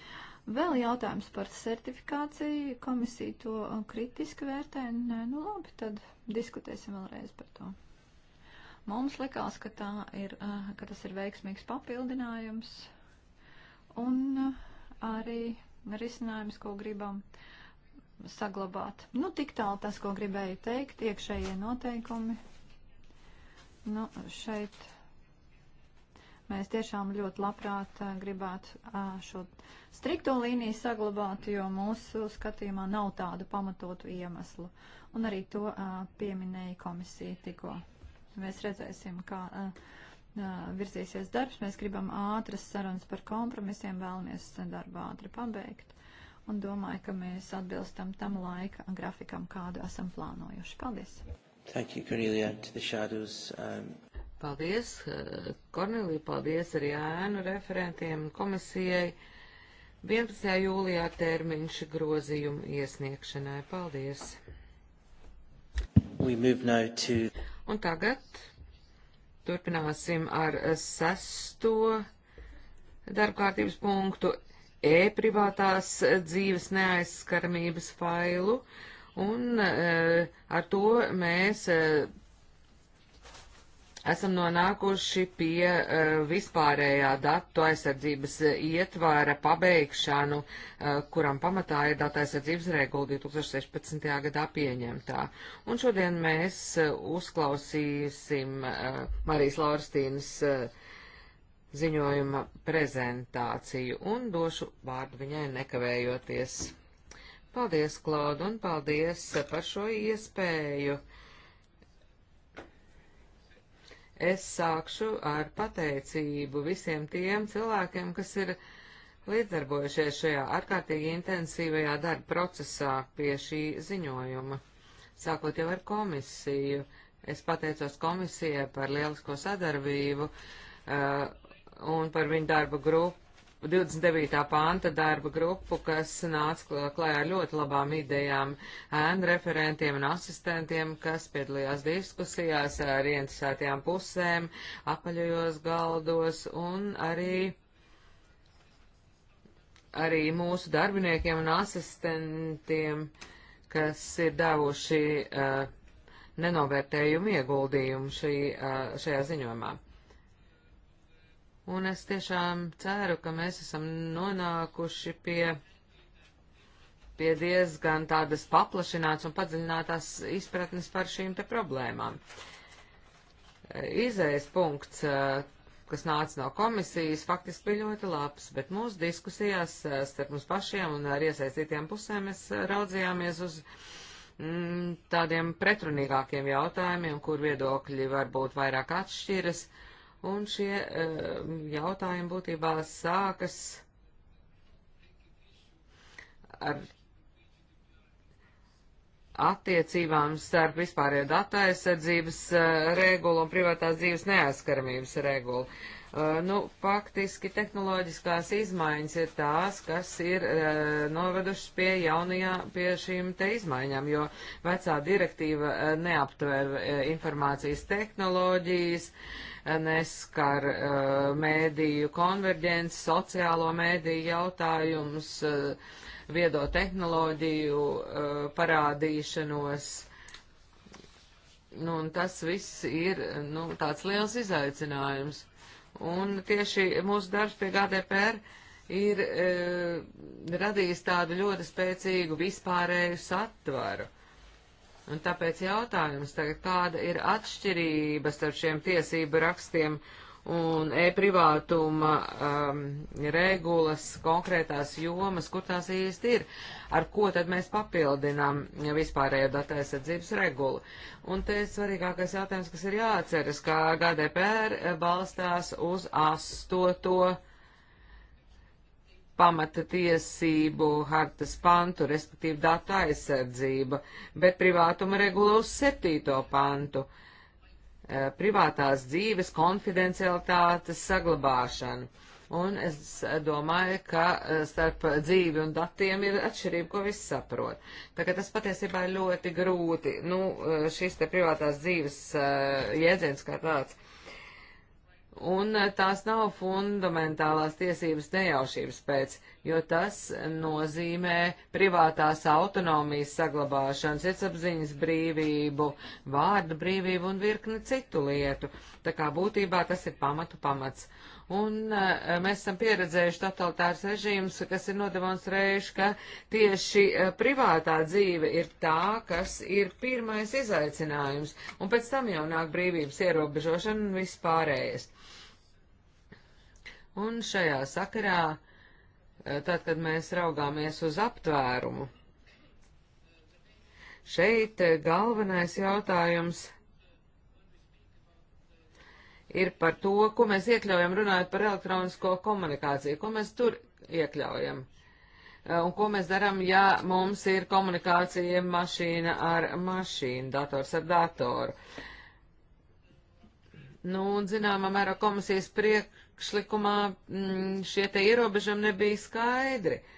Vēl jautājums par certifikāciju. Komisija to kritiski vērtē. Nē, nu labi, tad diskutēsim vēlreiz par to. Mums likās, ka, tā ir, ka tas ir veiksmīgs papildinājums. Un arī risinājumus, ko gribam saglabāt. Nu, tik tālu tas, ko gribēju teikt, iekšējie noteikumi. Nu, šeit mēs tiešām ļoti labprāt eh, gribētu eh, šo strikto līniju saglabāt, jo mūsu skatījumā nav tādu pamatotu iemeslu. Un arī to eh, pieminēja komisija tikko. Mēs redzēsim, kā. Uh, virzīsies darbs. Mēs gribam ātras sarunas par kompromisiem, vēlamies darbu ātri pabeigt un domāju, ka mēs atbilstam tam laika grafikam, kādu esam plānojuši. Paldies! Thank you, Cornelia, to the shadows. Um... Paldies, Kornelija, uh, paldies arī ēnu referentiem komisijai. 11. jūlijā termiņš grozījumu iesniegšanai. Paldies! To... Un tagad Turpināsim ar sesto darbkārtības punktu e-privātās dzīves neaizskaramības failu, un e, ar to mēs e, esam nonākuši pie uh, vispārējā datu aizsardzības eh, ietvara pabeigšanu, uh, kuram pamatā ir datu aizsardzības regula 2016. gadā pieņemtā. Un šodien mēs uh, uzklausīsim Marijas Laurstīnas ziņojuma prezentāciju un došu vārdu viņai nekavējoties. Paldies, Klauda, un paldies par šo iespēju uh, Es sākšu ar pateicību visiem tiem cilvēkiem, kas ir līdzdarbojušies šajā ārkārtīgi intensīvajā darba procesā pie šī ziņojuma. Sākot jau ar komisiju, es pateicos komisijai par lielisko sadarbību uh, un par viņu darba grupu 29. panta darba grupu, kas nāca klajā ar ļoti labām idejām ēnu referentiem un asistentiem, kas piedalījās diskusijās ar ieinteresētajām pusēm, apaļajos galdos un arī arī mūsu darbiniekiem un asistentiem, kas ir devuši uh, nenovērtējumu ieguldījumu šī, uh, šajā ziņojumā. Un es tiešām ceru, ka mēs esam nonākuši pie, pie diezgan tādas paplašināts un padziļinātās izpratnes par šīm te problēmām. Izējas punkts, kas nāca no komisijas, faktiski bija ļoti labs, bet mūsu diskusijās eh, starp mums pašiem un ar iesaistītiem pusēm mēs eh, raudzījāmies uz mm, tādiem pretrunīgākiem jautājumiem, kur viedokļi varbūt vairāk atšķiras. Uh, un šie uh, jautājumi būtībā sākas ar attiecībām starp vispārējo datu aizsardzības uh, regulu un privātās dzīves neaizskaramības regulu. Uh, nu, faktiski tehnoloģiskās izmaiņas ir tās, kas ir uh, novedušas pie jaunajā, pie šīm te izmaiņām, jo vecā direktīva neaptver informācijas tehnoloģijas, uh, neskar eh, mēdīju konverģenci, sociālo mēdīju jautājumus, eh, viedo tehnoloģiju eh, parādīšanos. Nu, un tas viss ir nu, tāds liels izaicinājums. Un tieši mūsu darbs pie GDPR ir e, radījis tādu ļoti spēcīgu vispārēju satvaru. Un tāpēc jautājums tagad, kāda ir atšķirība starp šiem tiesību rakstiem un e-privātuma um, regulas konkrētās jomas, kur tās īsti ir, ar ko tad mēs papildinām vispārējo datu aizsardzības regulu. Un te svarīgākais jautājums, kas ir jāatceras, ka GDPR balstās uz astoto pamata tiesību hartas pantu, respektīvi datu aizsardzība, bet privātuma regula uz septīto pantu e, - privātās dzīves konfidencialitātes saglabāšana. Un es domāju, ka e, starp dzīvi un datiem ir atšķirība, ko viss saprot. Tā kā tas patiesībā ir ļoti grūti, nu, e, šis te privātās dzīves jēdziens kā tāds un eh, tās nav fundamentālās tiesības nejaušības pēc, jo tas nozīmē privātās autonomijas saglabāšanu, sirdsapziņas brīvību, vārdu brīvību un virkni citu lietu. Tā kā būtībā tas ir pamatu pamats. Uh, Un uh, mēs esam pieredzējuši totalitārs režīms, kas ir nodemonstrējuši, ka tieši uh, privātā dzīve ir tā, kas ir pirmais izaicinājums, un pēc tam jau nāk brīvības ierobežošana un viss pārējais. Un šajā sakarā, uh, tad, kad mēs raugāmies uz aptvērumu, šeit galvenais jautājums ir, ir par to, ko mēs iekļaujam runājot par elektronisko komunikāciju, ko mēs tur iekļaujam. Eh, un ko mēs darām, ja mums ir komunikācija mašīna ar mašīnu, dators ar datoru. Nu, un zināmā mērā komisijas priekšlikumā m, mm, šie te ierobežojumi nebija skaidri. Uh,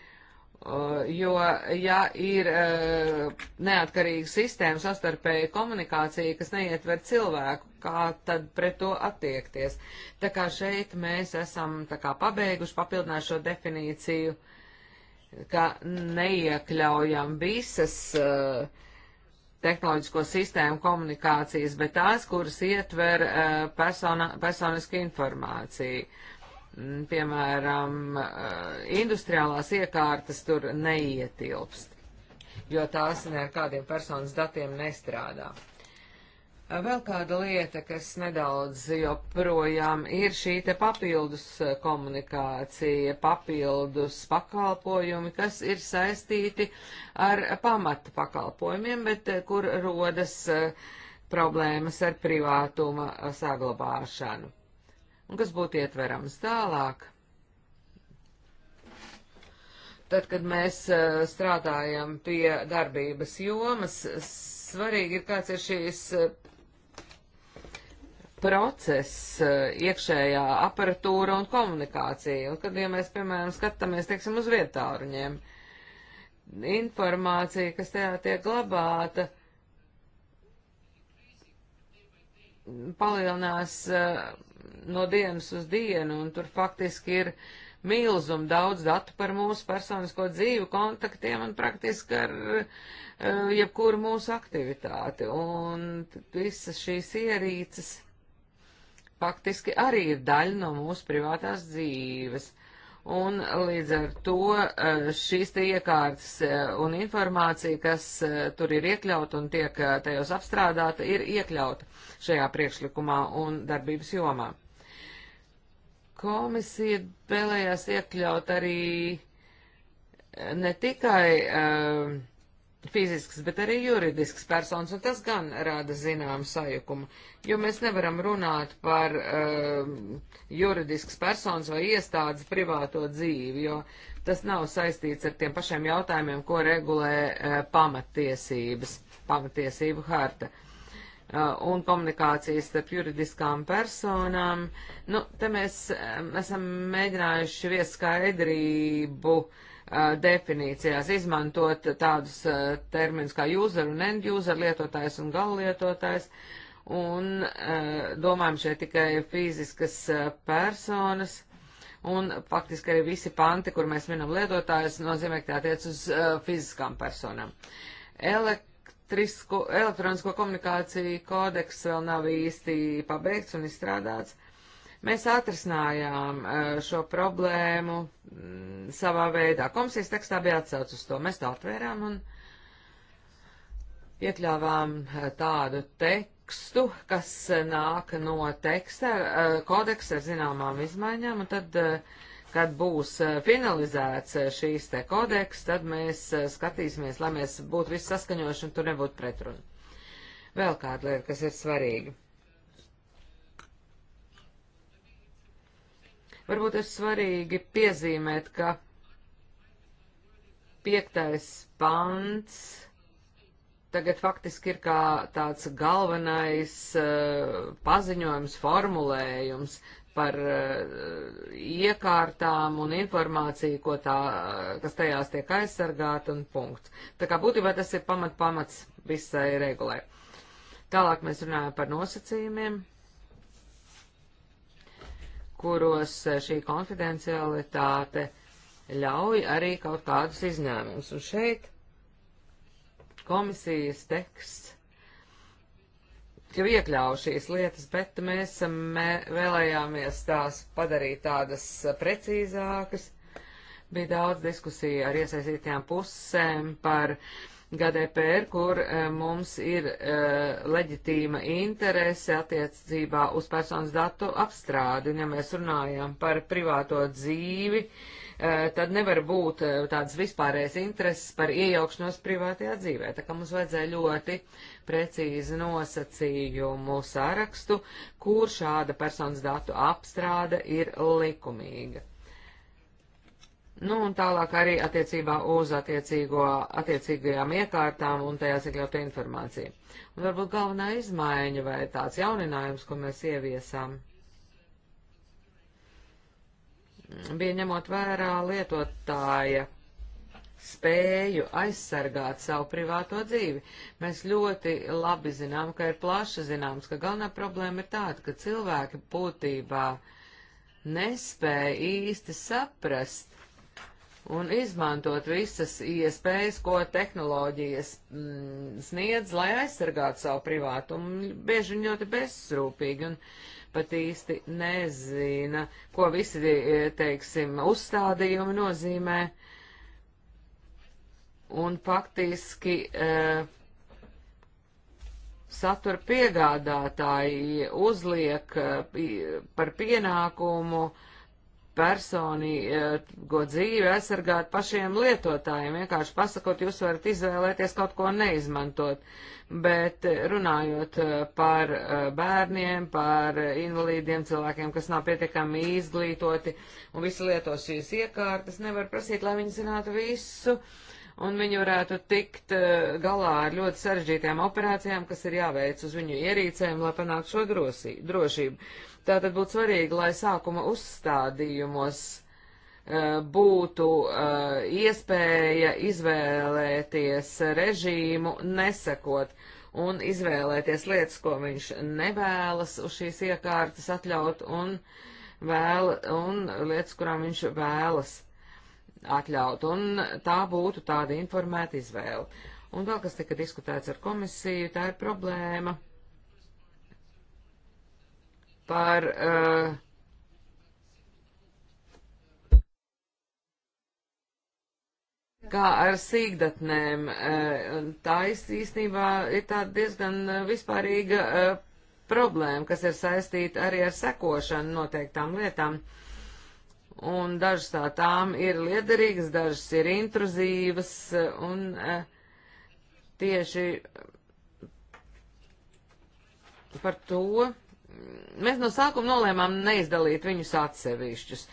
Uh, jo, ja ir uh, neatkarīga sistēma sastarpēja komunikācija, kas neietver cilvēku, kā tad pret to attiekties? Tā kā šeit mēs esam tā kā pabeiguši, papildināšu šo definīciju, ka neiekļaujam visas uh, tehnoloģisko sistēmu komunikācijas, bet tās, kuras ietver persona, personisku informāciju piemēram, eh, industriālās iekārtas tur neietilpst, jo tās ne ar kādiem personas datiem nestrādā. Eh, vēl kāda lieta, kas nedaudz joprojām ir šī te papildus eh, komunikācija, papildus pakalpojumi, kas ir saistīti ar pamata pakalpojumiem, bet kur rodas problēmas ar privātuma saglabāšanu un kas būtu ietverams tālāk. Tad, kad mēs eh, strādājam pie darbības jomas, svarīgi ir kāds ir šīs eh, process, eh, iekšējā aparatūra un komunikācija. Un kad, ja mēs, piemēram, skatāmies, teiksim, uz vietāruņiem, informācija, kas tajā tiek glabāta, palielinās uh, no dienas uz dienu, un tur faktiski ir milzum daudz datu par mūsu personisko dzīvi, kontaktiem un praktiski ar uh, jebkuru mūsu aktivitāti. Un visas šīs ierīces faktiski arī ir daļa no mūsu privātās dzīves. Un līdz ar to eh, šīs te iekārtas eh, un informācija, kas tur ir iekļauta un tiek tajos apstrādāta, ir iekļauta šajā priekšlikumā un darbības jomā. Komisija vēlējās iekļaut arī eh, ne tikai uh, fizisks, bet arī juridisks personas, un tas gan rada zināmu sajukumu, jo mēs nevaram runāt par uh, juridisks personas vai iestādes privāto dzīvi, jo tas nav saistīts ar tiem pašiem jautājumiem, ko regulē uh, pamatiesības, pamatiesību harta. Uh, un komunikācijas starp juridiskām personām. Nu, te mēs um, esam mēģinājuši vieskaidrību uh, definīcijās, izmantot tādus uh, terminus kā user un end user lietotājs un galu lietotājs. Un domājam šeit tikai fiziskas personas. Un faktiski arī visi panti, kur mēs minam lietotājs, nozīmē, ka tā tiec uz uh, fiziskām personām. Elek elektronisko komunikāciju kodeks vēl nav īsti pabeigts un izstrādāts. Mēs atrisinājām eh, šo problēmu mm, savā veidā. Komisijas tekstā bija atsauc uz to. Mēs to atvērām un iekļāvām eh, tādu tekstu, kas eh, nāk no teksta, kodeksa ar zināmām izmaiņām, un tad uh, kad būs eh, finalizēts eh, šīs te kodeks, tad mēs eh, skatīsimies, lai mēs būtu viss saskaņojuši un tur nebūtu pretrunu. Vēl kāda lieta, kas ir svarīga. Varbūt ir svarīgi piezīmēt, ka piektais pants tagad faktiski ir kā tāds galvenais uh, paziņojums, formulējums, par eh, iekārtām un informāciju, ko tā, kas tajās tiek aizsargāta un punkts. Tā kā būtībā tas ir pamat pamats visai regulē. Tālāk mēs runājam par nosacījumiem, kuros eh, šī konfidencialitāte ļauj arī kaut kādus izņēmumus. Un šeit komisijas teksts jau iekļauju šīs lietas, bet mēs um, mē, vēlējāmies tās padarīt tādas uh, precīzākas. Bija daudz diskusiju ar iesaistītajām pusēm par GDPR, kur uh, mums ir uh, leģitīma interese attiecībā uz personas datu apstrādi, un ja mēs runājam par privāto dzīvi, uh, Eh, tad nevar būt eh, tādas vispārējas intereses par iejaukšanos privātajā dzīvē. Tā kā mums vajadzēja ļoti precīzi nosacījumu sarakstu, kur šāda personas datu apstrāde ir likumīga. Nu, un tālāk arī attiecībā uz attiecīgajām iekārtām un tajās iekļautu informāciju. Un varbūt galvenā izmaiņa vai tāds jauninājums, ko mēs ieviesām bija ņemot vērā lietotāja spēju aizsargāt savu privāto dzīvi. Mēs ļoti labi zinām, ka ir plaši zināms, ka galvenā problēma ir tāda, ka cilvēki būtībā nespēja īsti saprast un izmantot visas iespējas, ko tehnoloģijas mm, sniedz, lai aizsargātu savu privātumu, bieži ļoti bezsrūpīgi. Un pat īsti nezina, ko visi, e, teiksim, uzstādījumi nozīmē. Un faktiski uh, satura piegādātāji uzliek uh, par pienākumu uh, personīgo eh, dzīvi aizsargāt pašiem lietotājiem. Vienkārši pasakot, jūs varat izvēlēties kaut ko neizmantot, bet eh, runājot eh, par bērniem, par invalīdiem, cilvēkiem, kas nav pietiekami izglītoti un visi lieto šīs iekārtas, nevar prasīt, lai viņi zinātu visu. Uh, un viņi varētu tikt eh, galā ar ļoti sarežģītām operācijām, kas ir jāveic uz viņu ierīcēm, lai panāktu šo grosī, drošību. Tātad būtu svarīgi, lai sākuma uzstādījumos eh, būtu eh, iespēja izvēlēties režīmu, nesakot un izvēlēties lietas, ko viņš nevēlas uz šīs iekārtas atļaut un, vēl, un lietas, kurām viņš vēlas atļaut, un tā būtu tāda informēta izvēle. Un vēl kas tika diskutēts ar komisiju, tā ir problēma par. Uh, Kā ar sīkdatnēm, uh, tā īstenībā ir tāda diezgan eh, vispārīga uh, problēma, kas ir saistīta arī ar sekošanu noteiktām lietām. Uh, un dažas no tā tām ir liederīgas, dažas ir intruzīvas, un eh, tieši eh, par to mēs no sākuma nolēmām neizdalīt viņus atsevišķus,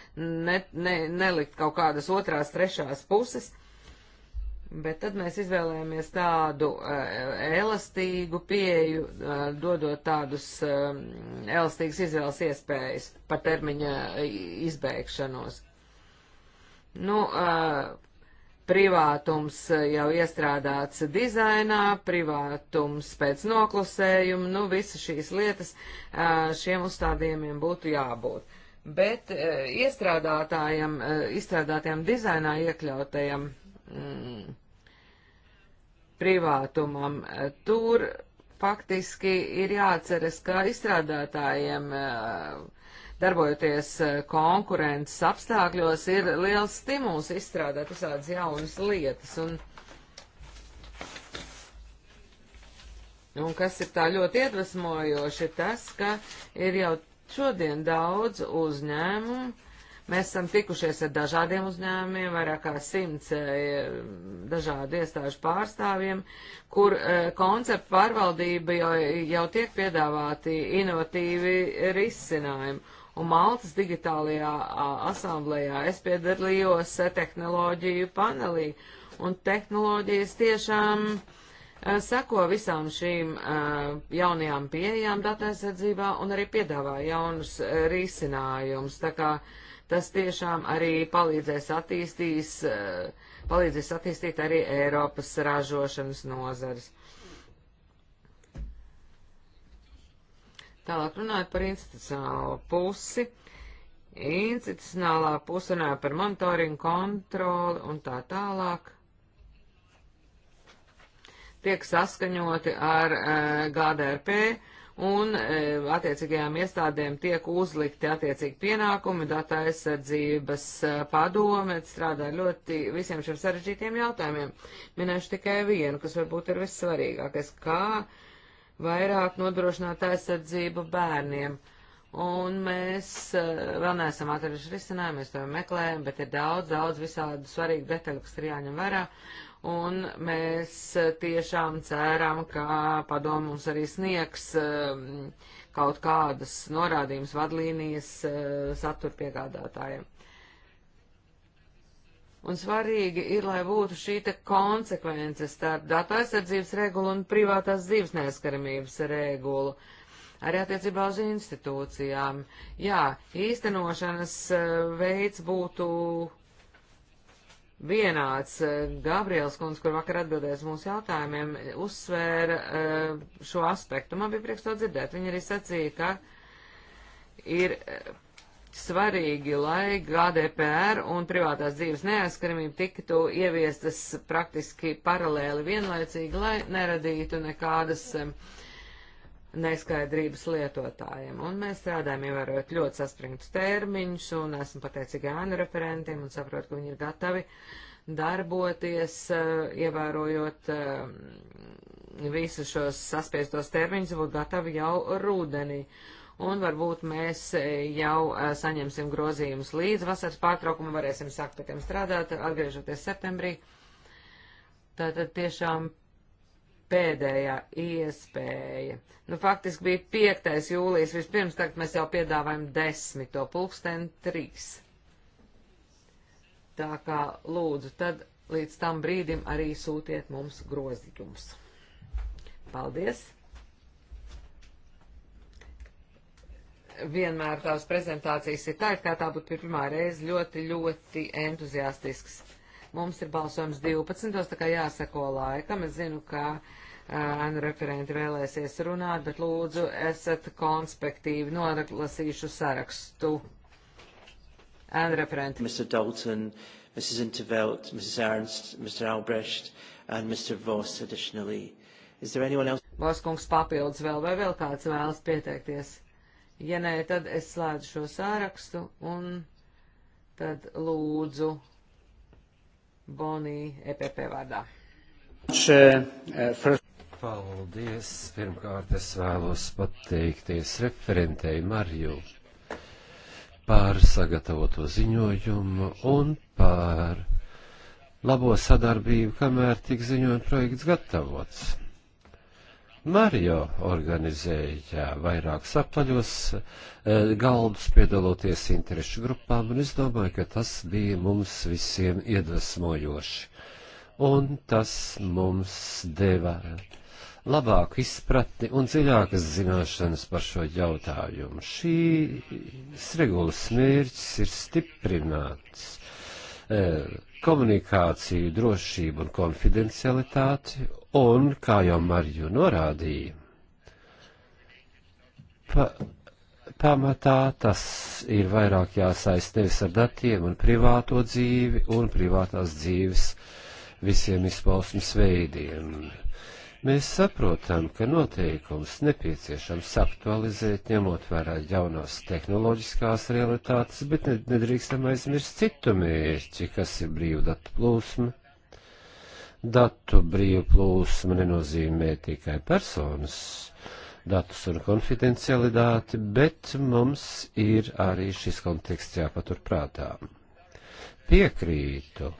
ne, ne, nelikt kaut kādas otrās, trešās puses. Uh, Bet tad mēs izvēlējāmies tādu uh, elastīgu pieju, uh, eh, dodot tādus uh, elastīgas izvēles iespējas par termiņa izbēgšanos. Nu, uh, privātums jau iestrādāts dizainā, privātums pēc noklusējuma, nu, visas šīs lietas uh, šiem uzstādījumiem būtu jābūt. Bet uh, iestrādātājiem, uh, izstrādātiem dizainā iekļautajiem mm, privātumam. Tur faktiski ir jāatceras, ka izstrādātājiem eh, darbojoties eh, konkurences apstākļos ir liels stimuls izstrādāt visādas jaunas lietas. Un, un kas ir tā ļoti iedvesmojoši, tas, ka ir jau šodien daudz uzņēmumu, Mēs esam tikušies ar dažādiem uzņēmumiem, vairāk kā simts eh, dažādu iestāžu pārstāvjiem, kur eh, konceptu pārvaldība jau, jau tiek piedāvāti inovatīvi risinājumi. Un Maltas digitālajā asamblējā es piedalījos eh, tehnoloģiju panelī, un tehnoloģijas tiešām seko visām šīm jaunajām pieejām dataizsardzībā un arī piedāvā jaunus risinājumus. Tā kā uh, Tas tiešām arī palīdzēs attīstīs, eh, palīdzēs attīstīt arī Eiropas ražošanas nozares. Tālāk runājot par institucionālo pusi. Institucionālā puse runāja par monitoringu, kontroli un tā tālāk. Tiek saskaņoti ar e, eh, GDRP un e, attiecīgajām iestādēm tiek uzlikti attiecīgi pienākumi, data aizsardzības e, padome strādā ļoti visiem šiem sarežģītiem jautājumiem. Minēšu tikai vienu, kas varbūt ir vissvarīgākais, kā vairāk nodrošināt aizsardzību bērniem. Un mēs e, vēl neesam atraduši risinājumu, mēs to meklējam, bet ir daudz, daudz visādu svarīgu detaļu, kas ir jāņem vērā. Uh, un mēs tiešām ceram, ka padomu mums arī sniegs um, kaut kādas norādījumas vadlīnijas uh, satura piegādātājiem. Un svarīgi ir, lai būtu šī te konsekvence starp datu aizsardzības regulu un privātās dzīves neaizskaramības regulu. Arī attiecībā uz institūcijām. Jā, īstenošanas uh, veids būtu uh, vienāds. Eh, Gabriels kundze, kur vakar atbildēs mūsu jautājumiem, uzsvēra eh, šo aspektu. Man bija prieks to dzirdēt. Viņa arī sacīja, ka ir eh, svarīgi, lai GDPR un privātās dzīves neaizskaramība tiktu ieviestas praktiski paralēli vienlaicīgi, lai neradītu nekādas uh, neskaidrības lietotājiem. Un mēs strādājam ievērojot ļoti saspringtus termiņus, un esmu pateicīgi ēnu referentiem, un saprotu, ka viņi ir gatavi darboties, eh, ievērojot eh, visus šos saspiestos termiņus, būtu gatavi jau rudenī. Un varbūt mēs eh, jau saņemsim grozījumus līdz vasaras pārtraukumu, varēsim sākt pie tiem strādāt, atgriežoties septembrī. Tātad tiešām pēdējā iespēja. Nu, faktiski bija 5. jūlijas vispirms, tagad mēs jau piedāvājam 10. pulksteni 3. Tā kā lūdzu, tad līdz tam brīdim arī sūtiet mums grozījumus. Paldies! Vienmēr tās prezentācijas ir tā, it kā tā būtu pirmā reize ļoti, ļoti entuziastisks Mums ir balsojums 12. tā kā jāseko laikam. Es zinu, ka ēnu uh, referenti vēlēsies runāt, bet lūdzu esat konspektīvi noraklasīšu sarakstu. Ēnu referenti. Mr. Dalton, Mrs. Intervelt, Mrs. Ernst, Mr. Albrecht and Mr. Voss additionally. Is there anyone else? Voskungs papildus vēl vai vēl kāds vēlas pieteikties? Ja nē, tad es slēdzu šo sārakstu un tad lūdzu Bonī EPP vārdā. Eh, Paldies! Pirmkārt es vēlos pateikties referentei Mariju par sagatavoto ziņojumu un par labo sadarbību, kamēr tik ziņojuma projekts gatavots. Mario organizēja vairākus apaļos eh, galdus, piedaloties interešu grupām, un es domāju, ka tas bija mums visiem iedvesmojoši. Un tas mums deva labāku izpratni un dziļākas zināšanas par šo jautājumu. Šī regulas mērķis ir stiprināts. E, komunikāciju drošību un konfidencialitāti, un, kā jau Marju norādīja, pa, pamatā tas ir vairāk jāsaist nevis ar datiem un privāto dzīvi un privātās dzīves visiem izpausmes veidiem. Mēs saprotam, ka noteikums nepieciešams aktualizēt, ņemot vērā jaunās tehnoloģiskās realitātes, bet nedrīkstam aizmirst citu mērķi, kas ir brīva datu plūsma. Datu brīva plūsma nenozīmē tikai personas datus un konfidencialitāti, bet mums ir arī šis konteksts jāpaturprātā. Piekrītu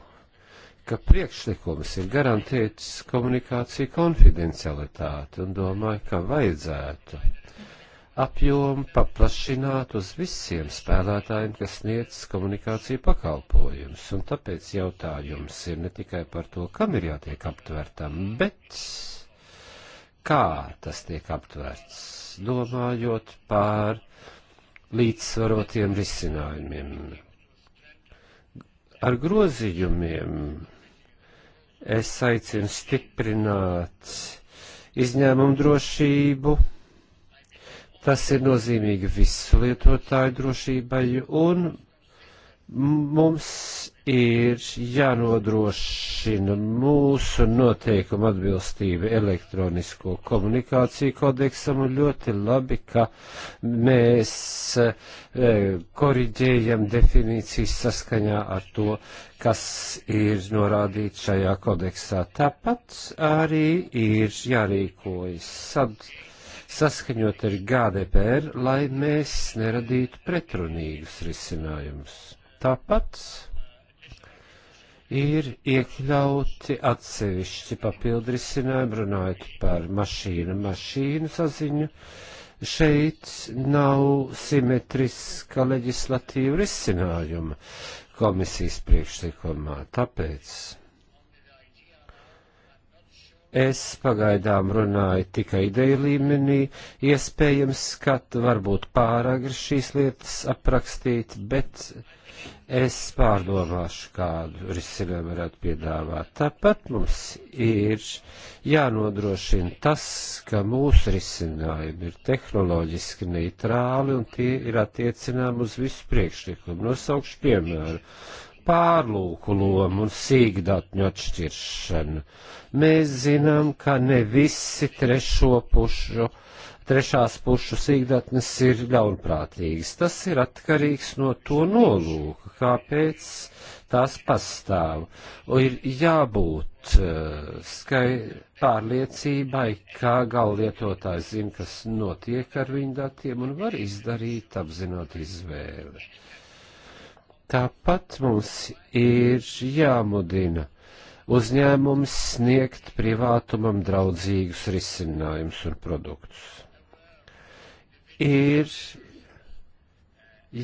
ka priekšlikums ir garantēts komunikācija konfidencialitāte un domāju, ka vajadzētu apjomu paplašināt uz visiem spēlētājiem, kas sniedz komunikāciju pakalpojumus. Un tāpēc jautājums ir ne tikai par to, kam ir jātiek aptvertam, bet kā tas tiek aptverts, domājot par līdzsvarotiem risinājumiem. Ar grozījumiem Es aicinu stiprināt izņēmumu drošību. Tas ir nozīmīgi visu lietotāju drošībai, un mums ir jānodrošina mūsu noteikuma atbilstība elektronisko komunikāciju kodeksam un ļoti labi, ka mēs e, koriģējam definīcijas saskaņā ar to, kas ir norādīts šajā kodeksā. Tāpat arī ir jārīkojas sad, saskaņot ar GDPR, lai mēs neradītu pretrunīgus risinājumus. Tāpat ir iekļauti atsevišķi papildrisinājumi, runājot par mašīnu, mašīnu saziņu. Šeit nav simetriska leģislatīva risinājuma komisijas priekšlikumā, tāpēc Es pagaidām runāju tikai ideju līmenī, iespējams, ka varbūt pāragri šīs lietas aprakstīt, bet es pārdomāšu, kādu risinājumu varētu piedāvāt. Tāpat mums ir jānodrošina tas, ka mūsu risinājumi ir tehnoloģiski neitrāli un tie ir attiecinām uz visu priekšlikumu. Nosaukšu piemēru pārlūku lomu un sīkdatņu atšķiršanu. Mēs zinām, ka ne visi trešo pušu, trešās pušu sīkdatnes ir ļaunprātīgas. Tas ir atkarīgs no to nolūka, kāpēc tās pastāv. Ir jābūt eh, skai pārliecībai, kā galvlietotājs zina, kas notiek ar viņu datiem un var izdarīt apzinot izvēli. Tāpat mums ir jāmudina uzņēmums sniegt privātumam draudzīgus risinājumus un produktus. Ir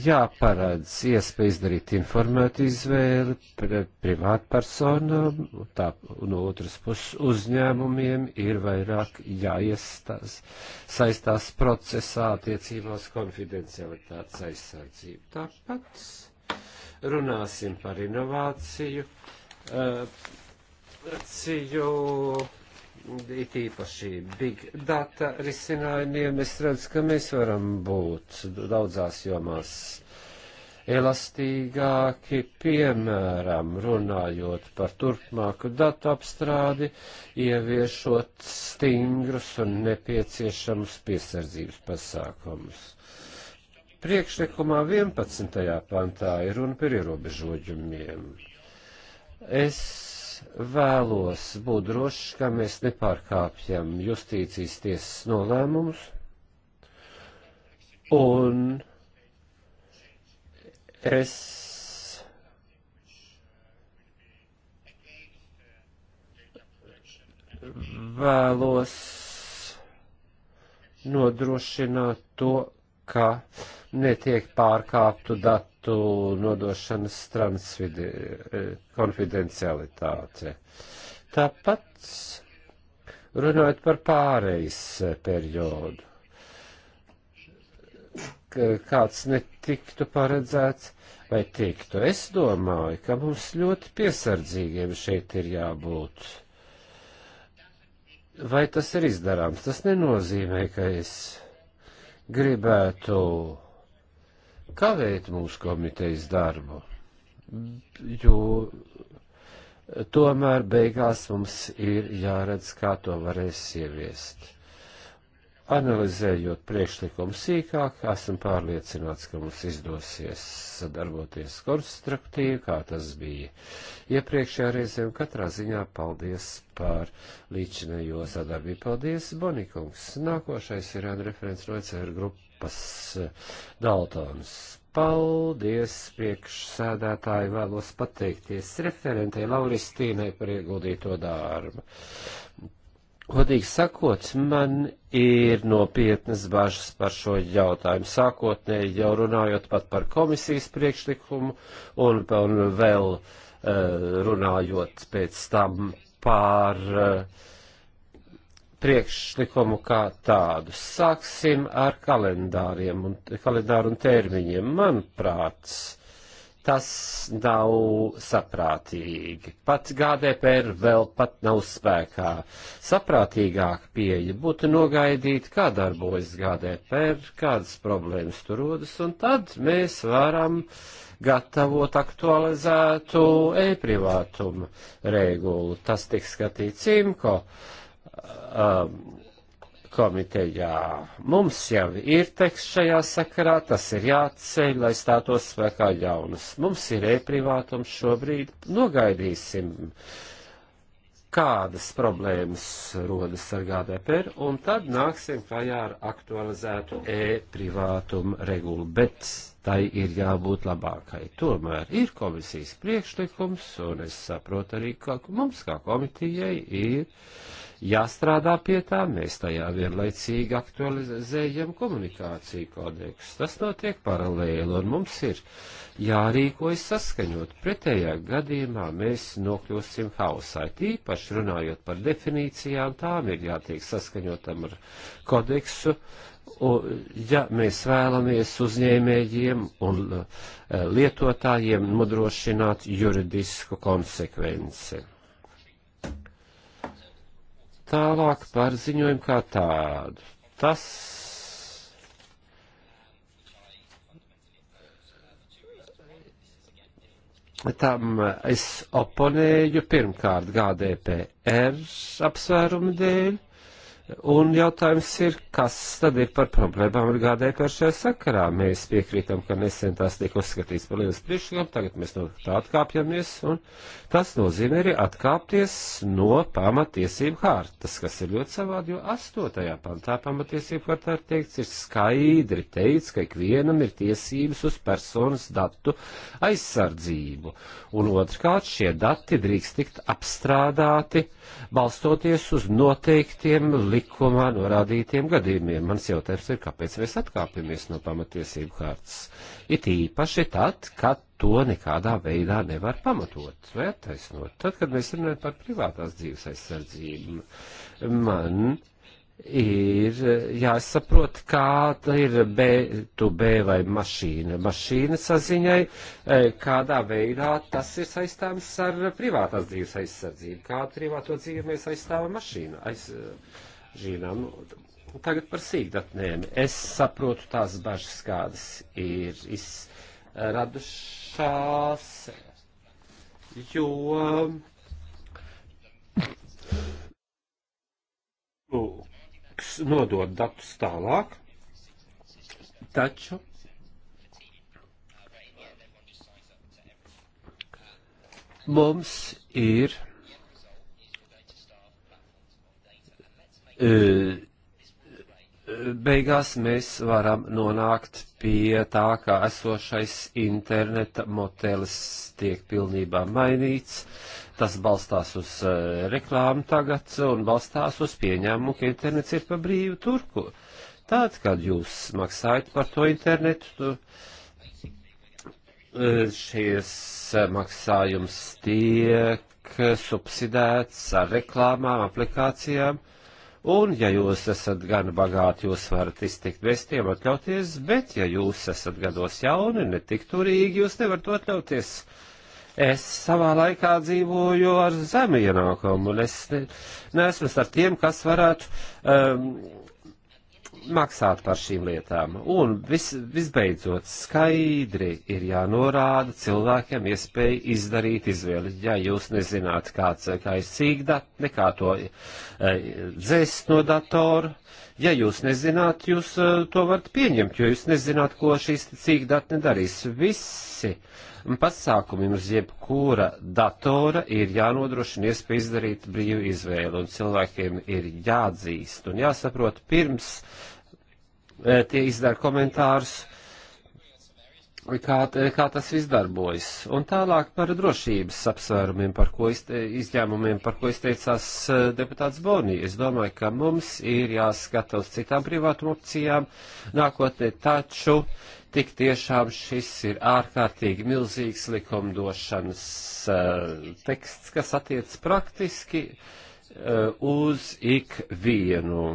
jāparādz iespēja izdarīt informētu izvēli privātpersonām, tā no otras puses uzņēmumiem ir vairāk jāiestās, saistās procesā attiecībās konfidencialitātes aizsardzību. Tāpat runāsim par inovāciju, eh, ciju, it īpaši big data risinājumiem. Es redzu, ka mēs varam būt daudzās jomās elastīgāki, piemēram, runājot par turpmāku datu apstrādi, ieviešot stingrus un nepieciešamus piesardzības pasākumus. Priekšlikumā 11. pantā ir runa par ierobežojumiem. Es vēlos būt drošs, ka mēs nepārkāpjam justīcijas tiesas nolēmumus, un es vēlos nodrošināt to, ka netiek pārkāptu datu nodošanas transvidi, eh, konfidencialitāte. Tāpat runājot par pārejas periodu, kāds netiktu paredzēts vai tiktu. Es domāju, ka mums ļoti piesardzīgiem šeit ir jābūt. Vai tas ir izdarāms? Tas nenozīmē, ka es gribētu kavēt mūsu komitejas darbu, jo tomēr beigās mums ir jāredz, kā to varēs ieviest. Analizējot priekšlikumu sīkāk, esmu pārliecināts, ka mums izdosies sadarboties konstruktīvi, kā tas bija iepriekšējā reizē, un katrā ziņā paldies par līdzinējo sadarbību. Paldies, Bonikungs! Nākošais ir Anna referents no ECR grupas grupas eh, Daltons. Paldies, priekšsēdētāji, vēlos pateikties referentei Lauristīnai par ieguldīto darbu. Godīgi sakot, man ir nopietnas bažas par šo jautājumu. Sākotnēji jau runājot pat par komisijas priekšlikumu un, un vēl uh, runājot pēc tam par uh, priekšlikumu kā tādu. Sāksim ar kalendāriem un, kalendāru un termiņiem. Manuprāt, tas nav saprātīgi. Pat GDPR vēl pat nav spēkā. Saprātīgāk pieeja būtu nogaidīt, kā darbojas GDPR, kādas problēmas tur rodas, un tad mēs varam gatavot aktualizētu e-privātumu regulu. Tas tiks skatīts Simko um, komitejā. Mums jau ir teksts šajā sakarā, tas ir jāceļ, lai stātos spēkā jaunas. Mums ir e-privātums šobrīd, nogaidīsim, kādas problēmas rodas ar GDPR, un tad nāksim klajā ar aktualizētu e-privātumu regulu, bet tai ir jābūt labākai. Tomēr ir komisijas priekšlikums, un es saprotu arī, ka mums kā komitijai ir jāstrādā pie tā, mēs tajā vienlaicīgi aktualizējam komunikāciju kodeksu. Tas notiek paralēli, un mums ir jārīkojas saskaņot. Pretējā gadījumā mēs nokļūsim hausā. Tīpaši runājot par definīcijām, tām ir jātiek saskaņotam ar kodeksu. Un, ja mēs vēlamies uzņēmējiem un e, lietotājiem nodrošināt juridisku konsekvenci Tālāk par ziņojumu kā tādu. Tas Tam es oponēju pirmkārt GDPR apsvērumu dēļ, Un jautājums ir, kas tad ir par problēmām ar GDPR šajā sakarā? Mēs piekrītam, ka nesen tās tika uzskatīts par lielas priekšlikām, tagad mēs no tā atkāpjamies, un tas nozīmē arī atkāpties no pamatiesību hārtas, kas ir ļoti savādi, jo astotajā pantā pamatiesību hārtā ir teikts, ir skaidri teicis, ka ikvienam ir tiesības uz personas datu aizsardzību, un otrkārt šie dati drīkst tikt apstrādāti, balstoties uz noteiktiem likumā norādītiem gadījumiem. Mans jautājums ir, kāpēc mēs atkāpjamies no pamatiesību kārtas? It īpaši tad, kad to nekādā veidā nevar pamatot vai attaisnot. Tad, kad mēs runājam par privātās dzīves aizsardzību, man ir jāsaprot, kāda ir B, tu B vai mašīna. Mašīna saziņai, e, kādā veidā tas ir saistāms ar privātās dzīves aizsardzību. Kādu privāto dzīvi mēs aizstāvam mašīnu aiz, žīnām. Nu, tagad par sīkdatnēm. Es saprotu tās bažas, kādas ir izradušās, jo. Nu, Nodot datus tālāk, taču mums ir E, e, beigās mēs varam nonākt pie tā, ka esošais interneta motelis tiek pilnībā mainīts. Tas balstās uz e, reklāmu tagad un balstās uz pieņēmumu, ka internets ir pa brīvu turku. Tad, kad jūs maksājat par to internetu, šies maksājums tiek subsidēts ar reklāmām, aplikācijām. Un, ja jūs esat gan bagāti, jūs varat iztikt bez tiem atļauties, bet, ja jūs esat gados jauni, netik turīgi, jūs nevarat to atļauties. Es savā laikā dzīvoju ar zemi ienākumu, un es ne, neesmu starp tiem, kas varētu um, maksāt par šīm lietām. Un vis, visbeidzot, skaidri ir jānorāda cilvēkiem iespēja izdarīt izvēli. Ja jūs nezināt, kāds, kā ir sīkdatne, kā to e, dzēst no datora, ja jūs nezināt, jūs e, to varat pieņemt, jo jūs nezināt, ko šīs sīkdatne darīs. Visi pasākumi uz jebkura datora ir jānodrošina iespēja izdarīt brīvu izvēli, un cilvēkiem ir jāatzīst un jāsaprot pirms uh, Eh, tie izdara komentārus, kā, eh, kā tas viss darbojas. Un tālāk par drošības apsvērumiem, par ko izte, izņēmumiem, par ko izteicās eh, deputāts Bonī. Es domāju, ka mums ir jāskata uz citām privātuma opcijām nākotnē, taču tik tiešām šis ir ārkārtīgi milzīgs likumdošanas uh, teksts, kas attiec praktiski uh, uz ikvienu. vienu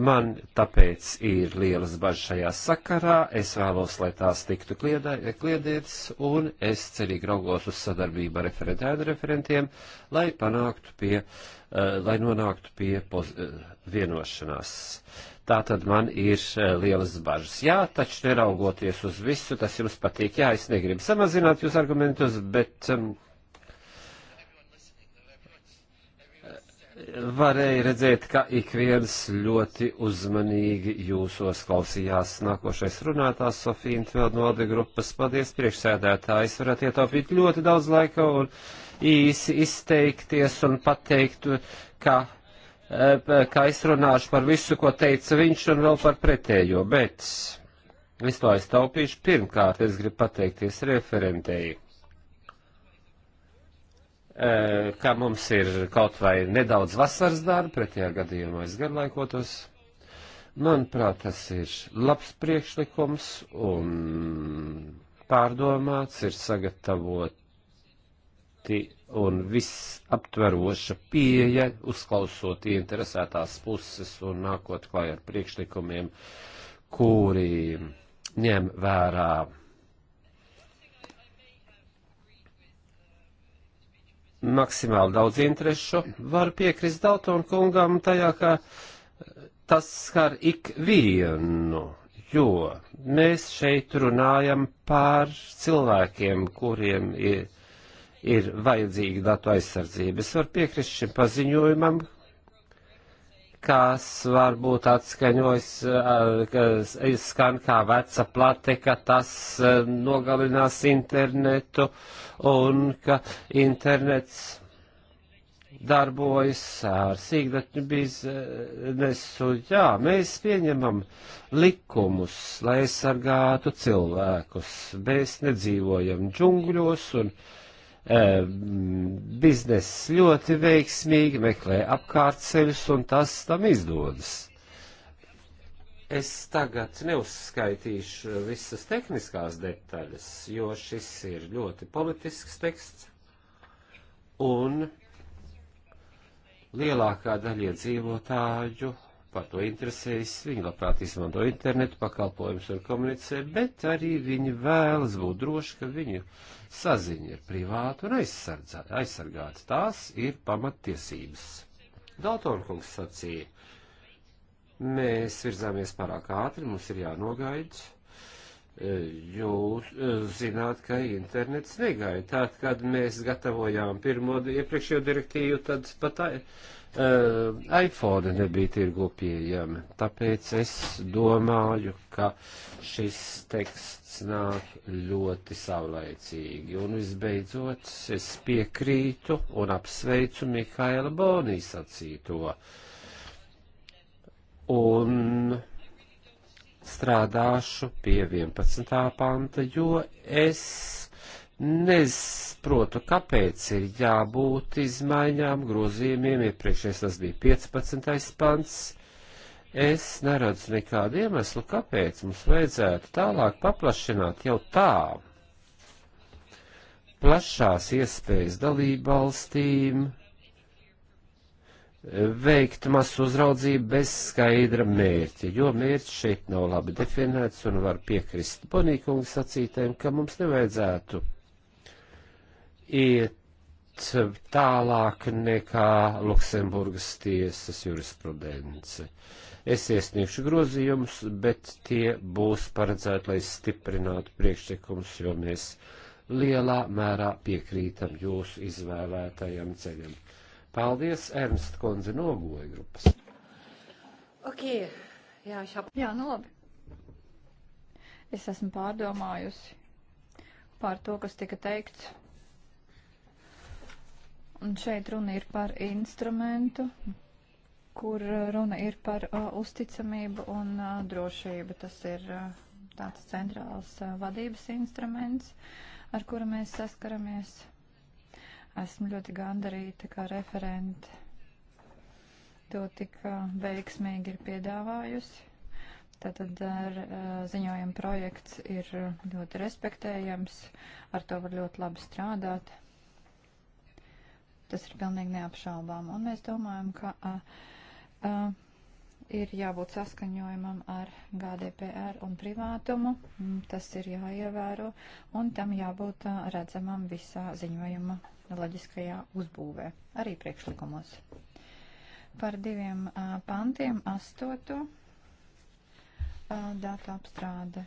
Man tāpēc ir lielas bažas šajā sakarā, es vēlos, lai tās tiktu kliedētas, un es cerīgi raugos uz sadarbību ar referentēdu referentiem, lai panāktu pie, uh, lai nonāktu pie poz, uh, vienošanās. Tā tad man ir eh, lielas bažas. Jā, taču neraugoties uz visu, tas jums patīk. Jā, es negribu samazināt jūs argumentus, bet. Um, varēja redzēt, ka ik viens ļoti uzmanīgi jūsos klausījās. Nākošais runātājs Sofija Intveld no Alde grupas. Paldies, priekšsēdētājs. Varat ietaupīt ļoti daudz laika un īsi izteikties un pateikt, ka, eh, ka es runāšu par visu, ko teica viņš un vēl par pretējo, bet es to aiztaupīšu. Pirmkārt, es gribu pateikties referentēji ka mums ir kaut vai nedaudz vasaras darba, pretējā gadījumā es garlaikotos. Manuprāt, tas ir labs priekšlikums un pārdomāts, ir sagatavoti un visaptveroša pieeja, uzklausot interesētās puses un nākot klāj ar priekšlikumiem, kuri ņem vērā maksimāli daudz interešu. Varu piekrist Daltonu kungam tajā, ka tas skar ikvienu, jo mēs šeit runājam par cilvēkiem, kuriem ir, ir vajadzīga datu aizsardzība. Es varu piekrist šim paziņojumam, kas varbūt atskaņojas, eh, skan kā veca plate, ka tas eh, nogalinās internetu un ka internets darbojas ar sīkdatņu biznesu. Jā, mēs pieņemam likumus, lai aizsargātu cilvēkus. Mēs nedzīvojam džungļos un. Uh, bizness ļoti veiksmīgi meklē apkārtceļus un tas tam izdodas. Es tagad neuzskaitīšu visas tehniskās detaļas, jo šis ir ļoti politisks teksts un lielākā daļa iedzīvotāju par to interesējas, viņi labprāt izmanto internetu pakalpojumus un komunicē, bet arī viņi vēlas būt droši, ka viņu saziņa ir privāta un aizsargāta. Tās ir pamattiesības. Daltonkungs sacīja, mēs virzāmies pārāk ātri, mums ir jānogaidz. E, jūs e, zināt, ka internets negaida. Tad, kad mēs gatavojām pirmo iepriekšējo direktīvu, tad pat tā. Ai Eh, iPhone nebija tirgu pieejami. Tāpēc es domāju, ka šis teksts nāk ļoti saulaicīgi. Un visbeidzot, es piekrītu un apsveicu Mihaila Bonī sacīto. Un strādāšu pie 11. panta, jo es Nesprotu, kāpēc ir jābūt izmaiņām, grozījumiem, iepriekšējais tas bija 15. pants. Es neredzu nekādu iemeslu, kāpēc mums vajadzētu tālāk paplašināt jau tā plašās iespējas dalību valstīm veikt masu uzraudzību bez skaidra mērķa, jo mērķis šeit nav labi definēts un var piekrist Bonīkungu sacītēm, ka mums nevajadzētu iet tālāk nekā Luksemburgas tiesas jurisprudence. Es iesniegšu grozījumus, bet tie būs paredzēti, lai stiprinātu priekšlikumus, jo mēs lielā mērā piekrītam jūsu izvēlētajam ceļam. Paldies, Ernst Konze, nogoja grupas. Ok, jā, šāp. Jā, nu labi. Es esmu pārdomājusi pār to, kas tika teikts Un šeit runa ir par instrumentu, kur uh, runa ir par uh, uzticamību un uh, drošību. Tas ir uh, tāds centrāls uh, vadības instruments, ar kuru mēs saskaramies. Esmu ļoti gandarīta kā referente. To tik uh, veiksmīgi ir piedāvājusi. Tātad ar, uh, uh, ziņojuma projekts ir ļoti respektējams, ar to var ļoti labi strādāt. Tas ir pilnīgi neapšaubām. Un mēs domājam, ka a, a, ir jābūt saskaņojumam ar GDPR un privātumu. Mm, tas ir jāievēro un tam jābūt a, redzamam visā ziņojuma loģiskajā uzbūvē, arī priekšlikumos. Par diviem a, pantiem astoto datu apstrāde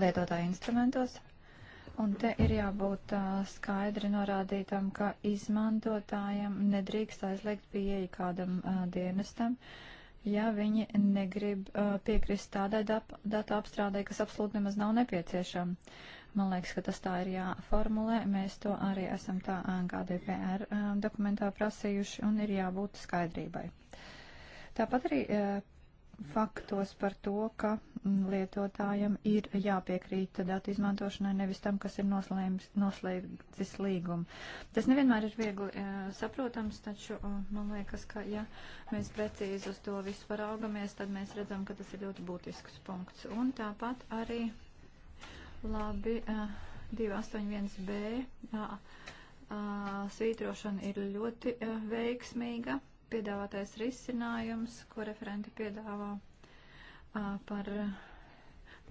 lietotāju instrumentos. Un te ir jābūt uh, skaidri norādītam, ka izmantotājiem nedrīkst aizliegt pieeja kādam uh, dienestam, ja viņi negrib uh, piekrist tādai datu apstrādē, kas absolūti nemaz nav nepieciešama. Man liekas, ka tas tā ir jāformulē. Mēs to arī esam tā GDPR uh, dokumentā prasījuši un ir jābūt skaidrībai. Tāpat arī uh, faktos par to, ka mm, lietotājam ir jāpiekrīt datu izmantošanai, nevis tam, kas ir noslēdzis līgumu. Tas nevienmēr ir viegli e, saprotams, taču e, man liekas, ka ja mēs precīzi uz to visu paraugamies, tad mēs redzam, ka tas ir ļoti būtisks punkts. Un tāpat arī labi e, 281b. A, a, svītrošana ir ļoti e, veiksmīga piedāvātais risinājums, ko referenti piedāvā par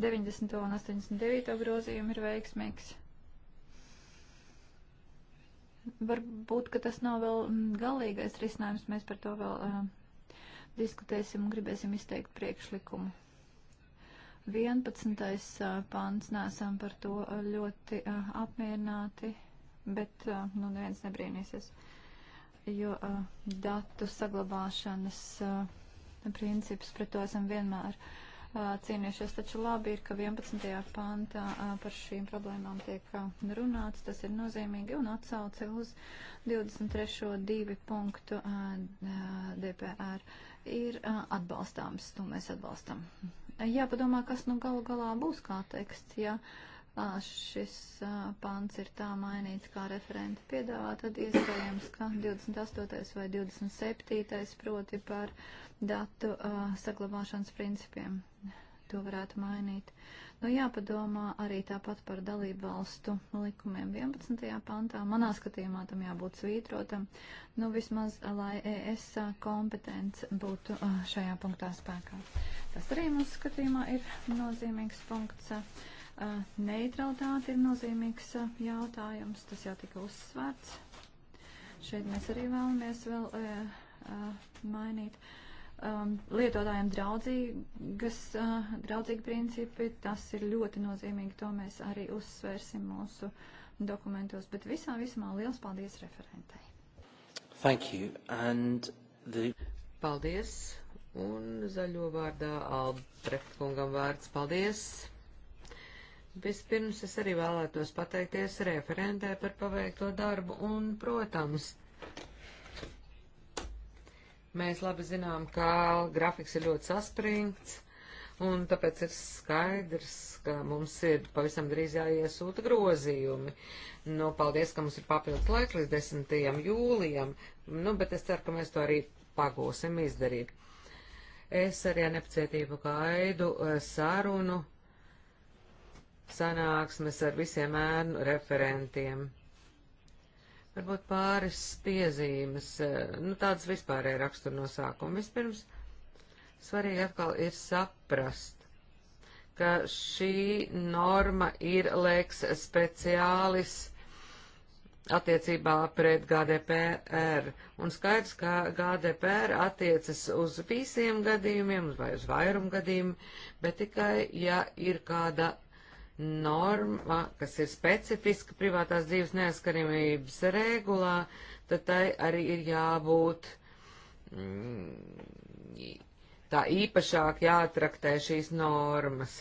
90. un 89. grozījumu ir veiksmīgs. Varbūt, ka tas nav vēl mm, galīgais risinājums, mēs par to vēl uh, diskutēsim un gribēsim izteikt priekšlikumu. 11. pāns nesam par to ļoti uh, apmierināti, bet uh, nu neviens nebrīnīsies. Uh, jo uh, datu saglabāšanas uh, princips pret to esam vienmēr uh, cīnījušies. Taču labi ir, ka 11. pantā uh, par šīm problēmām tiek uh, runāts, tas ir nozīmīgi un atsauce uz 23.2 punktu uh, DPR ir uh, atbalstāms, to mēs atbalstam. Jāpadomā, kas nu galu galā būs kā teksts, ja. Uh, Ah, šis ah, pants ir tā mainīts, kā referenti piedāvā, tad iespējams, ka 28. vai 27. proti par datu uh, saglabāšanas principiem to varētu mainīt. Nu, jāpadomā arī tāpat par dalību valstu likumiem 11. pantā. Manā skatījumā tam jābūt svītrotam, nu, vismaz, lai ES kompetence būtu šajā punktā spēkā. Tas arī mūsu skatījumā ir nozīmīgs punkts. Uh, Neutralitāte ir nozīmīgs jautājums, tas jau tika uzsvērts. Šeit mēs arī vēlamies vēl mainīt. Lietotājiem draudzīgas, draudzīgi principi, tas ir ļoti nozīmīgi, to mēs arī uzsvērsim mūsu dokumentos, bet visā vismā liels paldies referentei. Thank you. And the... Paldies. Un zaļo vārdā Albrecht kungam vārds. Paldies. Vispirms es arī vēlētos pateikties referentē par paveikto darbu un, protams, mēs labi zinām, ka grafiks ir ļoti saspringts, un tāpēc ir skaidrs, ka mums ir pavisam drīz jāiesūta grozījumi. Nu, paldies, ka mums ir papildus laiks līdz 10. jūlijam, nu, bet es ceru, ka mēs to arī pagūsim izdarīt. Es arī ar nepacietību gaidu eh, sarunu sanāksmes ar visiem ēnu referentiem. Varbūt pāris piezīmes, eh, nu tādas vispārēja rakstura nosākuma. Vispirms svarīgi atkal ir saprast, ka šī norma ir lēks speciālis attiecībā pret GDPR. Un skaidrs, ka GDPR attiecas uz visiem gadījumiem vai uz vairumu gadījumu, bet tikai, ja ir kāda norma, kas ir specifiska privātās dzīves neaskarimības regulā, tad tai arī ir jābūt mm, tā īpašāk jātraktē šīs normas.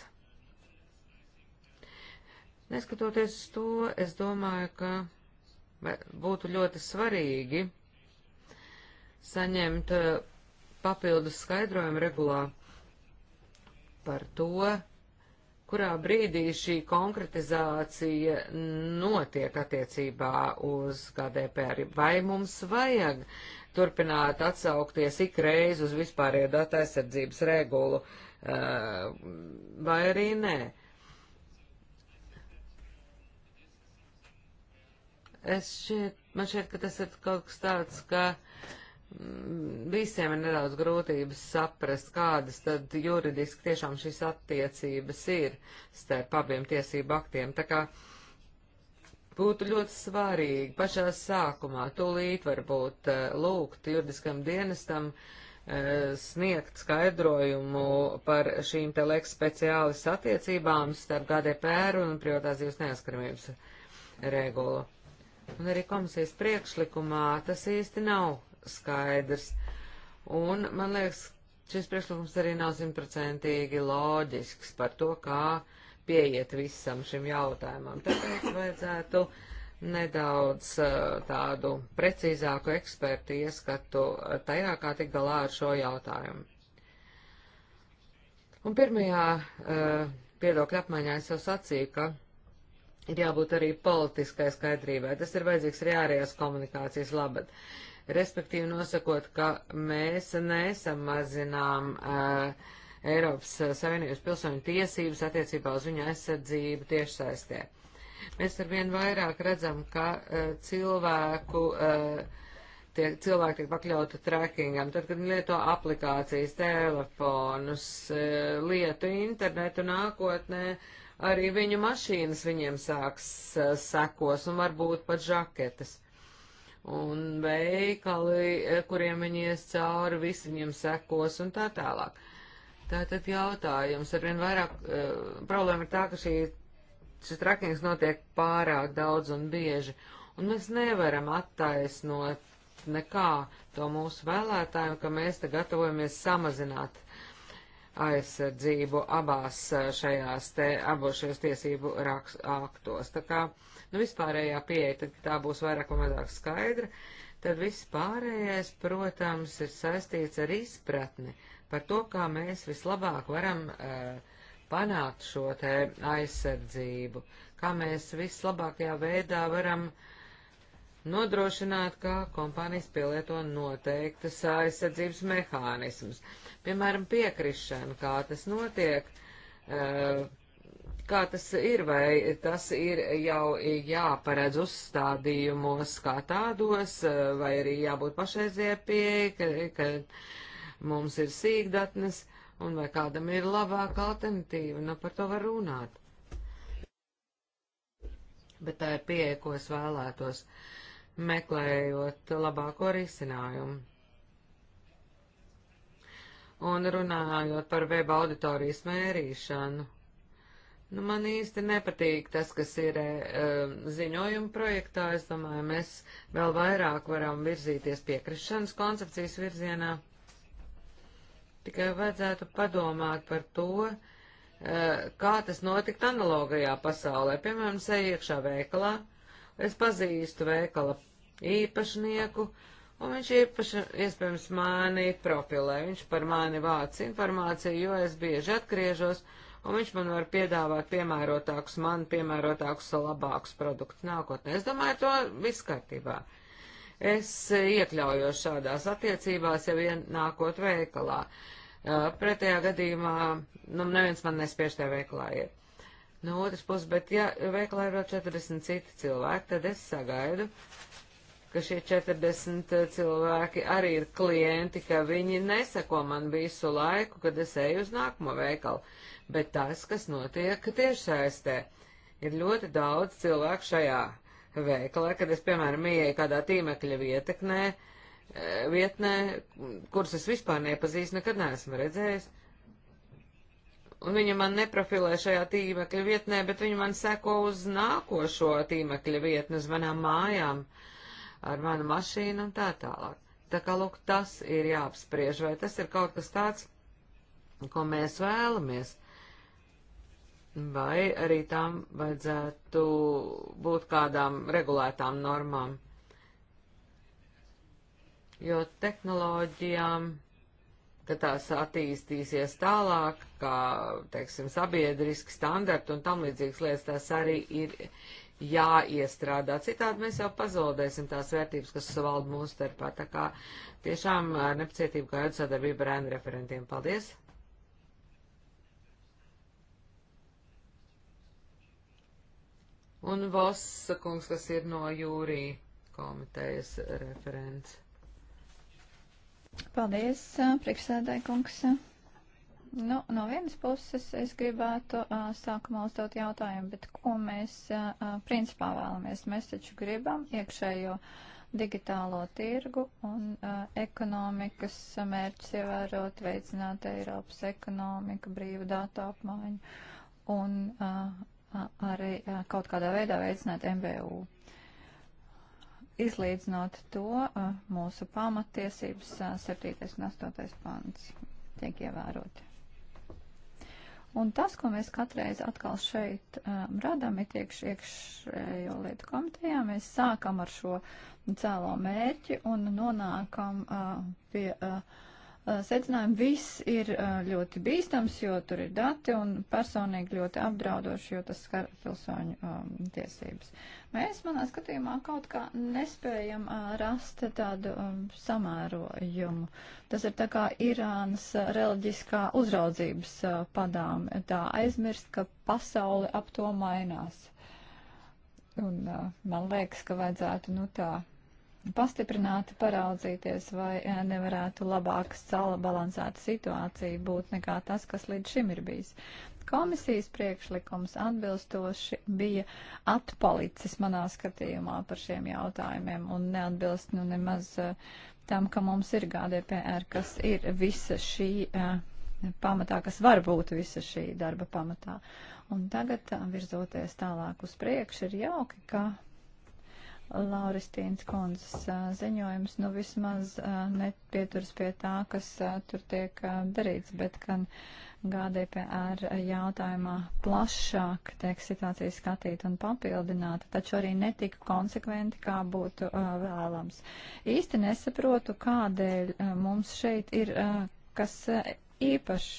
Neskatoties uz to, es domāju, ka būtu ļoti svarīgi saņemt eh, papildus skaidrojumu regulā par to, kurā brīdī šī konkretizācija notiek attiecībā uz GDPR. Vai mums vajag turpināt atsaukties ikreiz uz vispārējo datu aizsardzības regulu, eh, vai arī nē? Es šķiet, man šķiet, ka tas ir kaut kas tāds, ka. Kā Mm, visiem ir nedaudz grūtības saprast, kādas tad juridiski tiešām šīs attiecības ir starp abiem tiesību aktiem. Tā kā būtu ļoti svarīgi pašā sākumā tūlīt varbūt eh, lūgt juridiskam dienestam eh, sniegt skaidrojumu par šīm te leks speciālis attiecībām starp GDPR un privātās dzīves neaizskaramības regulu. Un arī komisijas priekšlikumā tas īsti nav skaidrs. Un, man liekas, šis priekšlikums arī nav simtprocentīgi loģisks par to, kā pieiet visam šim jautājumam. Tāpēc vajadzētu nedaudz eh, tādu precīzāku ekspertu ieskatu eh, tajā, kā tik galā ar šo jautājumu. Un pirmajā uh, viedokļa apmaiņā es jau sacīju, ka ir jābūt arī politiskai skaidrībai. Tas ir vajadzīgs arī ārējās komunikācijas labad. Uh, respektīvi nosakot, ka mēs nesamazinām uh, Eiropas Savienības pilsoņu tiesības attiecībā uz viņu aizsardzību tiešsaistē. Mēs arvien vairāk redzam, ka uh, cilvēku uh, eh, tiek, cilvēki tiek pakļauti trackingam, tad, kad lieto aplikācijas, telefonus, lietu internetu nākotnē, arī viņu mašīnas viņiem sāks sekos un varbūt pat žaketes un veikali, e, kuriem viņi ies cauri, visi viņiem sekos un tā tālāk. Tātad jautājums ar vien vairāk, uh, problēma ir tā, ka šī, šis trakings notiek pārāk daudz un bieži, un mēs nevaram attaisnot nekā to mūsu vēlētājiem, ka mēs te gatavojamies samazināt aizsardzību abās e, šajās te, abos šajos tiesību aktos. Tā kā uh, Nu, vispārējā pieeja, tad tā būs vairāk vai mazāk skaidra. Tad viss pārējais, protams, ir saistīts ar izpratni par to, kā mēs vislabāk varam uh, panākt šo te aizsardzību, kā mēs vislabākajā veidā varam nodrošināt, ka kompānijas pielieto noteiktas aizsardzības mehānismus. Piemēram, piekrišana, kā tas notiek, uh, Kā tas ir, vai tas ir jau jāparedz uzstādījumos kā tādos, vai arī jābūt pašreizie pieeja, ka, ka mums ir sīkdatnes, un vai kādam ir labāka alternatīva, nu par to var runāt. Bet tā ir pieeja, ko es vēlētos, meklējot labāko risinājumu. Un runājot par web auditorijas mērīšanu Nu, man īsti nepatīk tas, kas ir uh, ziņojuma projektā. Es domāju, mēs vēl vairāk varam virzīties piekrišanas koncepcijas virzienā. Tikai vajadzētu padomāt par to, uh, kā tas notikt analogajā pasaulē. Piemēram, sej iekšā veikalā. Es pazīstu veikala īpašnieku, un viņš īpaši, iespējams, mani profilē. Viņš par mani vāc informāciju, jo es bieži atgriežos. Uh, un viņš man var piedāvāt piemērotākus, man piemērotākus, labākus produktus nākotnē. Es domāju, to viss kārtībā. Es iekļaujos šādās attiecībās, ja vien nākot veikalā. Pretējā gadījumā, nu, neviens man nespiež tajā veikalā iet. No otras puses, bet ja veikalā ir vēl 40 citi cilvēki, tad es sagaidu, ka šie 40 cilvēki arī ir klienti, ka viņi nesako man visu laiku, kad es eju uz nākamo veikalu bet tas, kas notiek tiešsaistē. Ir ļoti daudz cilvēku šajā veikalā, kad es, piemēram, ieeju kādā tīmekļa vieteknē, e, vietnē, kuras es vispār nepazīstu, nekad neesmu redzējis. Un viņa man neprofilē šajā tīmekļa vietnē, bet viņa man seko uz nākošo tīmekļa vietni, uz manām mājām, ar manu mašīnu un tā tālāk. Tā kā, lūk, tas ir jāapspriež, vai tas ir kaut kas tāds, ko mēs vēlamies vai arī tām vajadzētu būt kādām regulētām normām. Jo tehnoloģijām, kad tās attīstīsies tālāk, kā, teiksim, sabiedriski standarti un tam līdzīgas lietas, tās arī ir jāiestrādā. Citādi mēs jau pazaudēsim tās vērtības, kas valda mūsu starpā. Tā kā tiešām ar nepacietību gaidu sadarbību ar ēnu referentiem. Paldies! un Vossakungs, kas ir no jūrī komitejas referents. Paldies, priekšsēdāja kungs. Nu, no vienas puses es gribētu uh, sākumā uzdot jautājumu, bet ko mēs uh, principā vēlamies? Mēs taču gribam iekšējo digitālo tirgu un uh, ekonomikas mērķis ievērot, veicināt Eiropas ekonomiku, brīvu datu apmaiņu un uh, arī kaut kādā veidā veicināt MBU. Izlīdzinot to, mūsu pamatiesības 7. un 8. pants tiek ievēroti. Un tas, ko mēs katreiz atkal šeit um, radām, ir iekš, iekšējo lietu komitejā, mēs sākam ar šo cēlo mērķi un nonākam uh, pie uh, Uh, secinājumu. Viss ir uh, ļoti bīstams, jo tur ir dati un personīgi ļoti apdraudoši, jo tas skar pilsoņu um, tiesības. Mēs, manā skatījumā, kaut kā nespējam uh, rast tādu um, samērojumu. Tas ir tā kā Irānas uh, reliģiskā uzraudzības uh, padām. Tā aizmirst, ka pasauli ap to mainās. Un uh, man liekas, ka vajadzētu, nu tā pastiprināti paraudzīties, vai eh, nevarētu labāk sabalansēta situācija būt nekā tas, kas līdz šim ir bijis. Komisijas priekšlikums atbilstoši bija atpalicis manā skatījumā par šiem jautājumiem un neatbilst nu nemaz eh, tam, ka mums ir GDPR, kas ir visa šī eh, pamatā, kas var būt visa šī darba pamatā. Un tagad, virzoties tālāk uz priekšu, ir jauki, ka Lauristīnas kundzes ziņojums, nu vismaz nepieturas pie tā, kas tur tiek darīts, bet gan GDPR jautājumā plašāk tiek situācija skatīta un papildināta, taču arī netika konsekventi, kā būtu vēlams. Īsti nesaprotu, kādēļ mums šeit ir kas īpašs.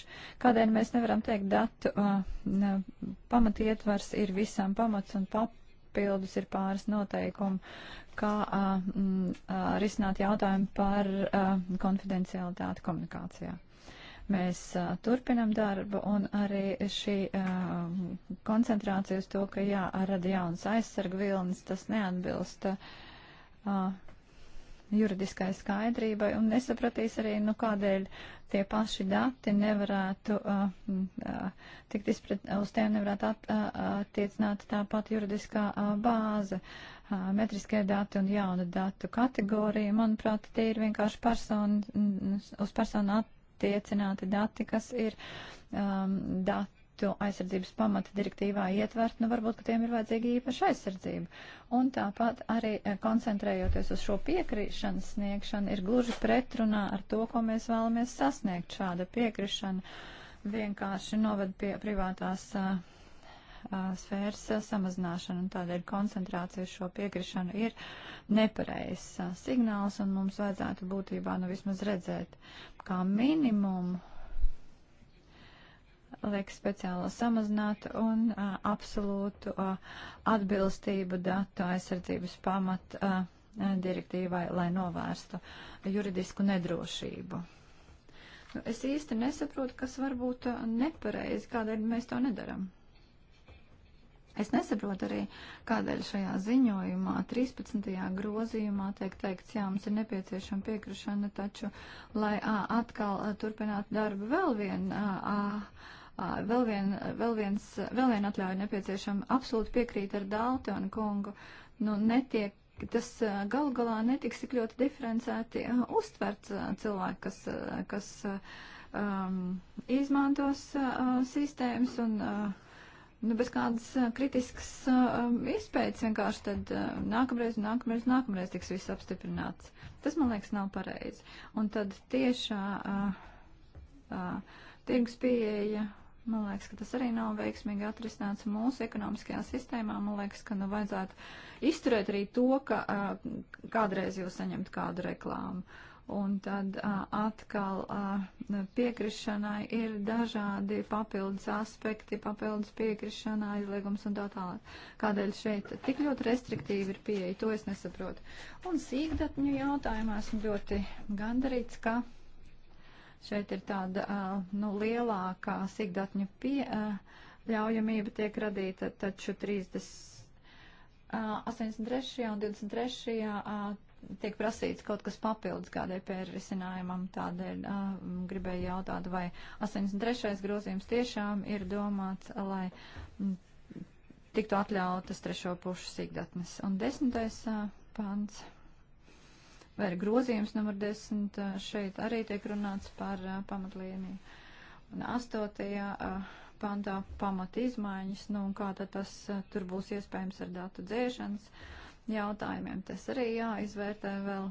Kādēļ mēs nevaram teikt, datu uh, pamatiietvars ir visam pamats un pap, papildus ir pāris noteikumi, kā a, m, a, risināt jautājumu par a, konfidencialitāti komunikācijā. Mēs a, turpinam darbu un arī šī a, koncentrācija uz to, ka jārada jaunas aizsarga vilnis, tas neatbilst a, juridiskai skaidrībai un nesapratīs arī, nu, kādēļ tie paši dati nevarētu uh, uh, tikt izprat, uz tiem nevarētu uh, attiecināt uh, tāpat juridiskā uh, bāze, uh, metriskie dati un jauna datu kategorija. Manuprāt, tie ir vienkārši personu, uz personu attiecināti dati, kas ir um, dati datu aizsardzības pamata direktīvā ietvert, nu varbūt, ka tiem ir vajadzīga īpaša aizsardzība. Un tāpat arī eh, koncentrējoties uz šo piekrišanas sniegšanu, ir gluži pretrunā ar to, ko mēs vēlamies sasniegt. Šāda piekrišana vienkārši noved pie privātās a, eh, a, eh, sfēras a, samazināšana, un tādēļ koncentrācija uz šo piekrišanu ir nepareizs signāls, un mums vajadzētu būtībā nu vismaz redzēt kā minimumu liek speciālo samazināt un a, absolūtu a, atbilstību datu aizsardzības pamat a, direktīvai, lai novērstu juridisku nedrošību. Nu, es īsti nesaprotu, kas varbūt nepareizi, kādēļ mēs to nedaram. Es nesaprotu arī, kādēļ šajā ziņojumā, 13. grozījumā, tiek teikts, jā, mums ir nepieciešama piekrišana, taču, lai ā, atkal a, turpinātu darbu vēl vien. Ā, ā, Vēl, vien, vēl, viens, vēl viena atļauja nepieciešama. Absolūti piekrīt ar Daltonu kungu. Nu, netiek, tas galu galā netiks tik ļoti diferencēti uztverts cilvēki, kas, kas um, izmantos uh, sistēmas un uh, nu, bez kādas kritiskas uh, izpējas vienkārši tad uh, nākamreiz, nākamreiz, nākamreiz tiks viss apstiprināts. Tas, man liekas, nav pareizi. Un tad tiešā uh, uh, tirgus pieeja Man liekas, ka tas arī nav veiksmīgi atrisināts mūsu ekonomiskajā sistēmā. Man liekas, ka nu vajadzētu izturēt arī to, ka uh, kādreiz jūs saņemt kādu reklāmu. Un tad uh, atkal uh, piekrišanai ir dažādi papildus aspekti, papildus piekrišanā, aizliegums un tā tālāk. Kādēļ šeit tik ļoti restriktīvi ir pieeja, to es nesaprotu. Un sīkdatņu jautājumā esmu ļoti gandarīts, ka Šeit ir tāda nu, lielākā sīkdatņu pieļaujamība tiek radīta, taču 30, 83. un 23. tiek prasīts kaut kas papildus GDPR risinājumam. Tādēļ gribēju jautāt, vai 83. grozījums tiešām ir domāts, lai tiktu atļautas trešo pušu sīkdatnes. Un desmitais pants vai ir grozījums numur 10, šeit arī tiek runāts par pamatlīniju. Un astotajā pantā pamat izmaiņas, nu un kā tad tas tur būs iespējams ar datu dzēšanas jautājumiem, tas arī jāizvērtē vēl.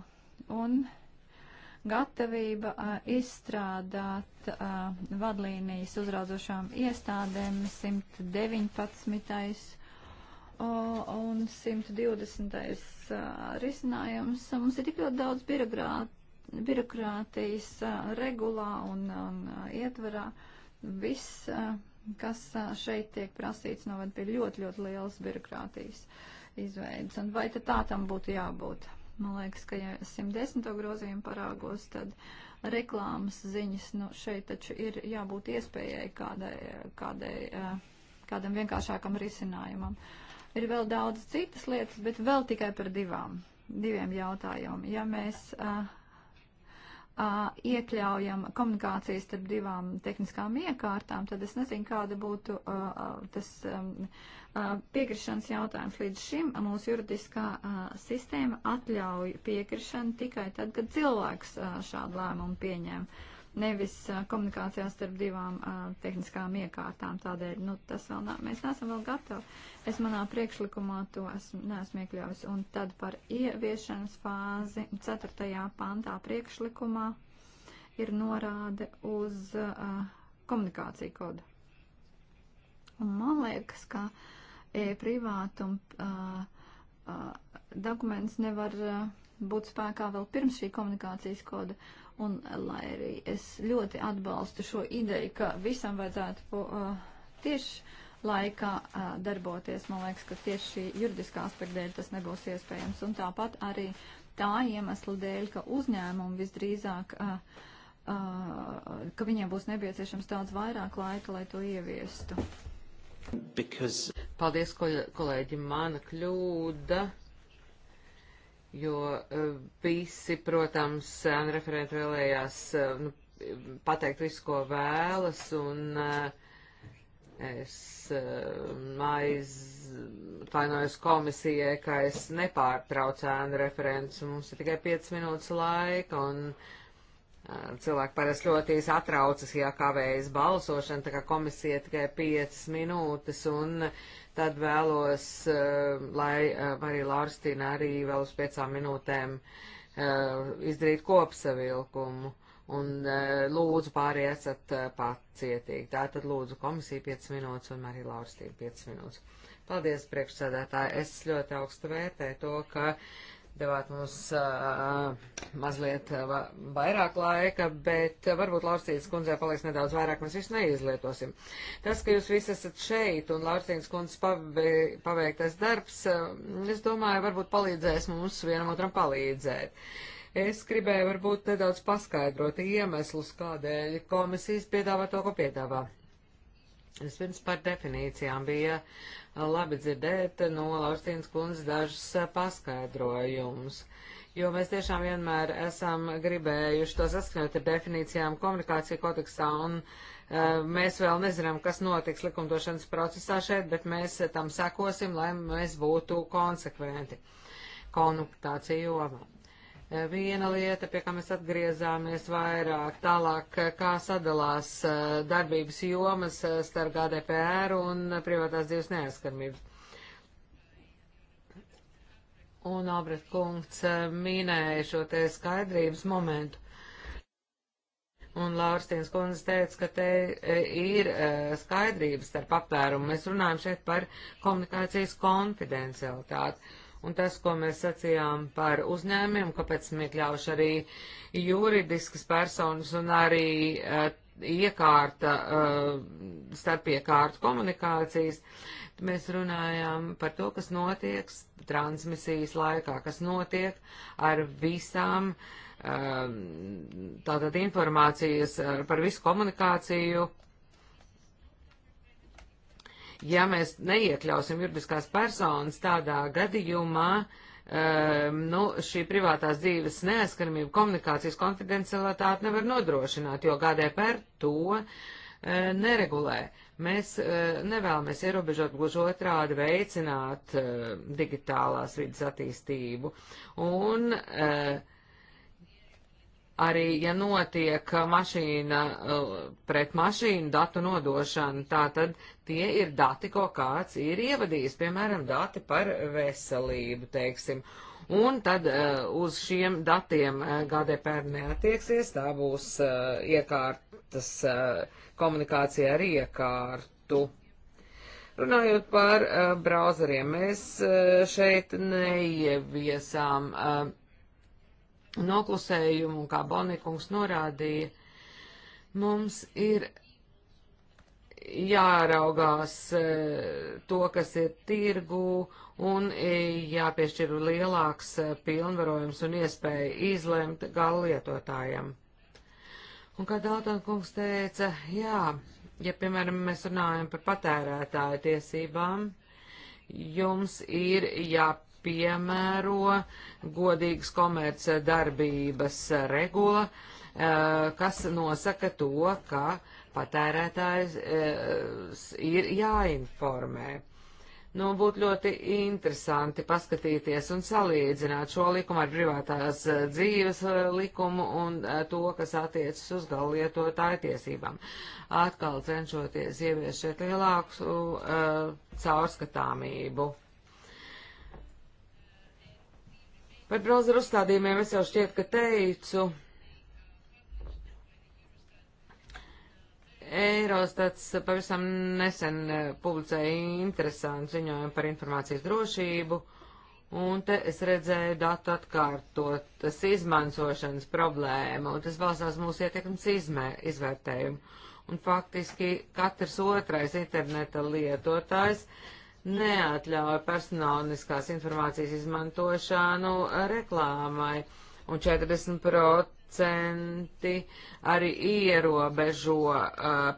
Un gatavība a, izstrādāt a, vadlīnijas uzraudzošām iestādēm 119 un 120. risinājums. Mums ir tik ļoti daudz birokrāt, birokrātijas regulā un, un ietvarā. Viss, kas šeit tiek prasīts, noved pie ļoti, ļoti lielas birokrātijas izveidas. Un vai tad tā tam būtu jābūt? Man liekas, ka ja 110. grozījumu parāgos, tad reklāmas ziņas, nu šeit taču ir jābūt iespējai kādai, kādai, kādam vienkāršākam risinājumam. Uh, Ir vēl daudz citas lietas, bet vēl tikai par divām, diviem jautājumiem. Ja mēs uh, uh, iekļaujam komunikācijas starp divām tehniskām iekārtām, tad es nezinu, kāda būtu uh, tas um, uh, piekrišanas jautājums. Līdz šim mūsu juridiskā uh, sistēma atļauj piekrišanu tikai tad, kad cilvēks uh, šādu lēmumu pieņem. Uh, nevis komunikācijā starp divām uh, tehniskām iekārtām. Tādēļ, nu, tas vēl nav, mēs neesam vēl gatavi. Es manā priekšlikumā to esmu, neesmu iekļāvis. Un tad par ieviešanas fāzi 4. pantā priekšlikumā ir norāde uz uh, komunikāciju kodu. Un man liekas, ka e privātuma uh, uh, dokuments nevar uh, būt spēkā vēl pirms šī komunikācijas koda. Uh, Un lai arī es ļoti atbalstu šo ideju, ka visam vajadzētu uh, tieši laikā uh, darboties, man liekas, ka tieši šī juridiskā aspekta dēļ tas nebūs iespējams. Un tāpat arī tā iemesla dēļ, ka uzņēmumi visdrīzāk, uh, uh, ka viņiem būs nepieciešams daudz vairāk laika, lai to ieviestu. Because... Paldies, kol kolēģi, mana kļūda. Uh, jo e, visi, protams, referenti vēlējās e, nu, pateikt visu, ko vēlas, un e, es maiz atvainojos komisijai, ka es nepārtraucēju referents, mums ir tikai 5 minūtes laika, un cilvēki parasti ļoti īsi atraucas, ja kavējas balsošana, tā kā komisija tikai 5 minūtes, un tad vēlos, eh, lai eh, Marija Lārstīna arī vēl uz piecām minūtēm eh, izdarītu kopsavilkumu. Un lūdzu, pārējie esat pacietīgi. Tātad lūdzu komisiju 5 minūtes un Marija Lārstīna 5 minūtes. Paldies, priekšsēdētāji. Es ļoti augstu vērtēju to, ka devāt mums uh, mazliet va vairāk laika, bet varbūt Laurstīnas kundzē paliks nedaudz vairāk, mēs visu neizlietosim. Tas, ka jūs visi esat šeit un Laurstīnas kundzes paveiktais darbs, uh, es domāju, varbūt palīdzēs mums vienam otram palīdzēt. Es gribēju varbūt nedaudz paskaidrot iemeslus, kādēļ komisijas piedāvā to, ko piedāvā. Vispirms par definīcijām bija labi dzirdēt no Laurstīnas kundzes dažas paskaidrojumus, jo mēs tiešām vienmēr esam gribējuši to saskaņot ar definīcijām komunikācija kodeksā un mēs vēl nezinām, kas notiks likumdošanas procesā šeit, bet mēs tam sekosim, lai mēs būtu konsekventi komunikācija jomā. Viena lieta, pie kā mēs atgriezāmies vairāk tālāk, kā sadalās eh, darbības jomas eh, starp GDPR un privātās dzīves neaizskarmības. Un Albrecht kungs eh, minēja šo te skaidrības momentu. Un Lārstīns kundze teica, ka te ir skaidrības starp aptvērumu. Mēs runājam šeit par komunikācijas konfidencialitāti Un tas, ko mēs sacījām par uzņēmumiem, kāpēc esam iekļauši arī juridiskas personas un arī uh, iekārta, uh, starpiekārtu komunikācijas, mēs runājām par to, kas notiek transmisijas laikā, kas notiek ar visām uh, tātad informācijas par visu komunikāciju, Ja mēs neiekļausim juridiskās personas tādā gadījumā, um, nu, šī privātās dzīves neaizskaramība, komunikācijas konfidencialitāte nevar nodrošināt, jo GDPR to uh, neregulē. Mēs uh, nevēlamies ierobežot, gluži otrādi veicināt uh, digitālās vidas attīstību. Un, uh, arī, ja notiek mašīna uh, pret mašīnu datu nodošana, tā tad tie ir dati, ko kāds ir ievadījis, piemēram, dati par veselību, teiksim. Un tad uh, uz šiem datiem uh, GDPR neatieksies, tā būs iekārtas komunikācija ar iekārtu. Runājot par browseriem, mēs šeit neieviesām noklusējumu, un kā Bonikungs norādīja, mums ir jāraugās e, to, kas ir tirgū, un jāpiešķir lielāks e, pilnvarojums un iespēja izlemt galu lietotājam. Un kā Dalton kungs teica, jā, ja, piemēram, mēs runājam par patērētāju tiesībām, jums ir jāpiešķir piemēro godīgas komerca darbības regula, eh, kas nosaka to, ka patērētājs eh, ir jāinformē. Nu, būtu ļoti interesanti paskatīties un salīdzināt šo likumu ar privātās eh, dzīves likumu un to, kas attiecas uz galvlietotāju tiesībām. Atkal cenšoties ievies šeit lielāku uh, caurskatāmību. Par brauzeru uzstādījumiem es jau šķiet, ka teicu. Eirostats pavisam nesen e, publicēja interesantu ziņojumu par informācijas drošību, un te es redzēju datu atkārtotas izmantošanas problēmu, un tas balstās mūsu ietekmes izvērtējumu. Un faktiski katrs otrais interneta lietotājs uh, neatļauj personiskās informācijas izmantošanu reklāmai, un 40% arī ierobežo uh,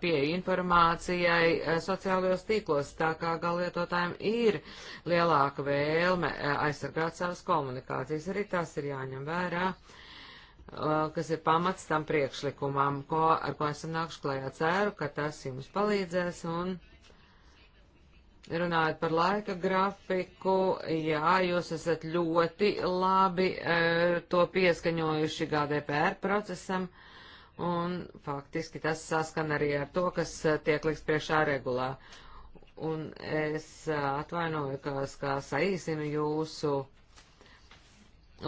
pieeja informācijai uh, sociālajos tīklos, tā kā galietotājiem ir lielāka vēlme uh, aizsargāt savas komunikācijas. Arī tas ir jāņem vērā uh, kas ir pamats tam priekšlikumam, ko, ar ko esam nākuši klajā. Ceru, ka tas jums palīdzēs un Runājot par laika grafiku, jā, jūs esat ļoti labi e, to pieskaņojuši GDPR procesam, un faktiski tas saskan arī ar to, kas e, tiek liks priekšā regulā. Un es e, atvainoju, ka, ka saīsinu jūsu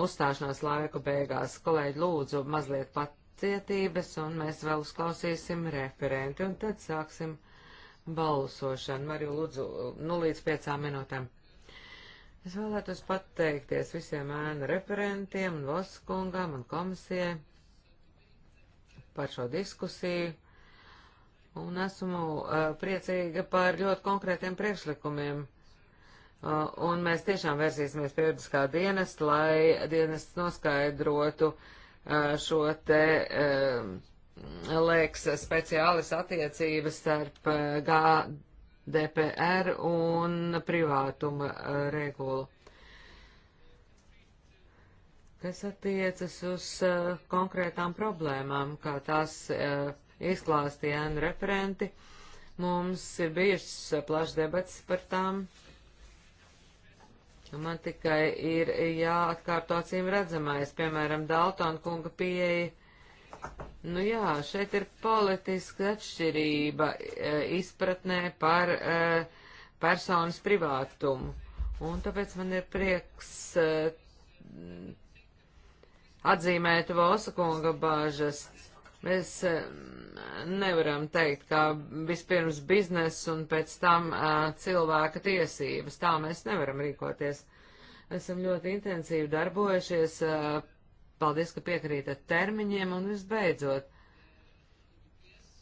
uzstāšanās laiku beigās. Kolēģi, lūdzu, mazliet pacietības, un mēs vēl uzklausīsim referenti, un tad sāksim balsošanu. Mariju lūdzu, nu līdz piecām minūtēm. Es vēlētos pateikties visiem ēnu referentiem un Voskungam un komisijai par šo diskusiju. Un esmu uh, priecīga par ļoti konkrētiem priekšlikumiem. Uh, un mēs tiešām vērsīsimies pie juridiskā dienesta, lai dienests noskaidrotu uh, šo te. Uh, liekas speciālis attiecības starp eh, GDPR un privātuma eh, regulu. Kas attiecas uz eh, konkrētām problēmām, kā tās izklāstīja N referenti, mums ir bijušas plašs debats par tām. Man tikai ir jāatkārto acīm redzamais, piemēram, Daltona kunga pieeja Nu jā, šeit ir politiska atšķirība e, izpratnē par e, personas privātumu. Un tāpēc man ir prieks e, atzīmēt Vosakonga bāžas. Mēs nevaram teikt, ka vispirms biznes un pēc tam cilvēka tiesības. Tā mēs nevaram rīkoties. Esam ļoti intensīvi darbojušies Paldies, ka piekrītat termiņiem un visbeidzot.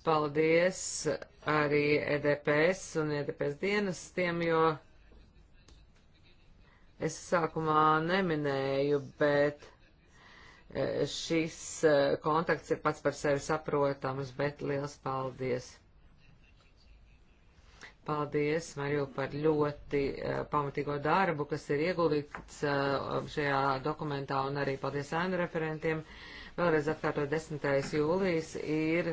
Paldies arī EDPS un EDPS dienestiem, jo es sākumā neminēju, bet eh, šis eh, kontakts ir pats par sevi saprotams, bet liels paldies! Paldies, Mariju, par ļoti uh, pamatīgo darbu, kas ir ieguldīts uh, šajā dokumentā, un arī paldies ēnu referentiem. Vēlreiz atkārtot 10. jūlijas ir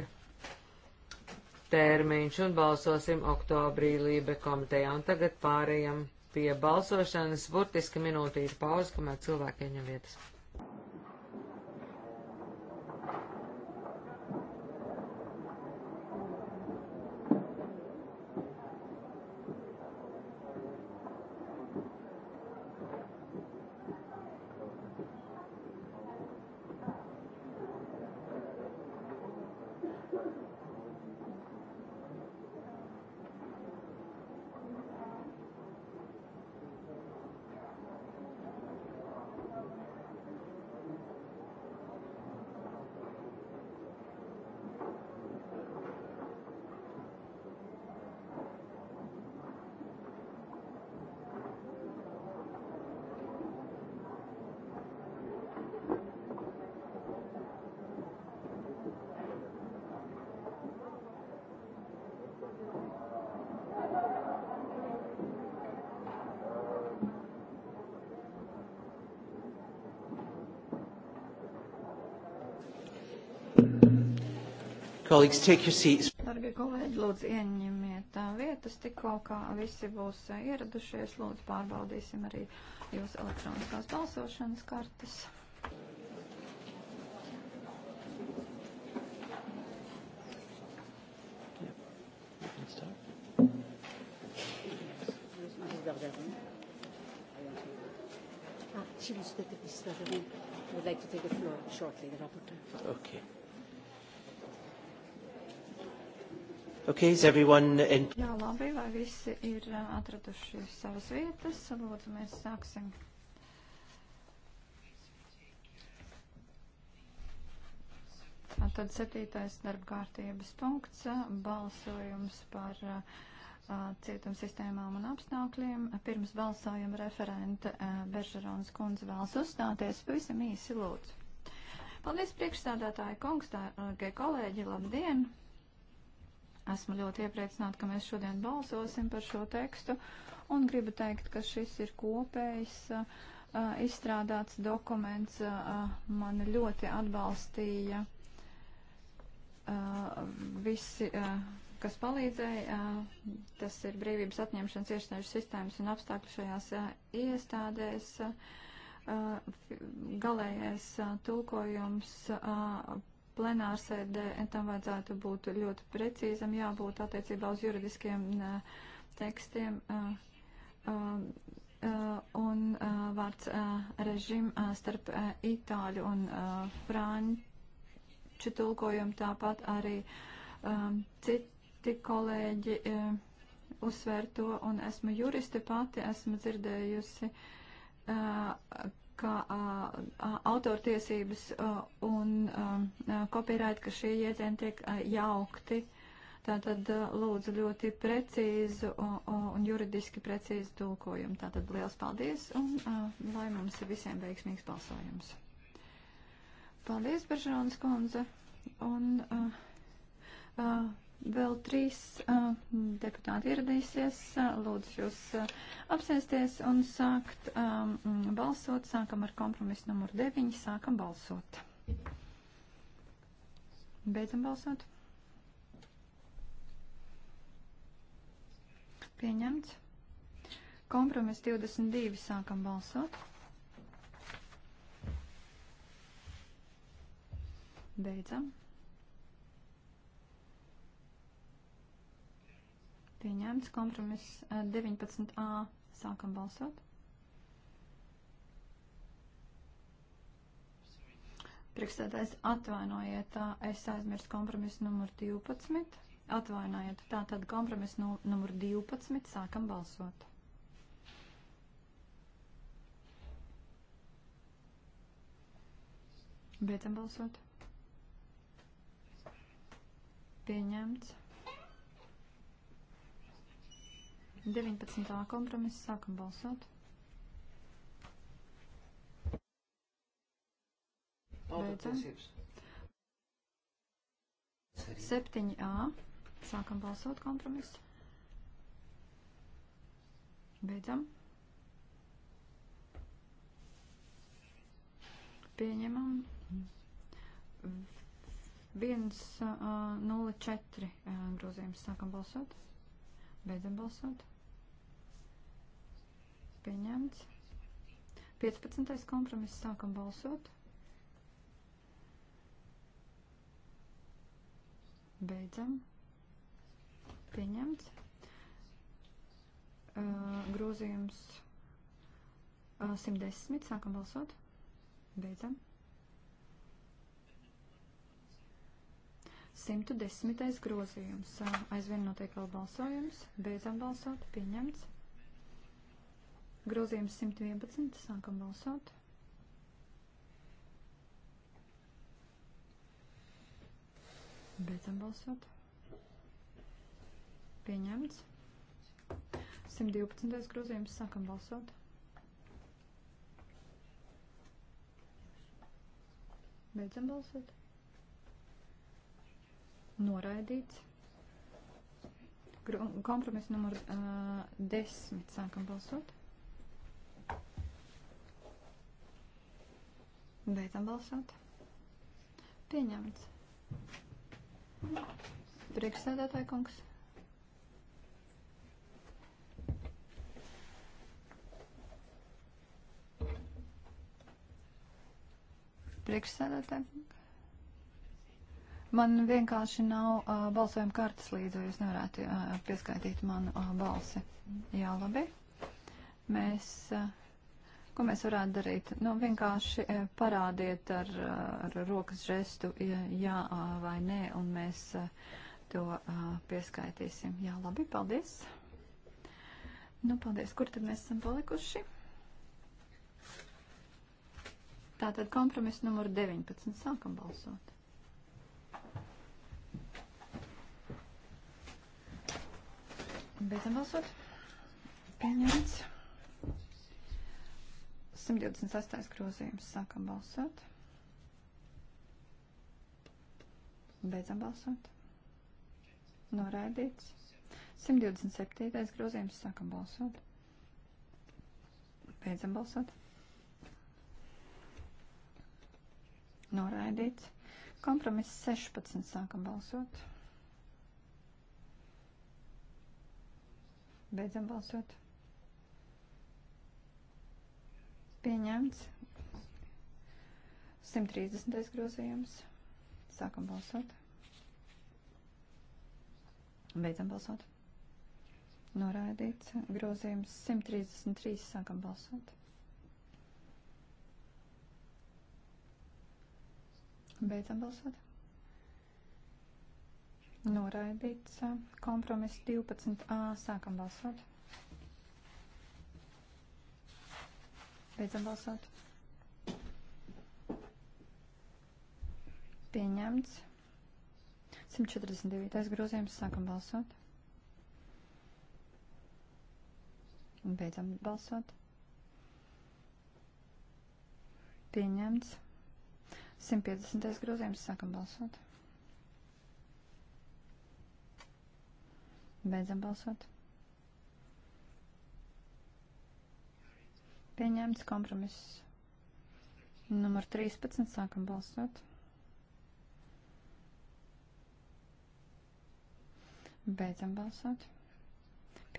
termiņš, un balsosim oktobrī Lībe komitejā. Un tagad pārējam pie balsošanas. Burtiski minūtīšu pauzi, kamēr cilvēki ieņem vietas. Kolēģis, take your seats. Dargie kolēģi, lūdzu ieņemiet vietas, tikko kā visi būs eh, ieradušies, lūdzu pārbaudīsim arī jūsu elektroniskās balsošanas kartas. Ah, she was the, the, the, the, would like to take the floor shortly, the rapporteur. Oh. Okay, is everyone in? Jā, labi, vai visi ir atraduši savas vietas? Lūdzu, mēs sāksim. Tad septītais darba kārtības punkts - balsojums par cietuma sistēmām un apstākļiem. Pirms balsojuma referente Beržerons kundze vēlas uzstāties. Pavisam īsi lūdzu. Paldies priekšstādātāji kungs, tā, kolēģi, labdien! Labdien! Esmu ļoti iepriecināta, ka mēs šodien balsosim par šo tekstu un gribu teikt, ka šis ir kopējs uh, uh, izstrādāts dokuments. Uh, mani ļoti atbalstīja visi kas palīdzēja, tas ir brīvības atņemšanas iestāžu sistēmas un apstākļu šajās iestādēs. Galējais tulkojums plenārsēdē tam vajadzētu būt ļoti precīzam, jābūt attiecībā uz juridiskiem tekstiem un vārds režim starp itāļu un franču tulkojumu tāpat arī citi kolēģi uzsver to, un esmu juristi pati, esmu dzirdējusi kā autortiesības un kopierēt, ka šie jēdzieni tiek jaukti. Tātad lūdzu ļoti precīzu un juridiski precīzu tulkojumu. Tātad liels paldies un lai mums visiem veiksmīgs balsojums. Paldies, Beržonas kundze. Un, uh, uh, Vēl trīs uh, deputāti ieradīsies. Lūdzu, jūs uh, apsēsties un sākt um, balsot. Sākam ar kompromisu numuru 9. Sākam balsot. Beidzam balsot. Pieņemts. Kompromis 22. Sākam balsot. Beidzam. Pieņemts kompromiss 19a. Eh, Sākam balsot. Priekšstādājs atvainojiet, es aizmirstu kompromisu numur 12. Atvainojiet, tātad kompromisu nu, numur 12. Sākam balsot. Beidzam balsot. Pieņemts. 19. kompromiss. Sākam balsot. Beidzam. 7a. Sākam balsot kompromisu. Beidzam. Pieņemam. 1.04 grozījums. Sākam balsot. Beidzam balsot pieņemts. 15. kompromiss sākam balsot. Beidzam. Pieņemts. Uh, grozījums uh, 110. Sākam balsot. Beidzam. 110. grozījums. Aizvien notiek vēl balsojums. Beidzam balsot. Pieņemts. Grozījums 111. Sākam balsot. Beidzam balsot. Pieņemts. 112. grozījums. Sākam balsot. Beidzam balsot. Noraidīts. Kompromiss numur uh, 10. Sākam balsot. Beidzam balsot. Pieņemts. Priekšsēdētāja kungs. Priekšsēdētāja kungs. Man vienkārši nav uh, balsojuma kartes līdzi, jūs nevarētu uh, pieskaitīt manu uh, balsi. Jā, labi. Mēs uh, Ko mēs varētu darīt? Nu, vienkārši eh, parādiet ar, eh, ar rokas žestu jā vai nē, un mēs eh, to pieskaitīsim. Jā, labi, paldies. Nu, paldies. Kur tad mēs esam palikuši? Tātad kompromiss numur 19. Sākam balsot. Beidzam balsot. Pieņemts. 128. grozījums. Sākam balsot. Beidzam balsot. Noraidīts. 127. grozījums. Sākam balsot. Beidzam balsot. Noraidīts. Kompromiss 16. Sākam balsot. Beidzam balsot. Pieņemts. 130. grozījums. Sākam balsot. Beidzam balsot. Noraidīts. Grozījums 133. Sākam balsot. Beidzam balsot. Noraidīts. Kompromiss 12a. Sākam balsot. Beidzam balsot. Pieņemts. 149. grozījums. Sākam balsot. Un beidzam balsot. Pieņemts. 150. grozījums. Sākam balsot. Beidzam balsot. Pieņemts kompromiss. Numur 13. Sākam balsot. Beidzam balsot.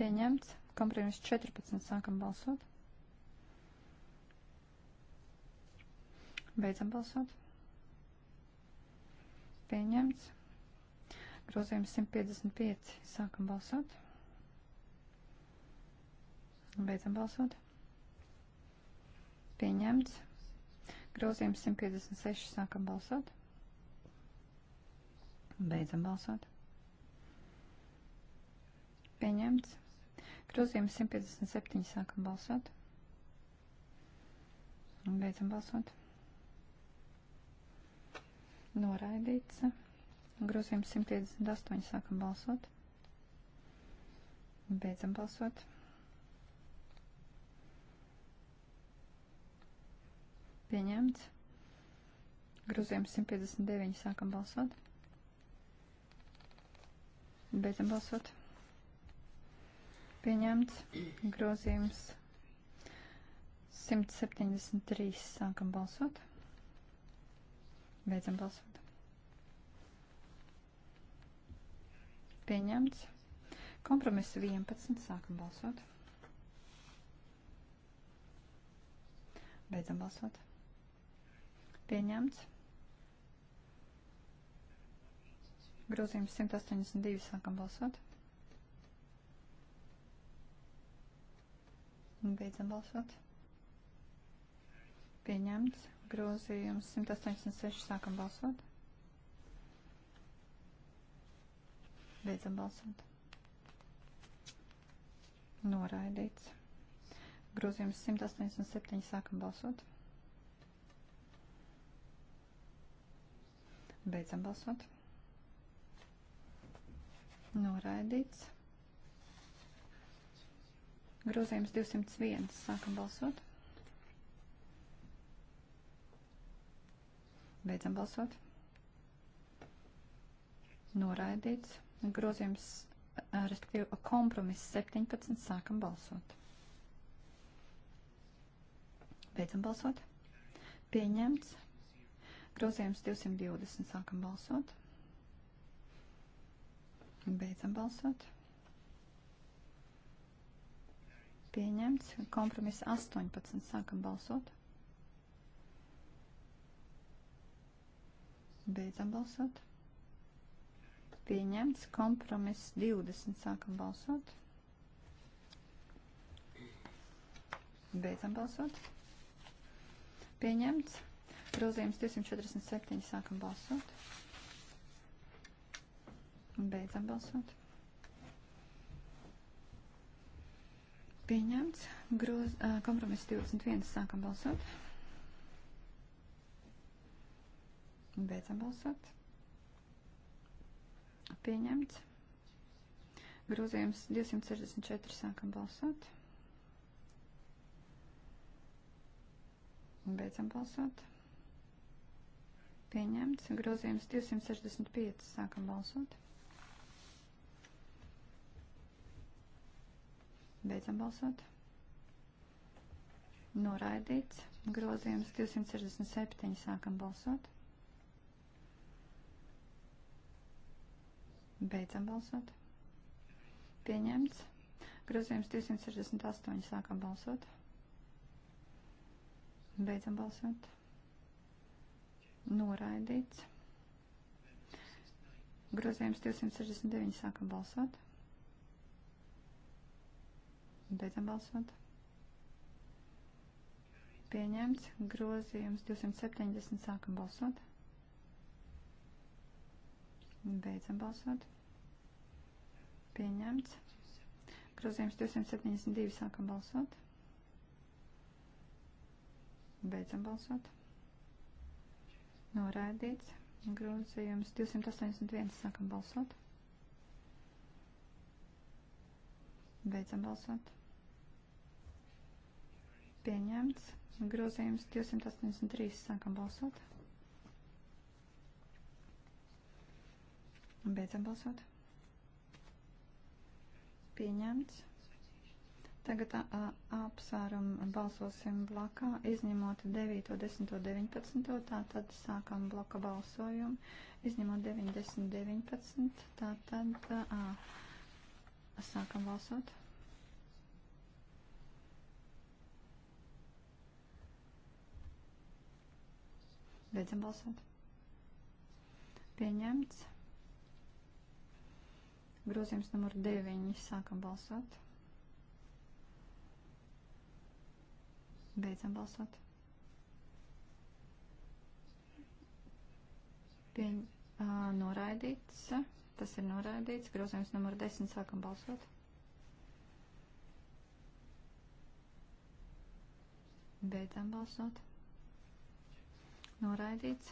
Pieņemts. Kompromiss 14. Sākam balsot. Beidzam balsot. Pieņemts. Grozījums 155. Sākam balsot. Beidzam balsot. Pieņemts. Grozījums 156. Sākam balsot. Beidzam balsot. Pieņemts. Grozījums 157. Sākam balsot. Un beidzam balsot. Noraidīts. Grozījums 158. Sākam balsot. Beidzam balsot. Pieņemts. Grozījums 159. Sākam balsot. Beidzam balsot. Pieņemts. Grozījums 173. Sākam balsot. Beidzam balsot. Pieņemts. Kompromiss 11. Sākam balsot. Beidzam balsot. Pieņemts. Grozījums 182. Sākam balsot. Beidzam balsot. Pieņemts. Grozījums 186. Sākam balsot. Beidzam balsot. Noraidīts. Grozījums 187. Sākam balsot. Beidzam balsot. Noraidīts. Grozījums 201. Sākam balsot. Beidzam balsot. Noraidīts. Grozījums, eh, respektīvi, kompromiss 17. Sākam balsot. Beidzam balsot. Pieņemts. Grozījums 220. Sākam balsot. Beidzam balsot. Pieņemts. Kompromiss 18. Sākam balsot. Beidzam balsot. Pieņemts. Kompromiss 20. Sākam balsot. Beidzam balsot. Pieņemts. Grozījums 247. Sākam balsot. Un beidzam balsot. Pieņemts. Groz, uh, kompromiss 21. Sākam balsot. Un beidzam balsot. Pieņemts. Grozījums 264. Sākam balsot. Un beidzam balsot. Pieņemts. Grozījums 265. Sākam balsot. Beidzam balsot. Noraidīts. Grozījums 267. Sākam balsot. Beidzam balsot. Pieņemts. Grozījums 268. Sākam balsot. Beidzam balsot. Noraidīts. Grozījums 269. Sākam balsot. Beidzam balsot. Pieņemts. Grozījums 270. Sākam balsot. Beidzam balsot. Pieņemts. Grozījums 272. Sākam balsot. Beidzam balsot. Noraidīts. Grozījums 281. Sākam balsot. Beidzam balsot. Pieņemts. Grozījums 283. Sākam balsot. Beidzam balsot. Pieņemts. Tagad apsvērumu balsosim blakā, izņemot 9, 10, 19, tātad sākam bloka balsojumu, izņemot 9, 10, 19, tātad a, sākam balsot. Beidzam balsot. Pieņemts. Grozījums numur 9. Sākam balsot. Beidzam balsot. Pieņ, uh, noraidīts. Tas ir noraidīts. Grozījums numur 10. Sākam balsot. Beidzam balsot. Noraidīts.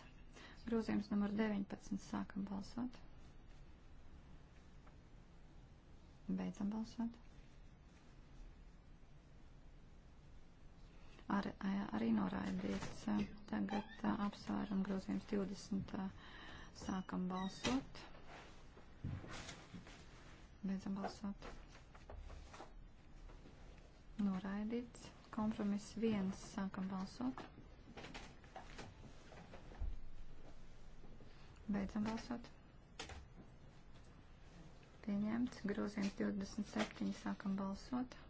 Grozījums numur 19. Sākam balsot. Beidzam balsot. ar, arī noraidīts. Tagad apsvērum grozījums 20. Sākam balsot. Beidzam balsot. Noraidīts. Kompromiss viens. Sākam balsot. Beidzam balsot. Pieņemts. Grozījums 27. Sākam balsot.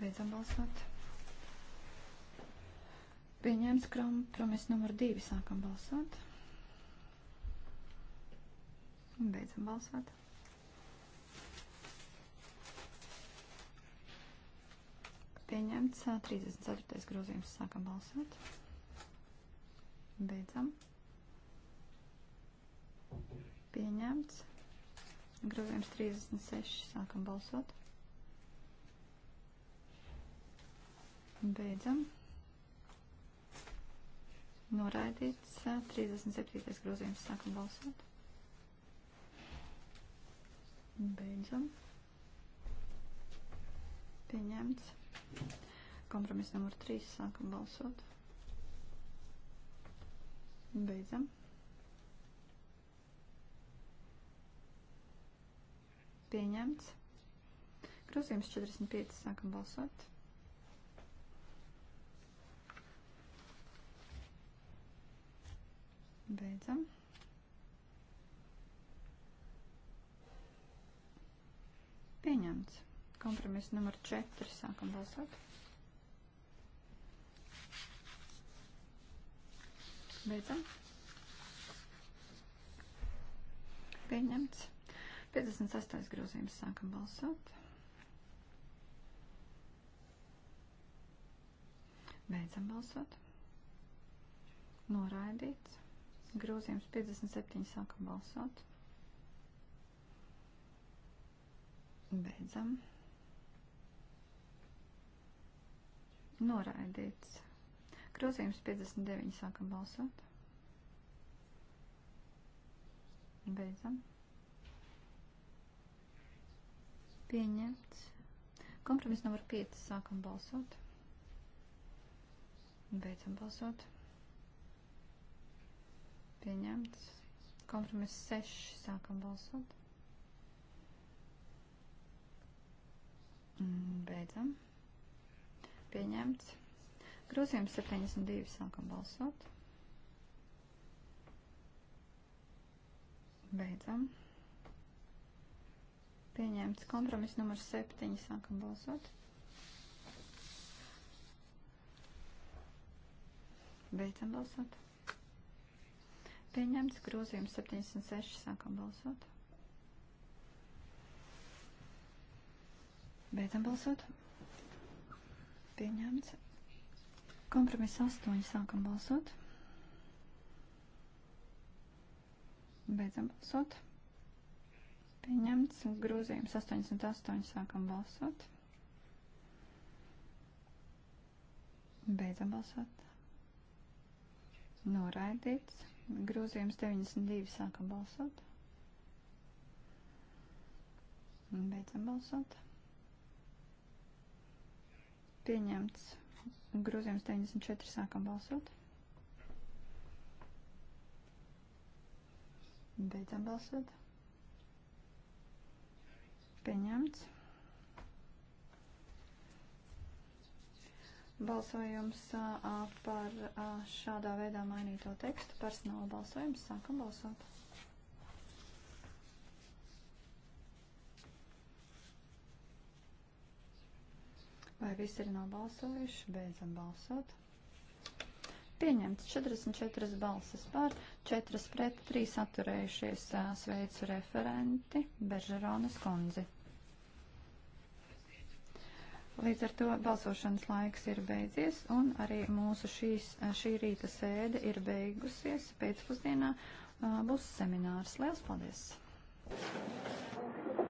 Beidzam balsot. Pieņemts kompromiss numur divi. Sākam balsot. Un beidzam balsot. Pieņemts 34. grozījums. Sākam balsot. Beidzam. Pieņemts. Grozījums 36. Sākam balsot. Beidzam. Noraidīts 37. grozījums. Sākam balsot. Beidzam. Pieņemts. Kompromiss numur 3. Sākam balsot. Beidzam. Pieņemts. Grozījums 45. Sākam balsot. Beidzam. Pieņemts. Kompromiss numur 4. Sākam balsot. Beidzam. Pieņemts. 58. grozījums. Sākam balsot. Beidzam balsot. Noraidīts. Grozījums 57. Sākam balsot. Beidzam. Noraidīts. Grozījums 59. Sākam balsot. Beidzam. Pieņemts. Kompromiss numur 5. Sākam balsot. Beidzam balsot pieņemts. Kompromiss 6. Sākam balsot. Mm, beidzam. Pieņemts. Grūzījums 72. Sākam balsot. Beidzam. Pieņemts kompromiss numur 7. Sākam balsot. Beidzam balsot. Pieņemts grozījums 76. Sākam balsot. Beidzam balsot. Pieņemts. Kompromiss 8. Sākam balsot. Beidzam balsot. Pieņemts. Grozījums 88. Sākam balsot. Beidzam balsot. Noraidīts. Grozījums 92 sākam balsot. Beidzam balsot. Pieņemts. Grozījums 94 sākam balsot. Beidzam balsot. Pieņemts. Balsojums par šādā veidā mainīto tekstu. Personāla balsojums. Sākam balsot. Vai visi ir nobalsojuši? Beidzam balsot. Pieņemts 44 balsas par, 4 pret, 3 atturējušies. Sveicu referenti Beržeronas kundzi. Līdz ar to balsošanas laiks ir beidzies, un arī mūsu šīs, šī rīta sēde ir beigusies. Pēcpusdienā būs seminārs. Lielas paldies!